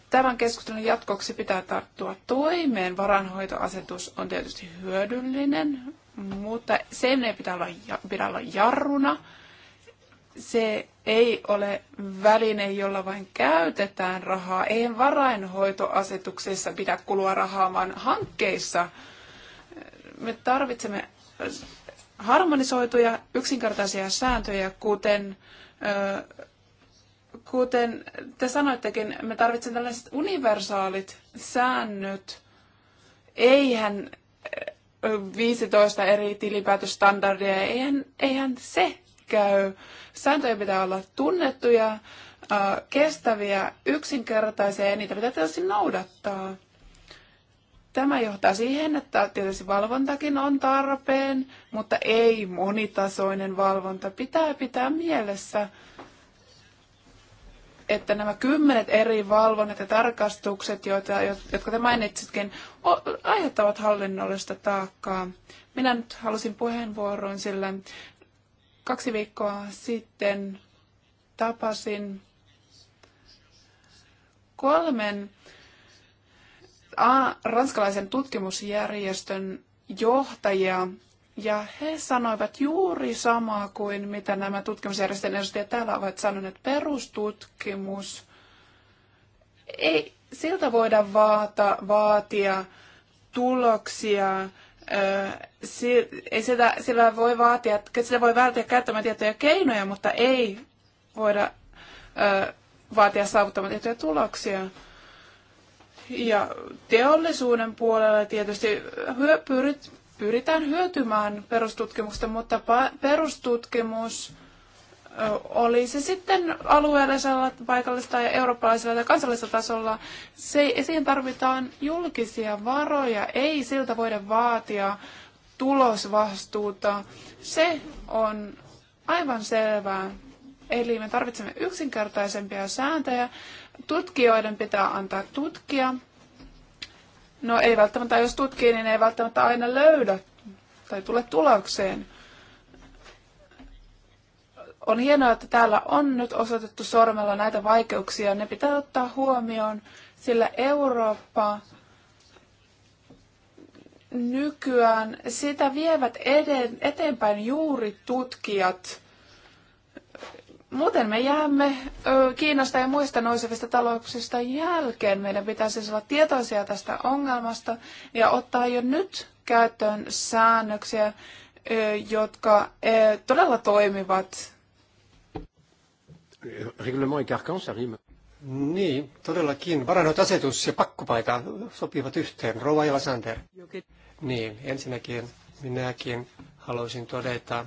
Tämän keskustelun jatkoksi pitää tarttua toimeen. Varanhoitoasetus on tietysti hyödyllinen, mutta sen ei pitää olla, pitää olla jarruna se ei ole väline, jolla vain käytetään rahaa. Ei varainhoitoasetuksessa pidä kulua rahaa, vaan hankkeissa. Me tarvitsemme harmonisoituja, yksinkertaisia sääntöjä, kuten, kuten te sanoittekin, me tarvitsemme tällaiset universaalit säännöt. Eihän 15 eri tilinpäätöstandardia, eihän, eihän se käy. Sääntöjen pitää olla tunnettuja, äh, kestäviä, yksinkertaisia ja niitä pitää tietysti noudattaa. Tämä johtaa siihen, että tietysti valvontakin on tarpeen, mutta ei monitasoinen valvonta. Pitää pitää mielessä, että nämä kymmenet eri valvonnat ja tarkastukset, joita, jotka te mainitsitkin, aiheuttavat hallinnollista taakkaa. Minä nyt halusin puheenvuoron, sillä Kaksi viikkoa sitten tapasin kolmen a, ranskalaisen tutkimusjärjestön johtajia, ja he sanoivat juuri samaa kuin mitä nämä tutkimusjärjestön edustajat täällä ovat sanoneet. Perustutkimus ei siltä voida vaata, vaatia tuloksia ei sitä, sillä voi vaatia, sillä voi välttää käyttämään tiettyjä keinoja, mutta ei voida vaatia saavuttamaan tiettyjä tuloksia. Ja teollisuuden puolella tietysti pyritään hyötymään perustutkimusta, mutta perustutkimus oli se sitten alueellisella, paikallisella ja eurooppalaisella ja kansallisella tasolla, se, siihen tarvitaan julkisia varoja, ei siltä voida vaatia tulosvastuuta. Se on aivan selvää. Eli me tarvitsemme yksinkertaisempia sääntöjä. Tutkijoiden pitää antaa tutkia. No ei välttämättä, jos tutkii, niin ei välttämättä aina löydä tai tule tulokseen. On hienoa, että täällä on nyt osoitettu sormella näitä vaikeuksia. Ne pitää ottaa huomioon, sillä Eurooppa nykyään sitä vievät eden, eteenpäin juuri tutkijat. Muuten me jäämme ö, Kiinasta ja muista nousevista talouksista jälkeen. Meidän pitäisi siis olla tietoisia tästä ongelmasta ja ottaa jo nyt käyttöön säännöksiä, ö, jotka ö, todella toimivat
Reglement et carcan, ça rime. Niin, todellakin. Varannut asetus ja pakkopaita sopivat yhteen. Rova ja Sander. Niin, ensinnäkin minäkin haluaisin todeta,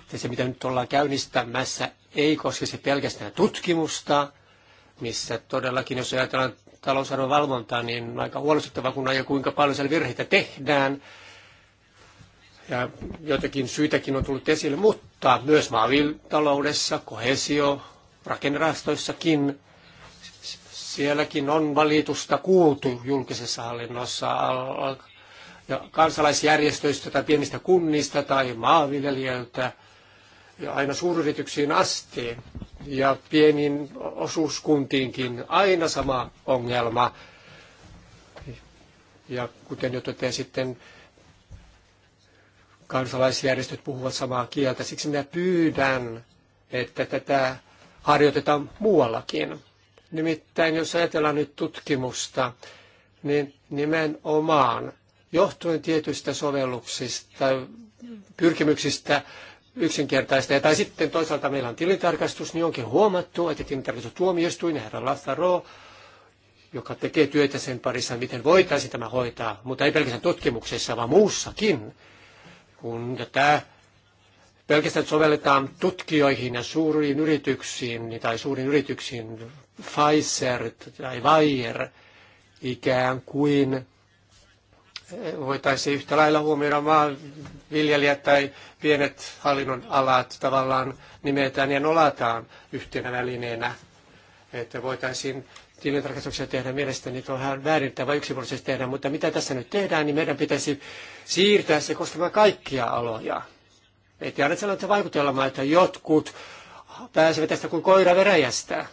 että se mitä nyt ollaan käynnistämässä ei koske se pelkästään tutkimusta, missä todellakin, jos ajatellaan talousarvon valvontaa, niin aika huolestuttava, kun ja kuinka paljon siellä virheitä tehdään ja joitakin syitäkin on tullut esille, mutta myös maavitaloudessa, kohesio, rakennerahastoissakin, sielläkin on valitusta kuultu julkisessa hallinnossa ja kansalaisjärjestöistä tai pienistä kunnista tai maanviljelijöiltä ja aina suuryrityksiin asti ja pieniin osuuskuntiinkin aina sama ongelma. Ja kuten jo totesin, sitten kansalaisjärjestöt puhuvat samaa kieltä. Siksi minä pyydän, että tätä harjoitetaan muuallakin. Nimittäin jos ajatellaan nyt tutkimusta, niin nimenomaan johtuen tietyistä sovelluksista, pyrkimyksistä yksinkertaista. Tai sitten toisaalta meillä on tilintarkastus, niin onkin huomattu, että tilintarkastustuomioistuin, herra Lazaro, joka tekee työtä sen parissa, miten voitaisiin tämä hoitaa, mutta ei pelkästään tutkimuksessa, vaan muussakin kun tätä pelkästään sovelletaan tutkijoihin ja suuriin yrityksiin niin- tai suuriin yrityksiin, Pfizer tai Bayer, ikään kuin eh, voitaisiin yhtä lailla huomioida viljelijät tai pienet hallinnon alat tavallaan nimetään ja nolataan yhtenä välineenä, että voitaisiin tilintarkastuksia tehdä mielestäni, niin on vähän väärintää vai yksipuolisesti tehdä, mutta mitä tässä nyt tehdään, niin meidän pitäisi siirtää se koskemaan kaikkia aloja. Ei aina sellaista vaikutelmaa, että jotkut pääsevät tästä kuin koira veräjästä.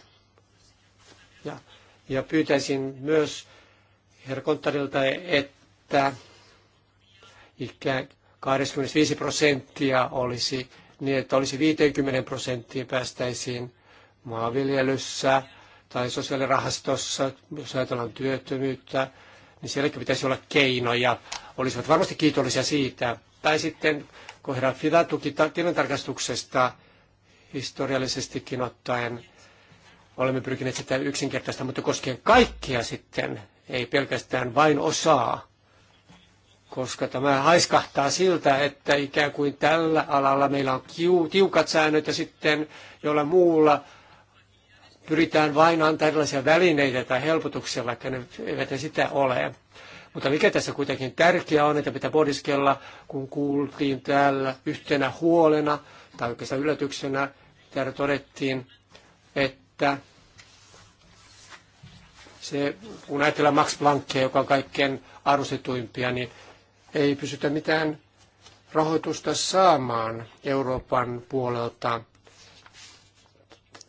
Ja, ja pyytäisin myös herra että ikään 25 prosenttia olisi niin, että olisi 50 prosenttia päästäisiin maanviljelyssä, tai sosiaalirahastossa, jos ajatellaan työttömyyttä, niin sielläkin pitäisi olla keinoja. Olisivat varmasti kiitollisia siitä. Tai sitten kun herra Fida tuki tilintarkastuksesta historiallisestikin ottaen, olemme pyrkineet sitä yksinkertaista, mutta koskien kaikkia sitten, ei pelkästään vain osaa, koska tämä haiskahtaa siltä, että ikään kuin tällä alalla meillä on kiu, tiukat säännöt ja sitten jolla muulla pyritään vain antaa erilaisia välineitä tai helpotuksia, vaikka ne eivät ne sitä ole. Mutta mikä tässä kuitenkin tärkeää on, että pitää pohdiskella, kun kuultiin täällä yhtenä huolena tai oikeastaan yllätyksenä, täällä todettiin, että se, kun ajatellaan Max Planckia, joka on kaikkein arvostetuimpia, niin ei pysytä mitään rahoitusta saamaan Euroopan puolelta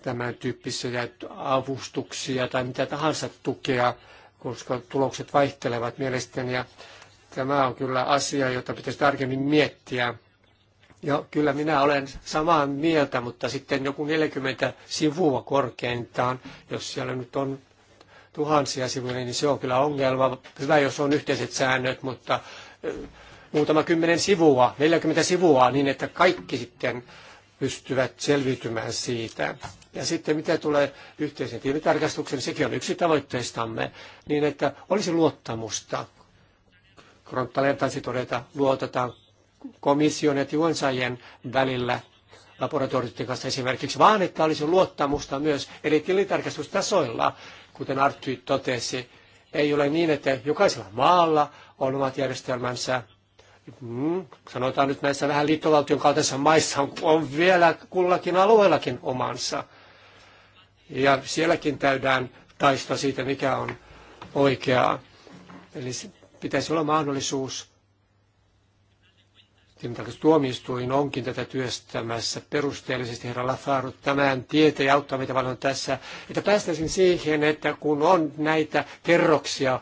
tämän tyyppisiä avustuksia tai mitä tahansa tukea, koska tulokset vaihtelevat mielestäni. Ja tämä on kyllä asia, jota pitäisi tarkemmin miettiä. Ja kyllä minä olen samaa mieltä, mutta sitten joku 40 sivua korkeintaan, jos siellä nyt on tuhansia sivuja, niin se on kyllä ongelma. Hyvä, jos on yhteiset säännöt, mutta muutama kymmenen sivua, 40 sivua, niin että kaikki sitten pystyvät selviytymään siitä. Ja sitten mitä tulee yhteisen tiimitarkastukseen, sekin on yksi tavoitteistamme, niin että olisi luottamusta. Kronttalen taisi todeta, luotetaan komission ja työnsaajien välillä laboratorioiden kanssa esimerkiksi, vaan että olisi luottamusta myös eri tilitarkastustasoilla, kuten Artty totesi. Ei ole niin, että jokaisella maalla on omat järjestelmänsä. Mm, sanotaan nyt näissä vähän liittovaltion kaltaisissa maissa on, on vielä kullakin alueellakin omansa. Ja sielläkin täydään taistaa siitä, mikä on oikeaa. Eli pitäisi olla mahdollisuus, tuomioistuin onkin tätä työstämässä perusteellisesti, herra Lafaru, tämän tieteen auttaa meitä paljon tässä, että päästäisiin siihen, että kun on näitä kerroksia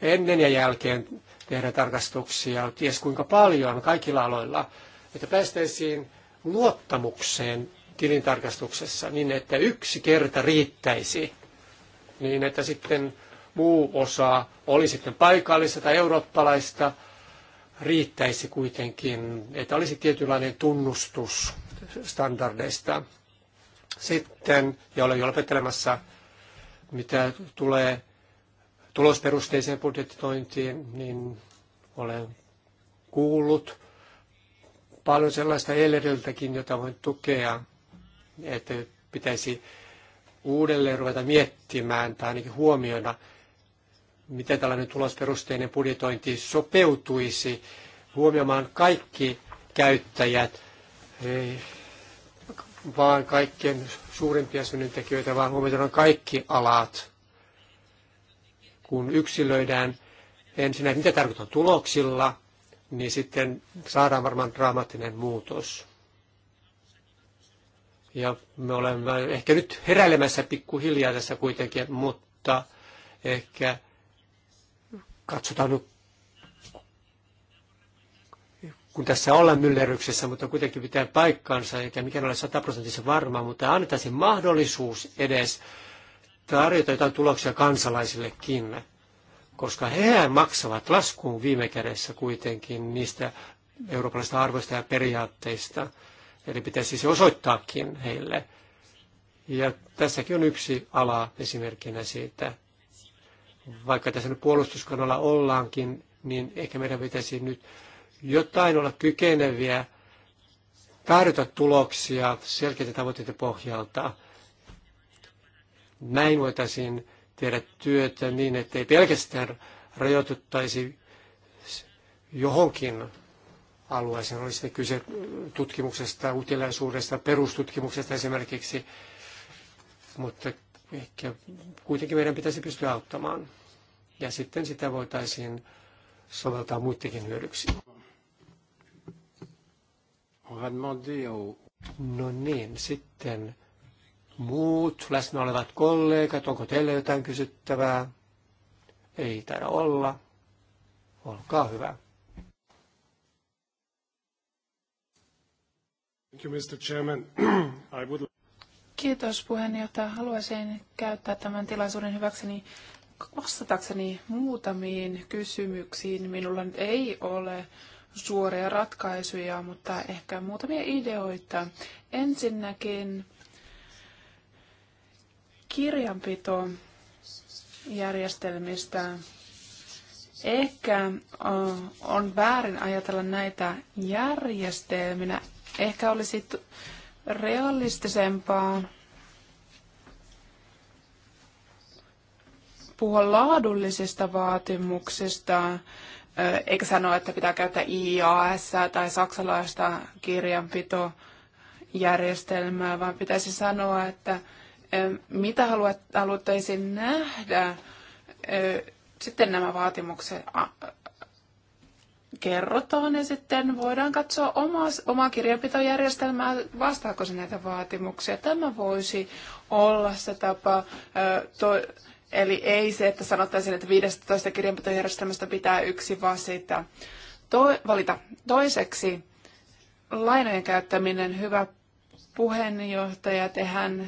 ennen ja jälkeen tehdä tarkastuksia, ties kuinka paljon kaikilla aloilla, että päästäisiin luottamukseen tilintarkastuksessa niin, että yksi kerta riittäisi, niin että sitten muu osa, oli sitten paikallista tai eurooppalaista, riittäisi kuitenkin, että olisi tietynlainen tunnustus standardeista. Sitten, ja olen jo lopettelemassa, mitä tulee tulosperusteiseen budjetointiin, niin olen kuullut paljon sellaista Elleriltäkin, jota voin tukea että pitäisi uudelleen ruveta miettimään tai ainakin huomioida, miten tällainen tulosperusteinen budjetointi sopeutuisi huomioimaan kaikki käyttäjät, ei vaan kaikkien suurimpia synnyntekijöitä, vaan huomioidaan kaikki alat, kun yksilöidään ensin, mitä tarkoittaa tuloksilla, niin sitten saadaan varmaan dramaattinen muutos. Ja me olemme ehkä nyt heräilemässä pikkuhiljaa tässä kuitenkin, mutta ehkä katsotaan nyt, kun tässä ollaan myllerryksessä, mutta kuitenkin pitää paikkansa, eikä mikään ole sataprosenttisen varma, mutta annetaan se mahdollisuus edes tarjota jotain tuloksia kansalaisillekin, koska hehän maksavat laskuun viime kädessä kuitenkin niistä eurooppalaisista arvoista ja periaatteista, Eli pitäisi se osoittaakin heille. Ja tässäkin on yksi ala esimerkkinä siitä. Vaikka tässä nyt puolustuskanalla ollaankin, niin ehkä meidän pitäisi nyt jotain olla kykeneviä tarjota tuloksia selkeitä tavoitteita pohjalta. Näin voitaisiin tehdä työtä niin, ettei pelkästään rajoituttaisi johonkin alueeseen. Oli sitten kyse tutkimuksesta, uteliaisuudesta, perustutkimuksesta esimerkiksi, mutta ehkä kuitenkin meidän pitäisi pystyä auttamaan. Ja sitten sitä voitaisiin soveltaa muidenkin hyödyksi. No niin, sitten muut läsnä olevat kollegat, onko teille jotain kysyttävää? Ei taida olla. Olkaa hyvä.
Kiitos puheenjohtaja. Haluaisin käyttää tämän tilaisuuden hyväkseni vastatakseni muutamiin kysymyksiin. Minulla nyt ei ole suoria ratkaisuja, mutta ehkä muutamia ideoita. Ensinnäkin kirjanpito järjestelmistä. Ehkä on väärin ajatella näitä järjestelminä. Ehkä olisi realistisempaa puhua laadullisista vaatimuksista, eikä sanoa, että pitää käyttää IAS tai saksalaista kirjanpitojärjestelmää, vaan pitäisi sanoa, että mitä haluat, haluttaisiin nähdä, sitten nämä vaatimukset kerrotaan ja sitten voidaan katsoa omaa, omaa kirjanpitojärjestelmää, vastaako se näitä vaatimuksia. Tämä voisi olla se tapa, to, eli ei se, että sanottaisiin, että 15 kirjanpitojärjestelmästä pitää yksi vasita. To, valita. Toiseksi lainojen käyttäminen, hyvä puheenjohtaja, tehän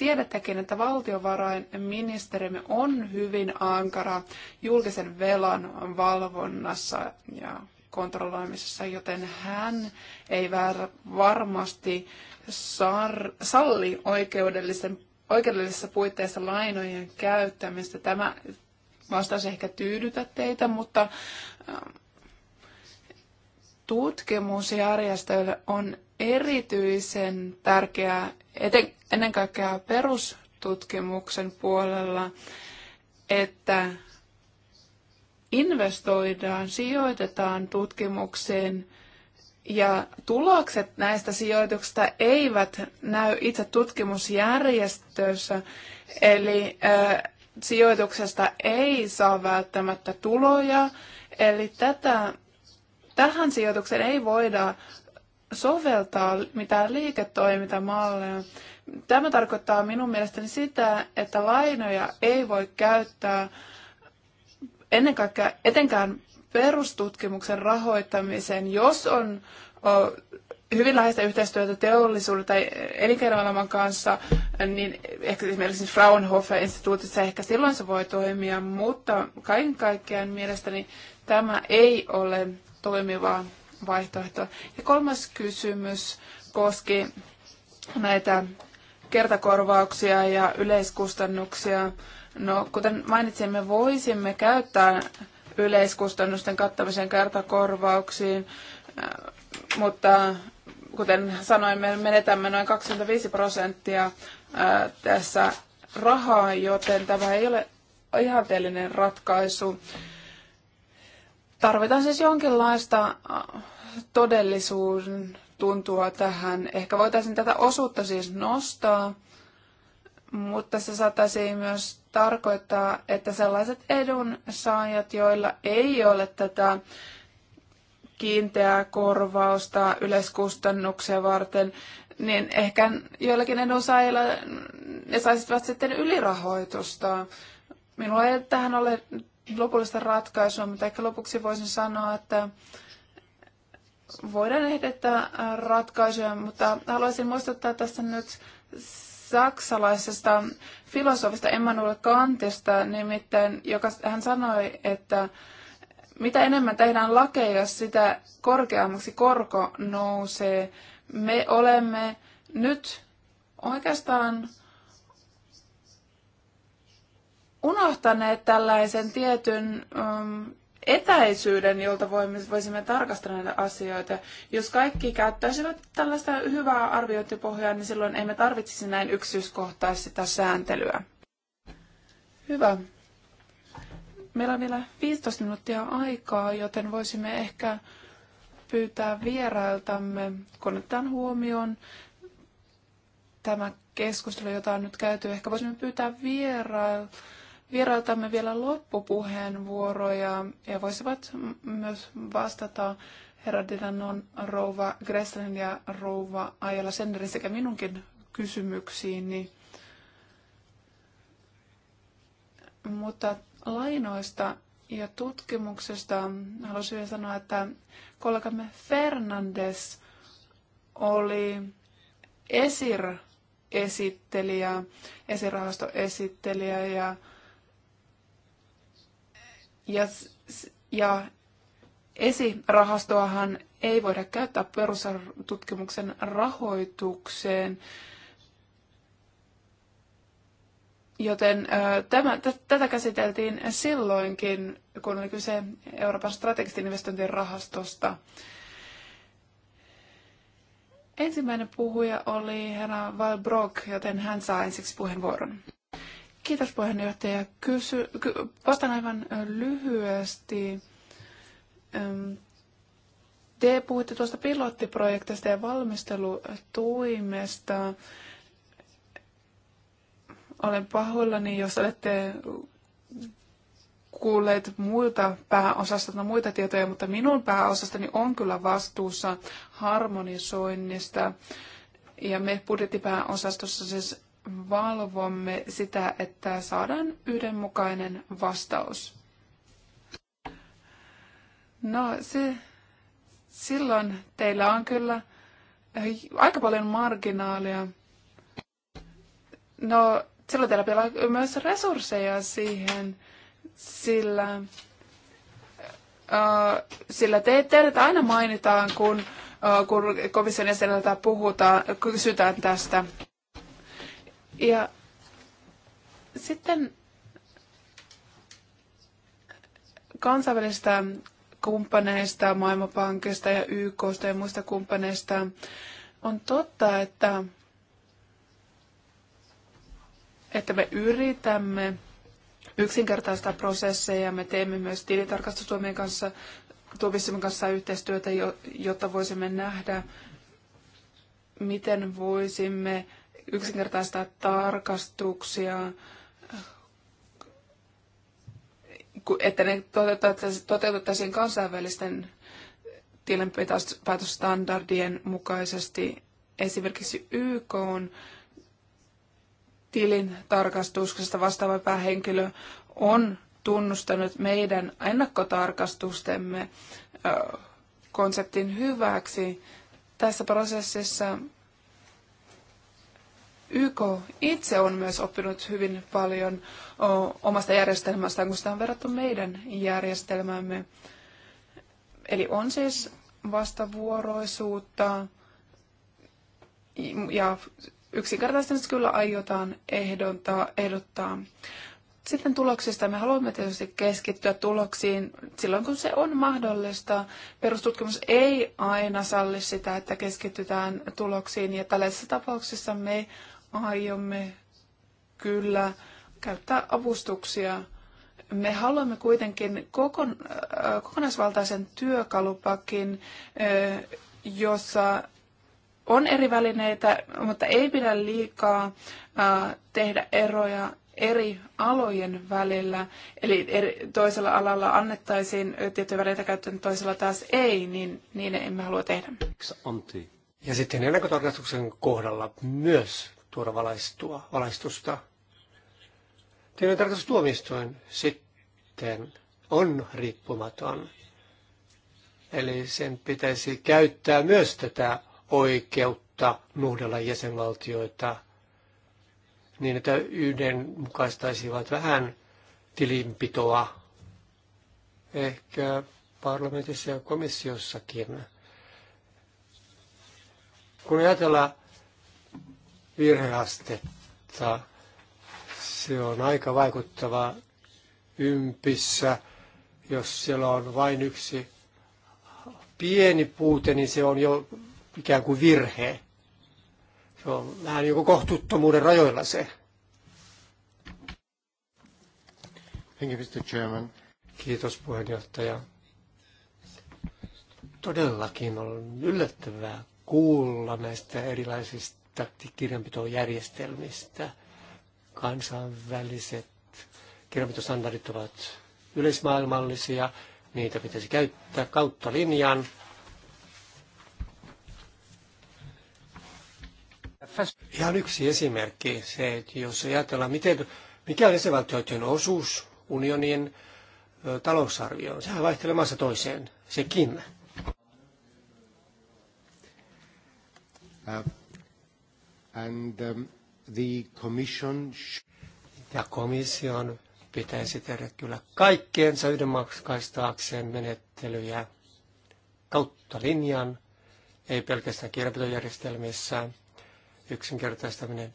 Tiedättekin, että valtiovarainministerimme on hyvin ankara julkisen velan valvonnassa ja kontrolloimisessa, joten hän ei varmasti sar- salli oikeudellisen, oikeudellisessa puitteissa lainojen käyttämistä. Tämä vastaus ehkä tyydytä teitä, mutta ähm, tutkimusjärjestöille on erityisen tärkeää, eten, ennen kaikkea perustutkimuksen puolella, että investoidaan, sijoitetaan tutkimukseen ja tulokset näistä sijoituksista eivät näy itse tutkimusjärjestössä, eli sijoituksesta ei saa välttämättä tuloja, eli tätä, tähän sijoitukseen ei voida soveltaa mitään liiketoimintamalleja. Tämä tarkoittaa minun mielestäni sitä, että lainoja ei voi käyttää ennen kaikkea etenkään perustutkimuksen rahoittamiseen, jos on hyvin läheistä yhteistyötä teollisuuden tai elinkeinoelämän kanssa, niin ehkä esimerkiksi Fraunhofer-instituutissa ehkä silloin se voi toimia, mutta kaiken kaikkiaan mielestäni tämä ei ole toimiva vaihtoehto. Ja kolmas kysymys koski näitä kertakorvauksia ja yleiskustannuksia. No, kuten mainitsimme, voisimme käyttää yleiskustannusten kattamisen kertakorvauksiin, äh, mutta kuten sanoin, me menetämme noin 25 prosenttia äh, tässä rahaa, joten tämä ei ole ihanteellinen ratkaisu. Tarvitaan siis jonkinlaista äh, todellisuuden tuntua tähän. Ehkä voitaisiin tätä osuutta siis nostaa, mutta se saattaisi myös tarkoittaa, että sellaiset edunsaajat, joilla ei ole tätä kiinteää korvausta yleiskustannuksia varten, niin ehkä joillakin edunsaajilla ne saisivat sitten ylirahoitusta. Minulla ei tähän ole lopullista ratkaisua, mutta ehkä lopuksi voisin sanoa, että voidaan ehdettää ratkaisuja, mutta haluaisin muistuttaa tässä nyt saksalaisesta filosofista Emmanuel Kantista, nimittäin, joka hän sanoi, että mitä enemmän tehdään lakeja, sitä korkeammaksi korko nousee. Me olemme nyt oikeastaan unohtaneet tällaisen tietyn um, etäisyyden, jolta voimme, voisimme tarkastella näitä asioita. Jos kaikki käyttäisivät tällaista hyvää arviointipohjaa, niin silloin emme tarvitsisi näin yksityiskohtaista sääntelyä. Hyvä. Meillä on vielä 15 minuuttia aikaa, joten voisimme ehkä pyytää vierailtamme, kun otetaan huomioon tämä keskustelu, jota on nyt käyty. Ehkä voisimme pyytää vierailtamme vierailtamme vielä loppupuheenvuoroja ja voisivat myös vastata herra Dilanon, rouva Gresslin ja rouva Ajala Senderin sekä minunkin kysymyksiini. Mutta lainoista ja tutkimuksesta haluaisin vielä sanoa, että kollegamme Fernandes oli esir-esittelijä, esirahastoesittelijä ja ja, ja esirahastoahan ei voida käyttää perustutkimuksen rahoitukseen, joten tämä, tätä käsiteltiin silloinkin, kun oli kyse Euroopan strategisten investointien rahastosta. Ensimmäinen puhuja oli herra Valbrok, joten hän saa ensiksi puheenvuoron. Kiitos puheenjohtaja. Kysy, ky, vastaan aivan lyhyesti. Te puhuitte tuosta pilottiprojektista ja valmistelutoimesta. Olen pahoillani, jos olette kuulleet muilta no muita tietoja, mutta minun pääosastani on kyllä vastuussa harmonisoinnista. Ja me budjettipääosastossa siis valvomme sitä, että saadaan yhdenmukainen vastaus. No se, silloin teillä on kyllä eh, aika paljon marginaalia. No silloin teillä pitää myös resursseja siihen, sillä, uh, sillä te, teidät aina mainitaan, kun, uh, kun komission jäseneltä puhutaan, kysytään tästä. Ja sitten kansainvälistä kumppaneista, Maailmanpankista ja YKsta ja muista kumppaneista on totta, että, että me yritämme yksinkertaistaa prosesseja. Me teemme myös tilitarkastustuomien kanssa, tuomissimen kanssa yhteistyötä, jotta voisimme nähdä, miten voisimme yksinkertaistaa tarkastuksia, että ne toteutettaisiin kansainvälisten tilinpäätösstandardien mukaisesti. Esimerkiksi YK on tarkastuksesta vastaava päähenkilö on tunnustanut meidän ennakkotarkastustemme konseptin hyväksi. Tässä prosessissa YK itse on myös oppinut hyvin paljon omasta järjestelmästään, kun sitä on verrattu meidän järjestelmämme. Eli on siis vastavuoroisuutta ja yksinkertaisesti kyllä aiotaan ehdottaa, ehdottaa. Sitten tuloksista. Me haluamme tietysti keskittyä tuloksiin silloin, kun se on mahdollista. Perustutkimus ei aina salli sitä, että keskitytään tuloksiin ja tällaisissa tapauksissa me aiomme kyllä käyttää avustuksia. Me haluamme kuitenkin kokon, äh, kokonaisvaltaisen työkalupakin, äh, jossa on eri välineitä, mutta ei pidä liikaa äh, tehdä eroja eri alojen välillä. Eli eri, toisella alalla annettaisiin tiettyjä välineitä käyttöön, toisella taas ei, niin niin emme halua tehdä.
Ja sitten ennakkotarkastuksen kohdalla myös tuoda valaistua, valaistusta. Teidän tarkastustuomioistuin sitten on riippumaton. Eli sen pitäisi käyttää myös tätä oikeutta nuhdella jäsenvaltioita niin, että yhdenmukaistaisivat vähän tilinpitoa ehkä parlamentissa ja komissiossakin. Kun ajatellaan virheastetta. Se on aika vaikuttava ympissä. Jos siellä on vain yksi pieni puute, niin se on jo ikään kuin virhe. Se on vähän niin kohtuuttomuuden rajoilla se. Thank you, Mr. Chairman. Kiitos puheenjohtaja. Todellakin on yllättävää kuulla näistä erilaisista kansallisista kirjanpitojärjestelmistä. Kansainväliset kirjanpitostandardit ovat yleismaailmallisia, niitä pitäisi käyttää kautta linjan. Ihan yksi esimerkki se, että jos ajatellaan, miten, mikä on jäsenvaltioiden osuus unionin talousarvioon, sehän vaihtelee maassa toiseen, sekin. Äh, and um, the commission ja komission pitäisi tehdä kyllä kaikkeensa yhdenmukaistaakseen menettelyjä kautta linjan, ei pelkästään kirjanpitojärjestelmissä. Yksinkertaistaminen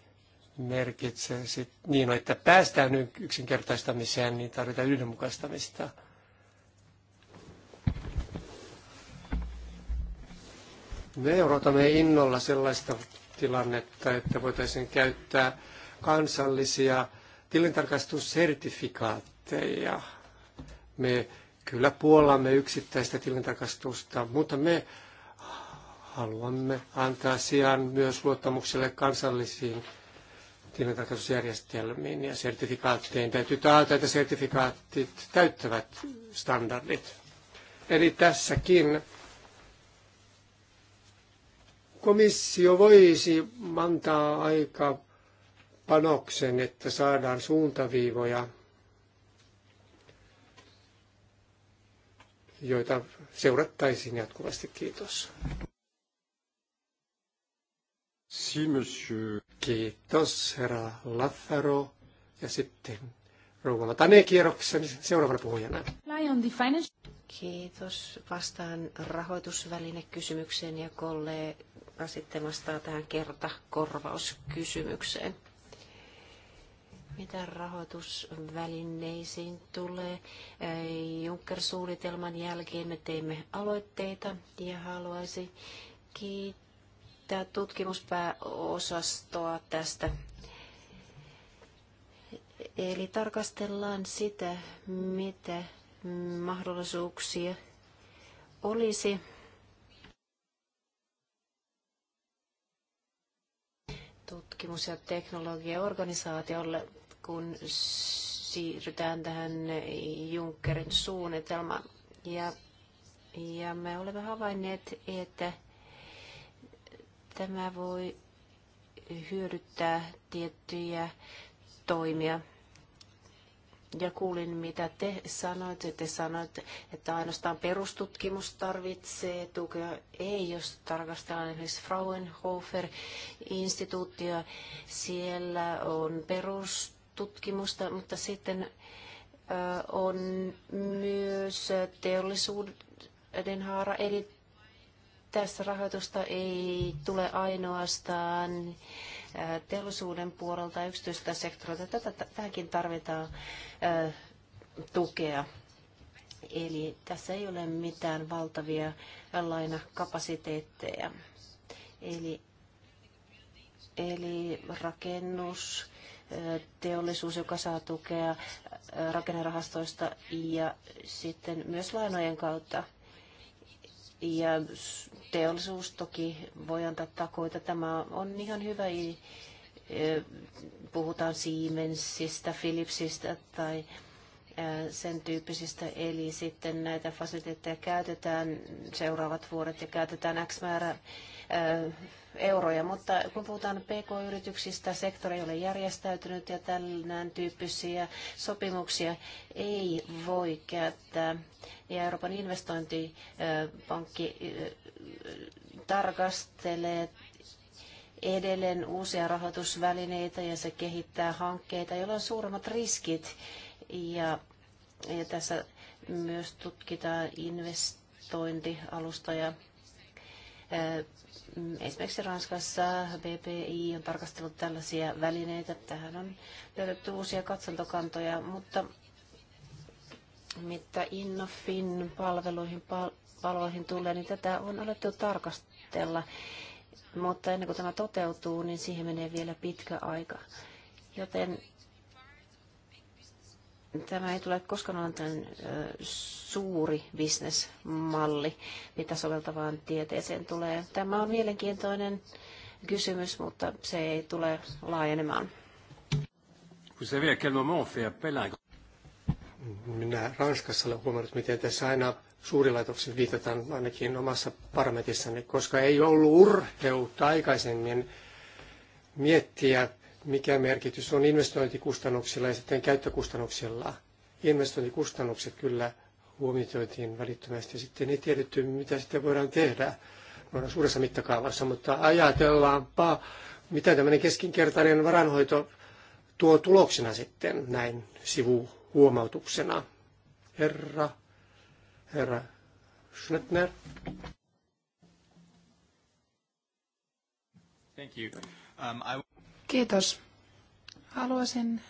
merkitsee sit, niin, että päästään yksinkertaistamiseen, niin tarvitaan yhdenmukaistamista. Me odotamme innolla sellaista tilannetta, että voitaisiin käyttää kansallisia tilintarkastussertifikaatteja. Me kyllä puolamme yksittäistä tilintarkastusta, mutta me haluamme antaa sijaan myös luottamukselle kansallisiin tilintarkastusjärjestelmiin ja sertifikaatteihin. Täytyy taata, että sertifikaatit täyttävät standardit. Eli tässäkin komissio voisi antaa aika panoksen, että saadaan suuntaviivoja, joita seurattaisiin jatkuvasti. Kiitos. Si, monsieur. Kiitos, herra Laffaro. Ja sitten rouva Latane kierroksen niin seuraavana puhujana.
Kiitos. Vastaan rahoitusvälinekysymykseen ja kollegoille joka sitten vastaa tähän kertakorvauskysymykseen. Mitä rahoitusvälineisiin tulee? Junker-suunnitelman jälkeen me teimme aloitteita ja haluaisin kiittää tutkimuspääosastoa tästä. Eli tarkastellaan sitä, mitä mahdollisuuksia olisi tutkimus- ja teknologiaorganisaatiolle, kun siirrytään tähän Junckerin suunnitelmaan. Ja, ja me olemme havainneet, että tämä voi hyödyttää tiettyjä toimia ja kuulin, mitä te sanoitte. Te sanoitte, että ainoastaan perustutkimus tarvitsee tukea. Ei, jos tarkastellaan esimerkiksi Fraunhofer-instituuttia, siellä on perustutkimusta, mutta sitten on myös teollisuuden haara, eli tässä rahoitusta ei tule ainoastaan äh, teollisuuden puolelta ja yksityistä sektorilta. Tätä, tähänkin tarvitaan tukea. Eli tässä ei ole mitään valtavia lainakapasiteetteja. Eli, eli rakennus, teollisuus, joka saa tukea rakennerahastoista ja sitten myös lainojen kautta. Ja teollisuus toki voi antaa takoita. Tämä on ihan hyvä. E, puhutaan Siemensistä, Philipsistä tai sen tyyppisistä, eli sitten näitä fasiliteetteja käytetään seuraavat vuodet ja käytetään X määrä euroja, mutta kun puhutaan PK-yrityksistä, sektori ei ole järjestäytynyt ja tällään tyyppisiä sopimuksia ei voi käyttää. Ja Euroopan investointipankki tarkastelee edelleen uusia rahoitusvälineitä ja se kehittää hankkeita, joilla on suuremmat riskit ja, ja tässä myös tutkitaan investointialusta ja Esimerkiksi Ranskassa BPI on tarkastellut tällaisia välineitä. Tähän on löydetty uusia katsontokantoja, mutta mitä Innofin palveluihin, pal- palveluihin tulee, niin tätä on alettu tarkastella. Mutta ennen kuin tämä toteutuu, niin siihen menee vielä pitkä aika. Joten Tämä ei tule koskaan olemaan tällainen suuri bisnesmalli, mitä soveltavaan tieteeseen tulee. Tämä on mielenkiintoinen kysymys, mutta se ei tule laajenemaan.
Vous savez, à quel moment on fait appel à... Minä Ranskassa olen huomannut, miten tässä aina suurilaitoksen viitataan ainakin omassa parametissani, koska ei ollut urheutta aikaisemmin miettiä mikä merkitys on investointikustannuksilla ja sitten käyttökustannuksilla. Investointikustannukset kyllä huomioitiin välittömästi ja sitten ei tiedetty, mitä sitten voidaan tehdä noin suuressa mittakaavassa, mutta ajatellaanpa, mitä tämmöinen keskinkertainen varanhoito tuo tuloksena sitten näin sivuhuomautuksena. Herra, herra Schnettner. Thank you. Um, I...
Kiitos. Haluaisin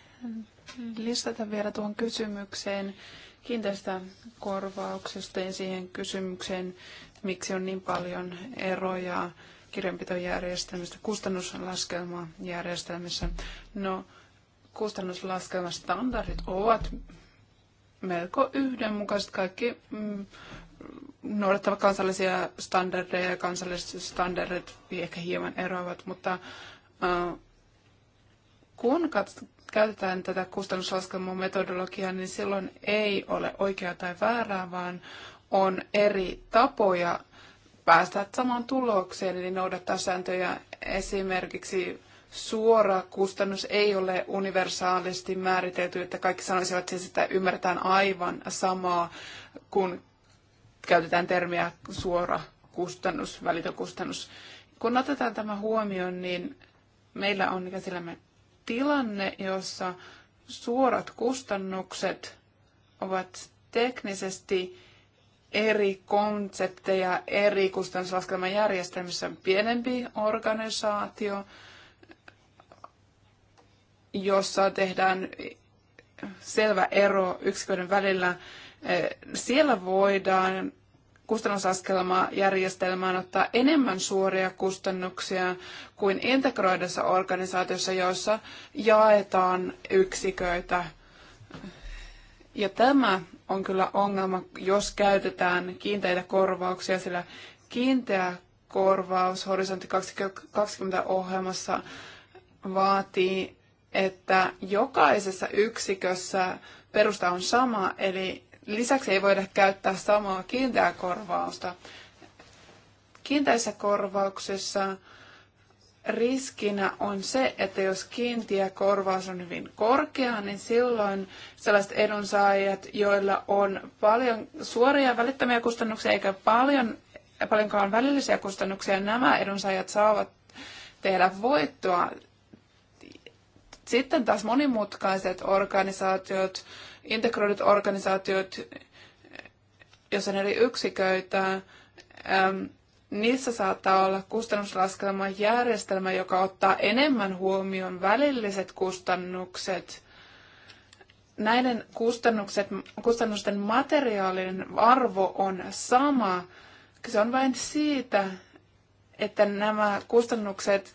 lisätä vielä tuohon kysymykseen kiinteistökorvauksesta ja siihen kysymykseen, miksi on niin paljon eroja kirjanpitojärjestelmistä, kustannuslaskelmajärjestelmissä. No, kustannuslaskelmastandardit ovat melko yhdenmukaiset. Kaikki mm, noudattavat kansallisia standardeja ja kansalliset standardit ehkä hieman eroavat, mutta äh, kun käytetään tätä kustannuslaskelman metodologiaa, niin silloin ei ole oikeaa tai väärää, vaan on eri tapoja päästä samaan tulokseen, eli noudattaa sääntöjä esimerkiksi suora kustannus ei ole universaalisti määritelty, että kaikki sanoisivat siis, että ymmärretään aivan samaa, kun käytetään termiä suora kustannus, välitön kustannus. Kun otetaan tämä huomioon, niin meillä on käsillämme tilanne, jossa suorat kustannukset ovat teknisesti eri konsepteja eri kustannuslaskelman järjestelmissä. Pienempi organisaatio, jossa tehdään selvä ero yksiköiden välillä, eh, siellä voidaan kustannusaskelmaa järjestelmään ottaa enemmän suoria kustannuksia kuin integroidussa organisaatiossa, jossa jaetaan yksiköitä. Ja tämä on kyllä ongelma, jos käytetään kiinteitä korvauksia, sillä kiinteä korvaus Horisontti 2020 ohjelmassa vaatii, että jokaisessa yksikössä perusta on sama, eli Lisäksi ei voida käyttää samaa kiinteää korvausta. Kiinteässä korvauksessa riskinä on se, että jos kiintiä korvaus on hyvin korkea, niin silloin sellaiset edunsaajat, joilla on paljon suoria välittömiä kustannuksia eikä paljon, paljonkaan välillisiä kustannuksia, nämä edunsaajat saavat tehdä voittoa. Sitten taas monimutkaiset organisaatiot, integroidut organisaatiot, jos on eri yksiköitä, niissä saattaa olla kustannuslaskelman järjestelmä, joka ottaa enemmän huomioon välilliset kustannukset. Näiden kustannukset, kustannusten materiaalinen arvo on sama. Se on vain siitä, että nämä kustannukset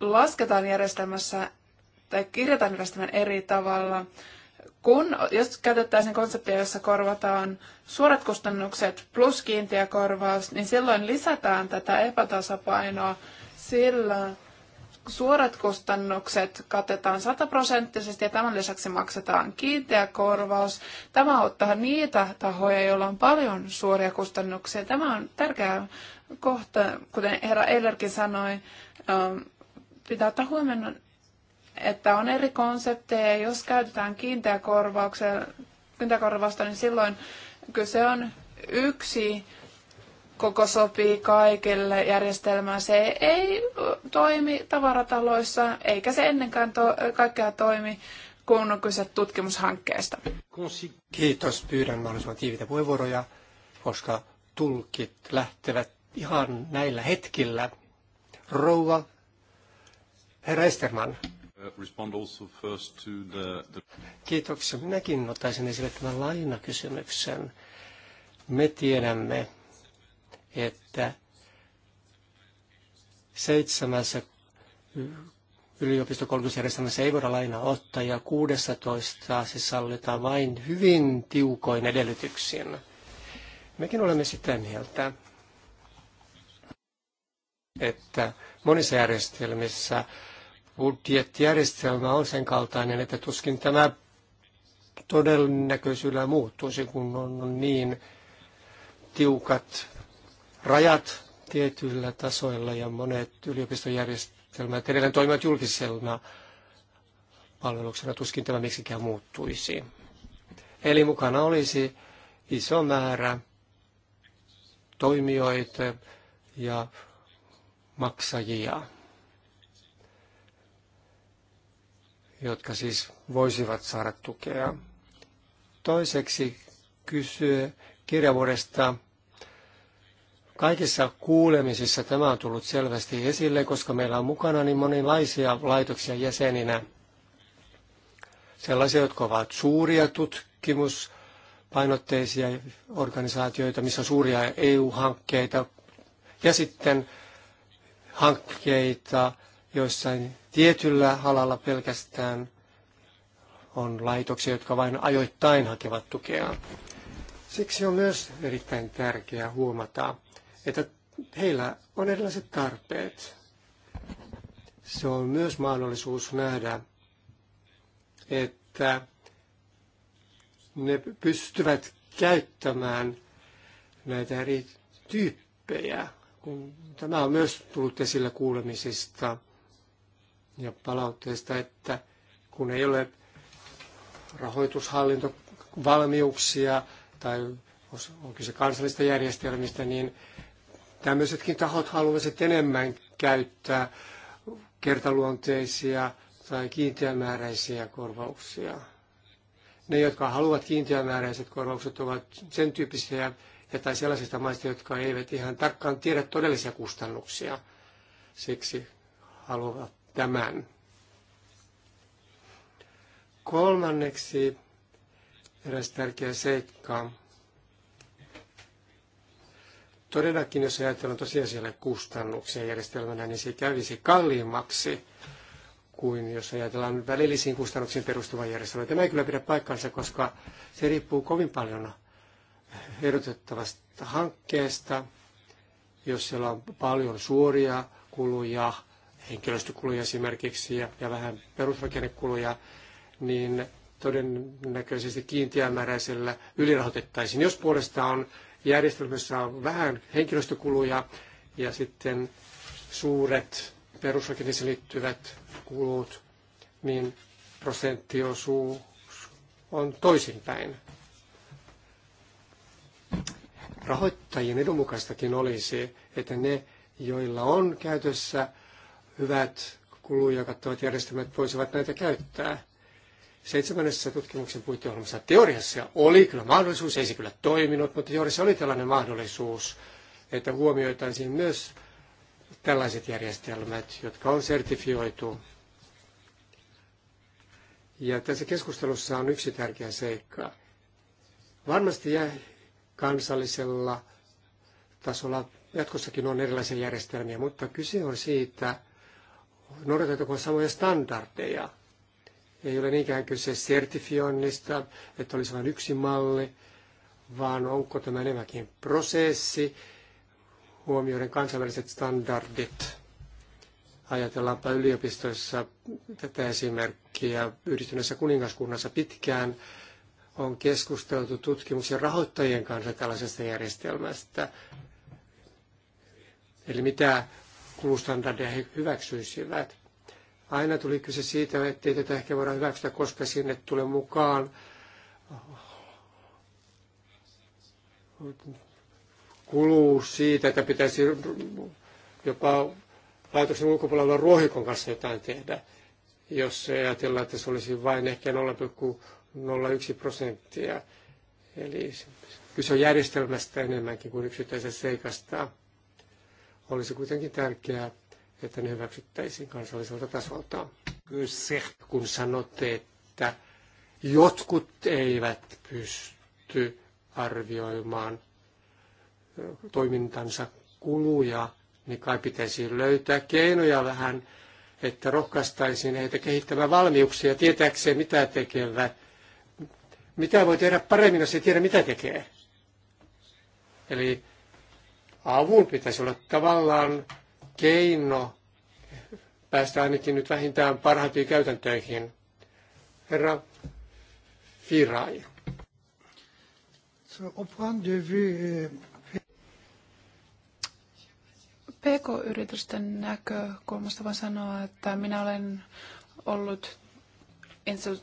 lasketaan järjestelmässä tai kirjataan järjestelmän eri tavalla kun, jos sen konseptia, jossa korvataan suorat kustannukset plus kiinteä korvaus, niin silloin lisätään tätä epätasapainoa, sillä suorat kustannukset katetaan sataprosenttisesti ja tämän lisäksi maksetaan kiinteä korvaus. Tämä auttaa niitä tahoja, joilla on paljon suoria kustannuksia. Tämä on tärkeä kohta, kuten herra Eilerkin sanoi, ähm, pitää ottaa huomioon että on eri konsepteja. Jos käytetään kiinteäkorvausta, niin silloin kyse on yksi koko sopii kaikille järjestelmään. Se ei toimi tavarataloissa, eikä se ennenkään to- kaikkea toimi, kun on kyse tutkimushankkeesta.
Kiitos. Pyydän mahdollisimman tiivitä puheenvuoroja, koska tulkit lähtevät ihan näillä hetkillä. Rouva Herra Esterman.
Uh,
Kiitoksia. Minäkin ottaisin esille tämän lainakysymyksen. Me tiedämme, että seitsemässä yliopistokoulutusjärjestelmässä ei voida lainaa ottaa ja 16 se siis sallitaan vain hyvin tiukoin edellytyksin. Mekin olemme sitä mieltä, että monissa järjestelmissä budjettijärjestelmä on sen kaltainen, että tuskin tämä todennäköisyydellä muuttuisi, kun on niin tiukat rajat tietyillä tasoilla ja monet yliopistojärjestelmät edelleen toimivat julkisena palveluksena, tuskin tämä miksikään muuttuisi. Eli mukana olisi iso määrä toimijoita ja maksajia. jotka siis voisivat saada tukea. Toiseksi kysyy kirjavuodesta. Kaikissa kuulemisissa tämä on tullut selvästi esille, koska meillä on mukana niin monenlaisia laitoksia jäseninä. Sellaisia, jotka ovat suuria tutkimuspainotteisia organisaatioita, missä on suuria EU-hankkeita, ja sitten hankkeita, joissain tietyllä alalla pelkästään on laitoksia, jotka vain ajoittain hakevat tukea. Siksi on myös erittäin tärkeää huomata, että heillä on erilaiset tarpeet. Se on myös mahdollisuus nähdä, että ne pystyvät käyttämään näitä eri tyyppejä. Tämä on myös tullut esillä kuulemisista ja palautteesta, että kun ei ole rahoitushallintovalmiuksia tai on kyse kansallista järjestelmistä, niin tämmöisetkin tahot haluaisivat enemmän käyttää kertaluonteisia tai kiinteämääräisiä korvauksia. Ne, jotka haluavat kiinteämääräiset korvaukset, ovat sen tyyppisiä ja tai sellaisista maista, jotka eivät ihan tarkkaan tiedä todellisia kustannuksia. Siksi haluavat tämän. Kolmanneksi eräs tärkeä seikka. Todellakin, jos ajatellaan tosiasialle kustannuksia järjestelmänä, niin se kävisi kalliimmaksi kuin jos ajatellaan välillisiin kustannuksiin perustuva järjestelmä. Tämä ei kyllä pidä paikkansa, koska se riippuu kovin paljon ehdotettavasta hankkeesta, jos siellä on paljon suoria kuluja henkilöstökuluja esimerkiksi ja, ja vähän perusrakennekuluja, niin todennäköisesti kiinteämääräisellä ylirahoitettaisiin. Jos puolestaan järjestelmässä on vähän henkilöstökuluja ja sitten suuret perusrakenteeseen liittyvät kulut, niin prosenttiosuus on toisinpäin. Rahoittajien edunmukaistakin olisi, että ne, joilla on käytössä hyvät kuluja kattavat järjestelmät voisivat näitä käyttää. Seitsemännessä tutkimuksen puitteohjelmassa teoriassa oli kyllä mahdollisuus, ei se kyllä toiminut, mutta teoriassa oli tällainen mahdollisuus, että huomioitaisiin myös tällaiset järjestelmät, jotka on sertifioitu. Ja tässä keskustelussa on yksi tärkeä seikka. Varmasti kansallisella tasolla jatkossakin on erilaisia järjestelmiä, mutta kyse on siitä, noudatetaanko samoja standardeja. Ei ole niinkään kyse sertifioinnista, että olisi vain yksi malli, vaan onko tämä enemmänkin prosessi, huomioiden kansainväliset standardit. Ajatellaanpa yliopistoissa tätä esimerkkiä. Yhdistyneessä kuningaskunnassa pitkään on keskusteltu tutkimus ja rahoittajien kanssa tällaisesta järjestelmästä. Eli mitä kulustandardeja he hyväksyisivät. Aina tuli kyse siitä, ettei tätä ehkä voida hyväksyä, koska sinne tulee mukaan kuluu siitä, että pitäisi jopa laitoksen ulkopuolella ruohikon kanssa jotain tehdä, jos ajatellaan, että se olisi vain ehkä 0,01 prosenttia. Eli kyse on järjestelmästä enemmänkin kuin yksittäisestä seikasta. Olisi kuitenkin tärkeää, että ne hyväksyttäisiin kansalliselta tasolta. Kyllä kun sanotte, että jotkut eivät pysty arvioimaan toimintansa kuluja, niin kai pitäisi löytää keinoja vähän, että rohkaistaisiin heitä kehittämään valmiuksia, tietääkseen mitä tekevät, mitä voi tehdä paremmin, jos ei tiedä mitä tekee. Eli avun pitäisi olla tavallaan keino päästä ainakin nyt vähintään parhaimpiin käytäntöihin. Herra Firai.
PK-yritysten euh, näkökulmasta voin sanoa, että minä olen ollut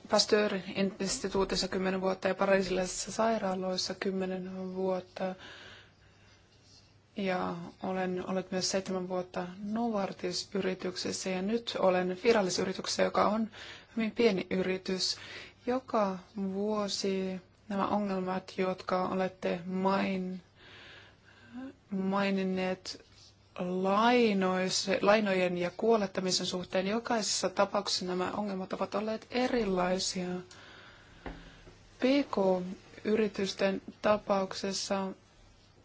Pasteur-instituutissa kymmenen vuotta ja parisilaisissa sairaaloissa kymmenen vuotta ja olen ollut myös seitsemän vuotta Novartis-yrityksessä ja nyt olen virallisyrityksessä, joka on hyvin pieni yritys. Joka vuosi nämä ongelmat, jotka olette main, maininneet lainois, lainojen ja kuolettamisen suhteen, jokaisessa tapauksessa nämä ongelmat ovat olleet erilaisia. PK-yritysten tapauksessa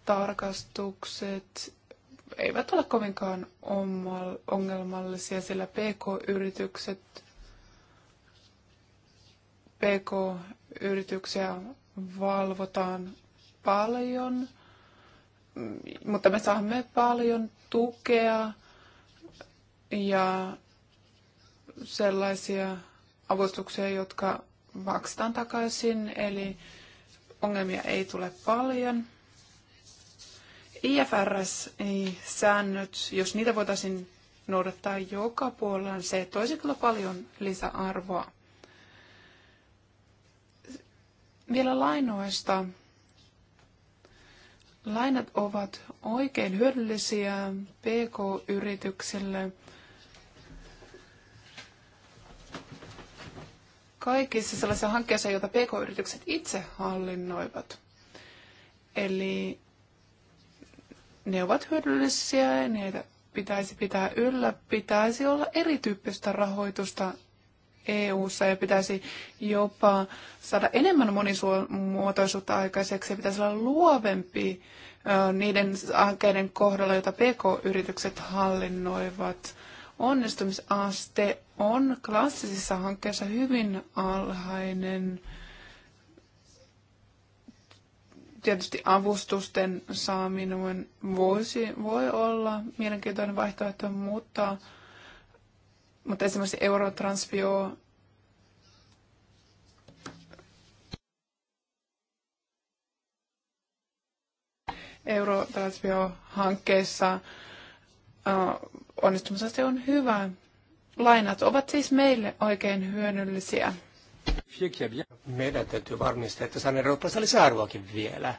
tarkastukset eivät ole kovinkaan ongelmallisia, sillä PK-yritykset PK-yrityksiä valvotaan paljon, mutta me saamme paljon tukea ja sellaisia avustuksia, jotka maksetaan takaisin, eli ongelmia ei tule paljon. IFRS-säännöt, jos niitä voitaisiin noudattaa joka puolella, se toisi kyllä paljon lisäarvoa. Vielä lainoista. Lainat ovat oikein hyödyllisiä PK-yrityksille. Kaikissa sellaisissa hankkeissa, joita PK-yritykset itse hallinnoivat. Eli ne ovat hyödyllisiä ja niitä pitäisi pitää yllä. Pitäisi olla erityyppistä rahoitusta EU-ssa ja pitäisi jopa saada enemmän monimuotoisuutta aikaiseksi ja pitäisi olla luovempi niiden hankkeiden kohdalla, joita PK-yritykset hallinnoivat. Onnistumisaste on klassisissa hankkeissa hyvin alhainen tietysti avustusten saaminen voisi, voi olla mielenkiintoinen vaihtoehto, mutta, mutta esimerkiksi Eurotransfio eurotransfio hankkeessa onnistumisaste on hyvä. Lainat ovat siis meille oikein hyödyllisiä.
Meidän täytyy varmistaa, että saan eurooppalaista lisäarvoakin vielä.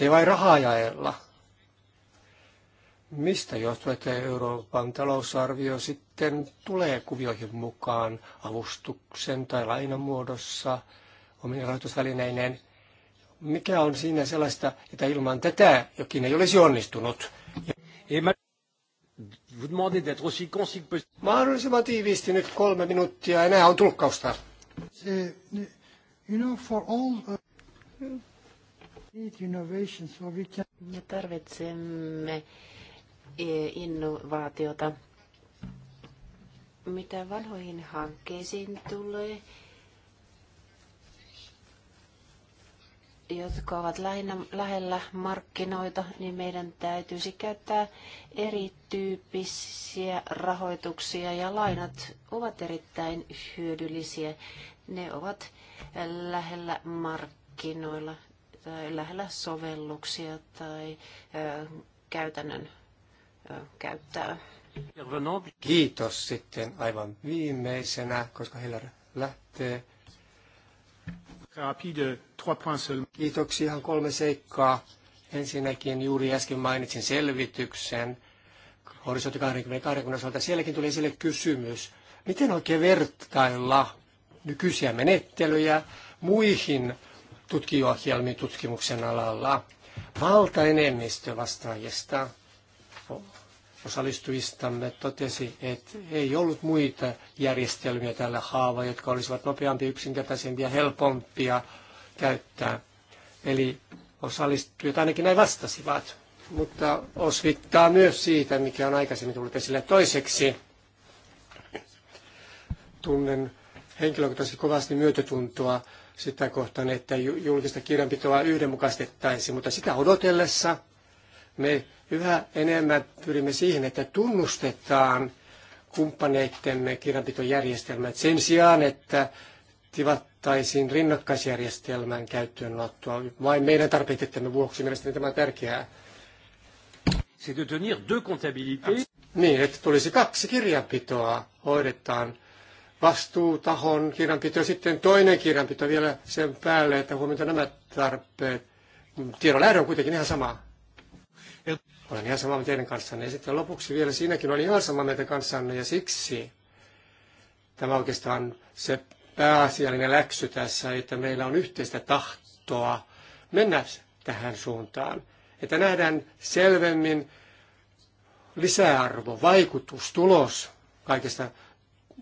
ei vain rahaa jaella. Mistä johtuu, että Euroopan talousarvio sitten tulee kuvioihin mukaan avustuksen tai lainan muodossa omien rahoitusvälineineen? Mikä on siinä sellaista, että ilman tätä jokin ei olisi onnistunut? Mahdollisimman tiiviisti nyt kolme minuuttia, enää on tulkkausta. Me
tarvitsemme e, innovaatiota. Mitä vanhoihin hankkeisiin tulee, jotka ovat lähinnä, lähellä markkinoita, niin meidän täytyisi käyttää erityyppisiä rahoituksia ja lainat ovat erittäin hyödyllisiä. Ne ovat lähellä markkinoilla tai lähellä sovelluksia tai käytännön käyttää.
Kiitos sitten aivan viimeisenä, koska heillä lähtee. Kiitoksia ihan kolme seikkaa. Ensinnäkin juuri äsken mainitsin selvityksen horisontti 22 osalta. Sielläkin tuli esille kysymys, miten oikein vertailla nykyisiä menettelyjä muihin tutkijohjelmiin tutkimuksen alalla. Valtaenemmistö vastaajista osallistujistamme totesi, että ei ollut muita järjestelmiä tällä haava, jotka olisivat nopeampi, yksinkertaisempia, helpompia käyttää. Eli osallistujat ainakin näin vastasivat. Mutta osvittaa myös siitä, mikä on aikaisemmin tullut esille toiseksi. Tunnen henkilökohtaisesti kovasti myötätuntoa sitä kohtaan, että julkista kirjanpitoa yhdenmukaistettaisiin, mutta sitä odotellessa me yhä enemmän pyrimme siihen, että tunnustetaan kumppaneittemme kirjanpitojärjestelmät sen sijaan, että tivattaisiin rinnakkaisjärjestelmän käyttöönottoa vain meidän tarpeitemme vuoksi. Mielestäni tämä on tärkeää. C'est de tenir deux comptabilités. Niin, että tulisi kaksi kirjanpitoa hoidetaan vastuutahon kirjanpito ja sitten toinen kirjanpito vielä sen päälle, että huomioita nämä tarpeet. Tiedon lähde on kuitenkin ihan sama. Olen ihan samaa teidän kanssanne. Ja sitten lopuksi vielä siinäkin olen ihan samaa meidän kanssanne ja siksi tämä oikeastaan se pääasiallinen läksy tässä, että meillä on yhteistä tahtoa mennä tähän suuntaan. Että nähdään selvemmin lisäarvo, vaikutus, tulos kaikesta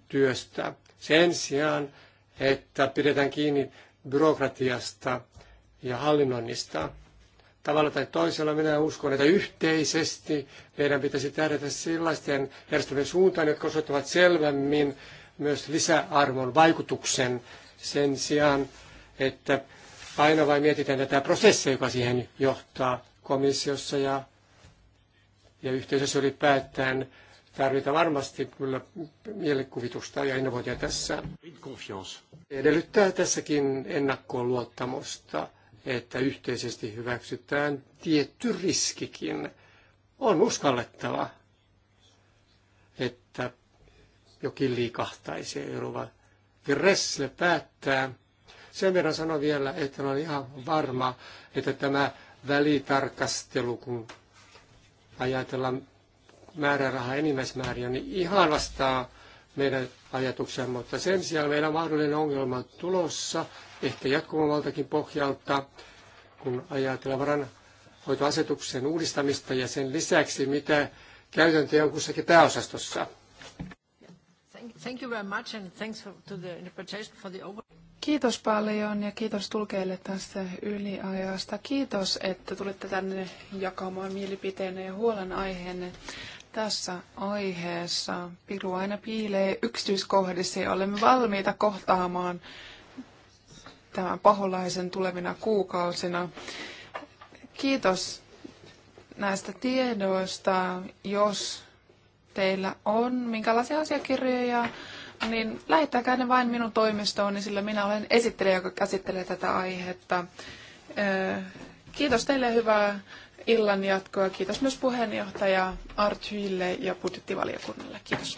työstä. Sen sijaan, että pidetään kiinni byrokratiasta ja hallinnoinnista. Tavalla tai toisella minä uskon, että yhteisesti meidän pitäisi tähdätä sellaisten järjestelmien suuntaan, jotka osoittavat selvemmin myös lisäarvon vaikutuksen sen sijaan, että aina vain mietitään tätä prosessia, joka siihen johtaa komissiossa ja, ja yhteisössä ylipäätään Tarvita varmasti kyllä mielikuvitusta ja innovointia tässä. Edellyttää tässäkin ennakkoon luottamusta, että yhteisesti hyväksytään tietty riskikin. On uskallettava, että jokin liikahtaisi Euroopan Gressle päättää. Sen verran sanon vielä, että olen ihan varma, että tämä välitarkastelu, kun ajatellaan määräraha enimmäismääriä, niin ihan vastaa meidän ajatuksemme, mutta sen sijaan meillä on mahdollinen ongelma tulossa, ehkä jatkumavaltakin pohjalta, kun ajatellaan varanhoitoasetuksen uudistamista ja sen lisäksi, mitä käytäntöjä on kussakin pääosastossa.
Kiitos paljon ja kiitos tulkeille tästä yliajasta. Kiitos, että tulitte tänne jakamaan mielipiteenne ja huolenaiheenne. Tässä aiheessa piru aina piilee yksityiskohdissa ja olemme valmiita kohtaamaan tämän paholaisen tulevina kuukausina. Kiitos näistä tiedoista. Jos teillä on minkälaisia asiakirjoja, niin lähettäkää ne vain minun toimistoon, niin sillä minä olen esittelijä, joka käsittelee tätä aihetta. Kiitos teille hyvää illan jatkoa. Kiitos myös puheenjohtaja Arthyille ja budjettivaliokunnalle. Kiitos.